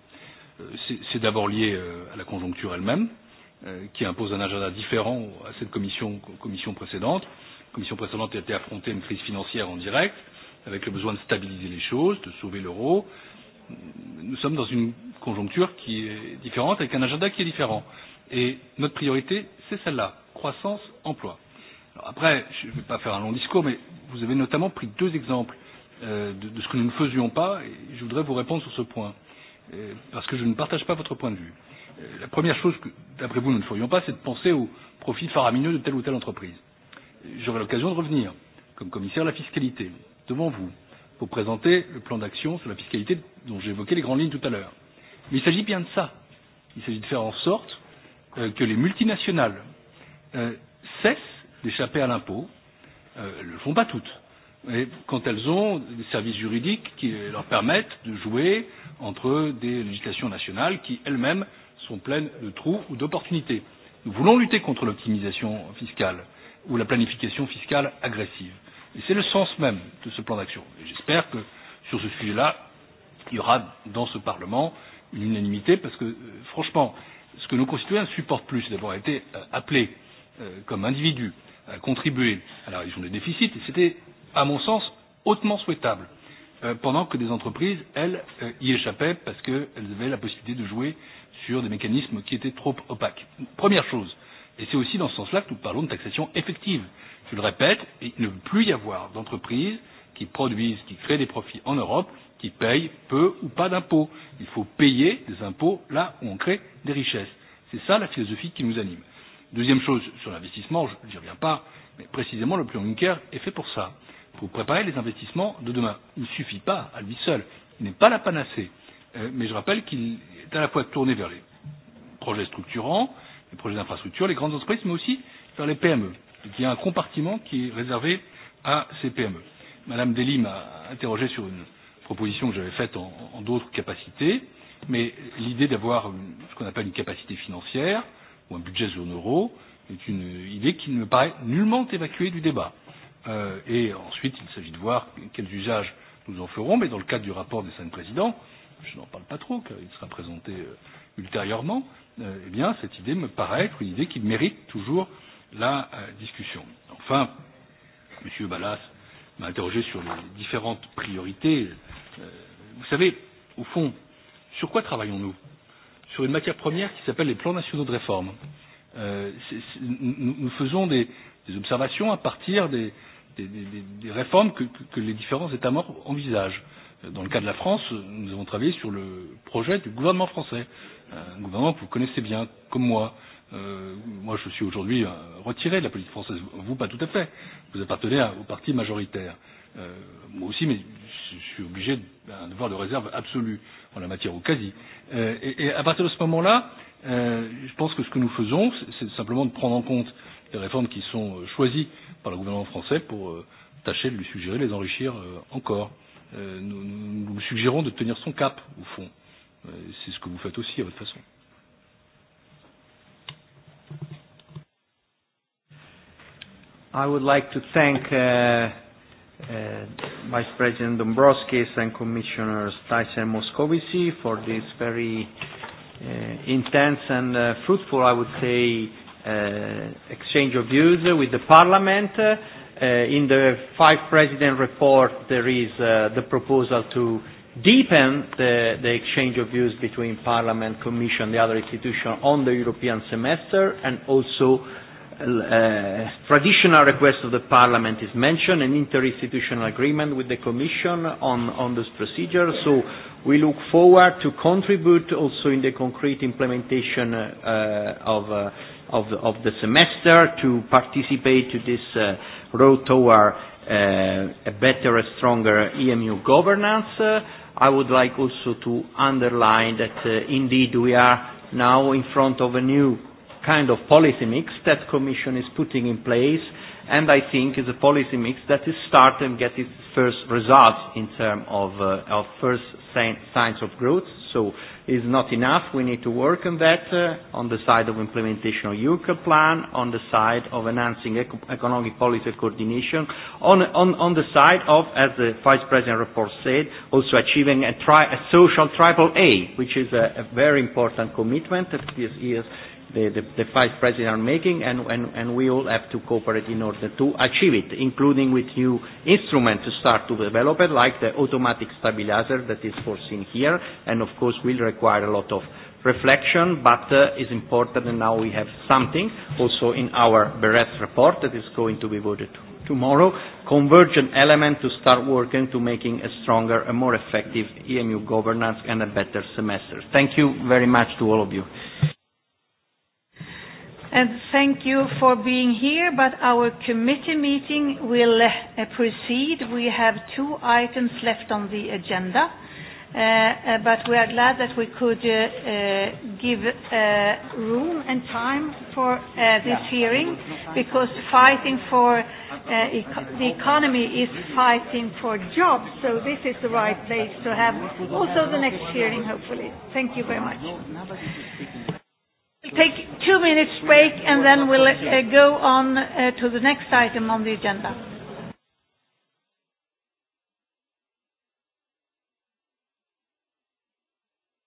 Euh, c'est d'abord lié euh, à la conjoncture elle-même, euh, Euh, qui impose un agenda différent à cette commission, commission précédente. La commission précédente a été affrontée à une crise financière en direct, avec le besoin de stabiliser les choses, de sauver l'euro. Nous sommes dans une conjoncture qui est différente, avec un agenda qui est différent. Et notre priorité, c'est celle-là, croissance, emploi. Alors après, je ne vais pas faire un long discours, mais vous avez notamment pris deux exemples euh, de, de ce que nous ne faisions pas, et je voudrais vous répondre sur ce point, euh, parce que je ne partage pas votre point de vue la première chose que, d'après vous, nous ne ferions pas, c'est de penser aux profits faramineux de telle ou telle entreprise. J'aurai l'occasion de revenir, comme commissaire à la fiscalité, devant vous, pour présenter le plan d'action sur la fiscalité dont j'ai évoqué les grandes lignes tout à l'heure. Mais il s'agit bien de ça. Il s'agit de faire en sorte euh, que les multinationales euh, cessent d'échapper à l'impôt. Euh, elles ne le font pas toutes. Et quand elles ont des services juridiques qui leur permettent de jouer entre des législations nationales qui elles-mêmes sont pleines de trous ou d'opportunités. Nous voulons lutter contre l'optimisation fiscale ou la planification fiscale agressive. Et c'est le sens même de ce plan d'action. Et j'espère que sur ce sujet-là, il y aura dans ce Parlement une unanimité parce que, euh, franchement, ce que nos concitoyens supportent plus d'avoir été euh, appelés euh, comme individus à contribuer à la réduction des déficits, et c'était, à mon sens, hautement souhaitable, pendant que des entreprises, elles, y échappaient parce qu'elles avaient la possibilité de jouer sur des mécanismes qui étaient trop opaques. Première chose, et c'est aussi dans ce sens-là que nous parlons de taxation effective. Je le répète, il ne peut plus y avoir d'entreprises qui produisent, qui créent des profits en Europe, qui payent peu ou pas d'impôts. Il faut payer des impôts là où on crée des richesses. C'est ça la philosophie qui nous anime. Deuxième chose, sur l'investissement, je n'y reviens pas, mais précisément le plan Juncker est fait pour ça, pour préparer les investissements de demain. Il ne suffit pas à lui seul, il n'est pas la panacée. Euh, mais je rappelle qu'il est à la fois tourné vers les projets structurants, les projets d'infrastructure, les grandes entreprises, mais aussi vers les PME. Et qu'il y a un compartiment qui est réservé à ces PME. Madame Dely m'a interrogé sur une proposition que j'avais faite en, en d'autres capacités, mais l'idée d'avoir ce qu'on appelle une capacité financière ou un budget zone euro est une idée qui ne me paraît nullement évacuée du débat. Euh, et ensuite, il s'agit de voir quels usages nous en ferons, mais dans le cadre du rapport des cinq présidents, euh, je n'en parle pas trop, car il sera présenté euh, ultérieurement, euh, eh bien, cette idée me paraît être une idée qui mérite toujours la euh, discussion. Enfin, M. Ballas m'a interrogé sur les différentes priorités. Vous savez, au fond, sur quoi travaillons-nous Sur une matière première qui s'appelle les plans nationaux de réforme. Euh, c est, c est, nous, nous faisons des, des observations à partir des, des, des, des réformes que, que, que les différents États membres envisagent. Dans le cas de la France, nous avons travaillé sur le projet du gouvernement français, un gouvernement que vous connaissez bien, comme moi. Euh, moi, je suis aujourd'hui euh, retiré de la politique française, vous pas tout à fait. Vous appartenez à, au parti majoritaire. Euh, moi aussi, mais je suis obligé d'un devoir de réserve absolue en la matière au quasi. Euh, et, et à partir de ce moment-là, euh, je pense que ce que nous faisons, c'est simplement de prendre en compte les réformes qui sont euh, choisies par le gouvernement français pour euh, tâcher de lui suggérer de les enrichir euh, encore. Euh, Euh, nous, nous, suggérons de tenir son cap, au fond. Euh, c'est ce que vous faites aussi à votre façon. I would like to thank uh, uh, Vice President Dombrovskis and Commissioner Tyson Moscovici for this very uh, intense and uh, fruitful, I would say, uh, exchange of views with the Parliament. Uh, Uh, in the five president report, there is uh, the proposal to deepen the, the exchange of views between Parliament, Commission, the other institution on the European semester, and also uh, traditional request of the Parliament is mentioned, an interinstitutional agreement with the Commission on, on this procedure. So We look forward to contribute also in the concrete implementation uh, of, uh, of, the, of the semester to participate to this uh, road toward uh, a better, and stronger EMU governance. Uh, I would like also to underline that uh, indeed we are now in front of a new kind of policy mix that Commission is putting in place and I think is a policy mix that is starting to get its first results in terms of, uh, of first signs of growth. So is not enough. We need to work on that uh, on the side of implementation of Juncker plan, on the side of enhancing eco economic policy coordination, on, on, on the side of, as the Vice President report said, also achieving a, tri a social triple A, which is a, a very important commitment that this is the, the, the five presidents are making, and, and, and we all have to cooperate in order to achieve it, including with new instruments to start to develop it, like the automatic stabilizer that is foreseen here, and of course will require a lot of reflection, but uh, it's important, and now we have something also in our Beres report that is going to be voted tomorrow, convergent element to start working to making a stronger and more effective EMU governance and a better semester. Thank you very much to all of you. And thank you for being here, but our committee meeting will uh, proceed. We have two items left on the agenda, uh, uh but we are glad that we could uh, uh, give uh, room and time for uh, this hearing, because fighting for uh, eco the economy is fighting for jobs, so this is the right place to have also the next hearing, hopefully. Thank you very much. We'll take two minutes break and then we'll uh, go on uh, to the next item on the agenda.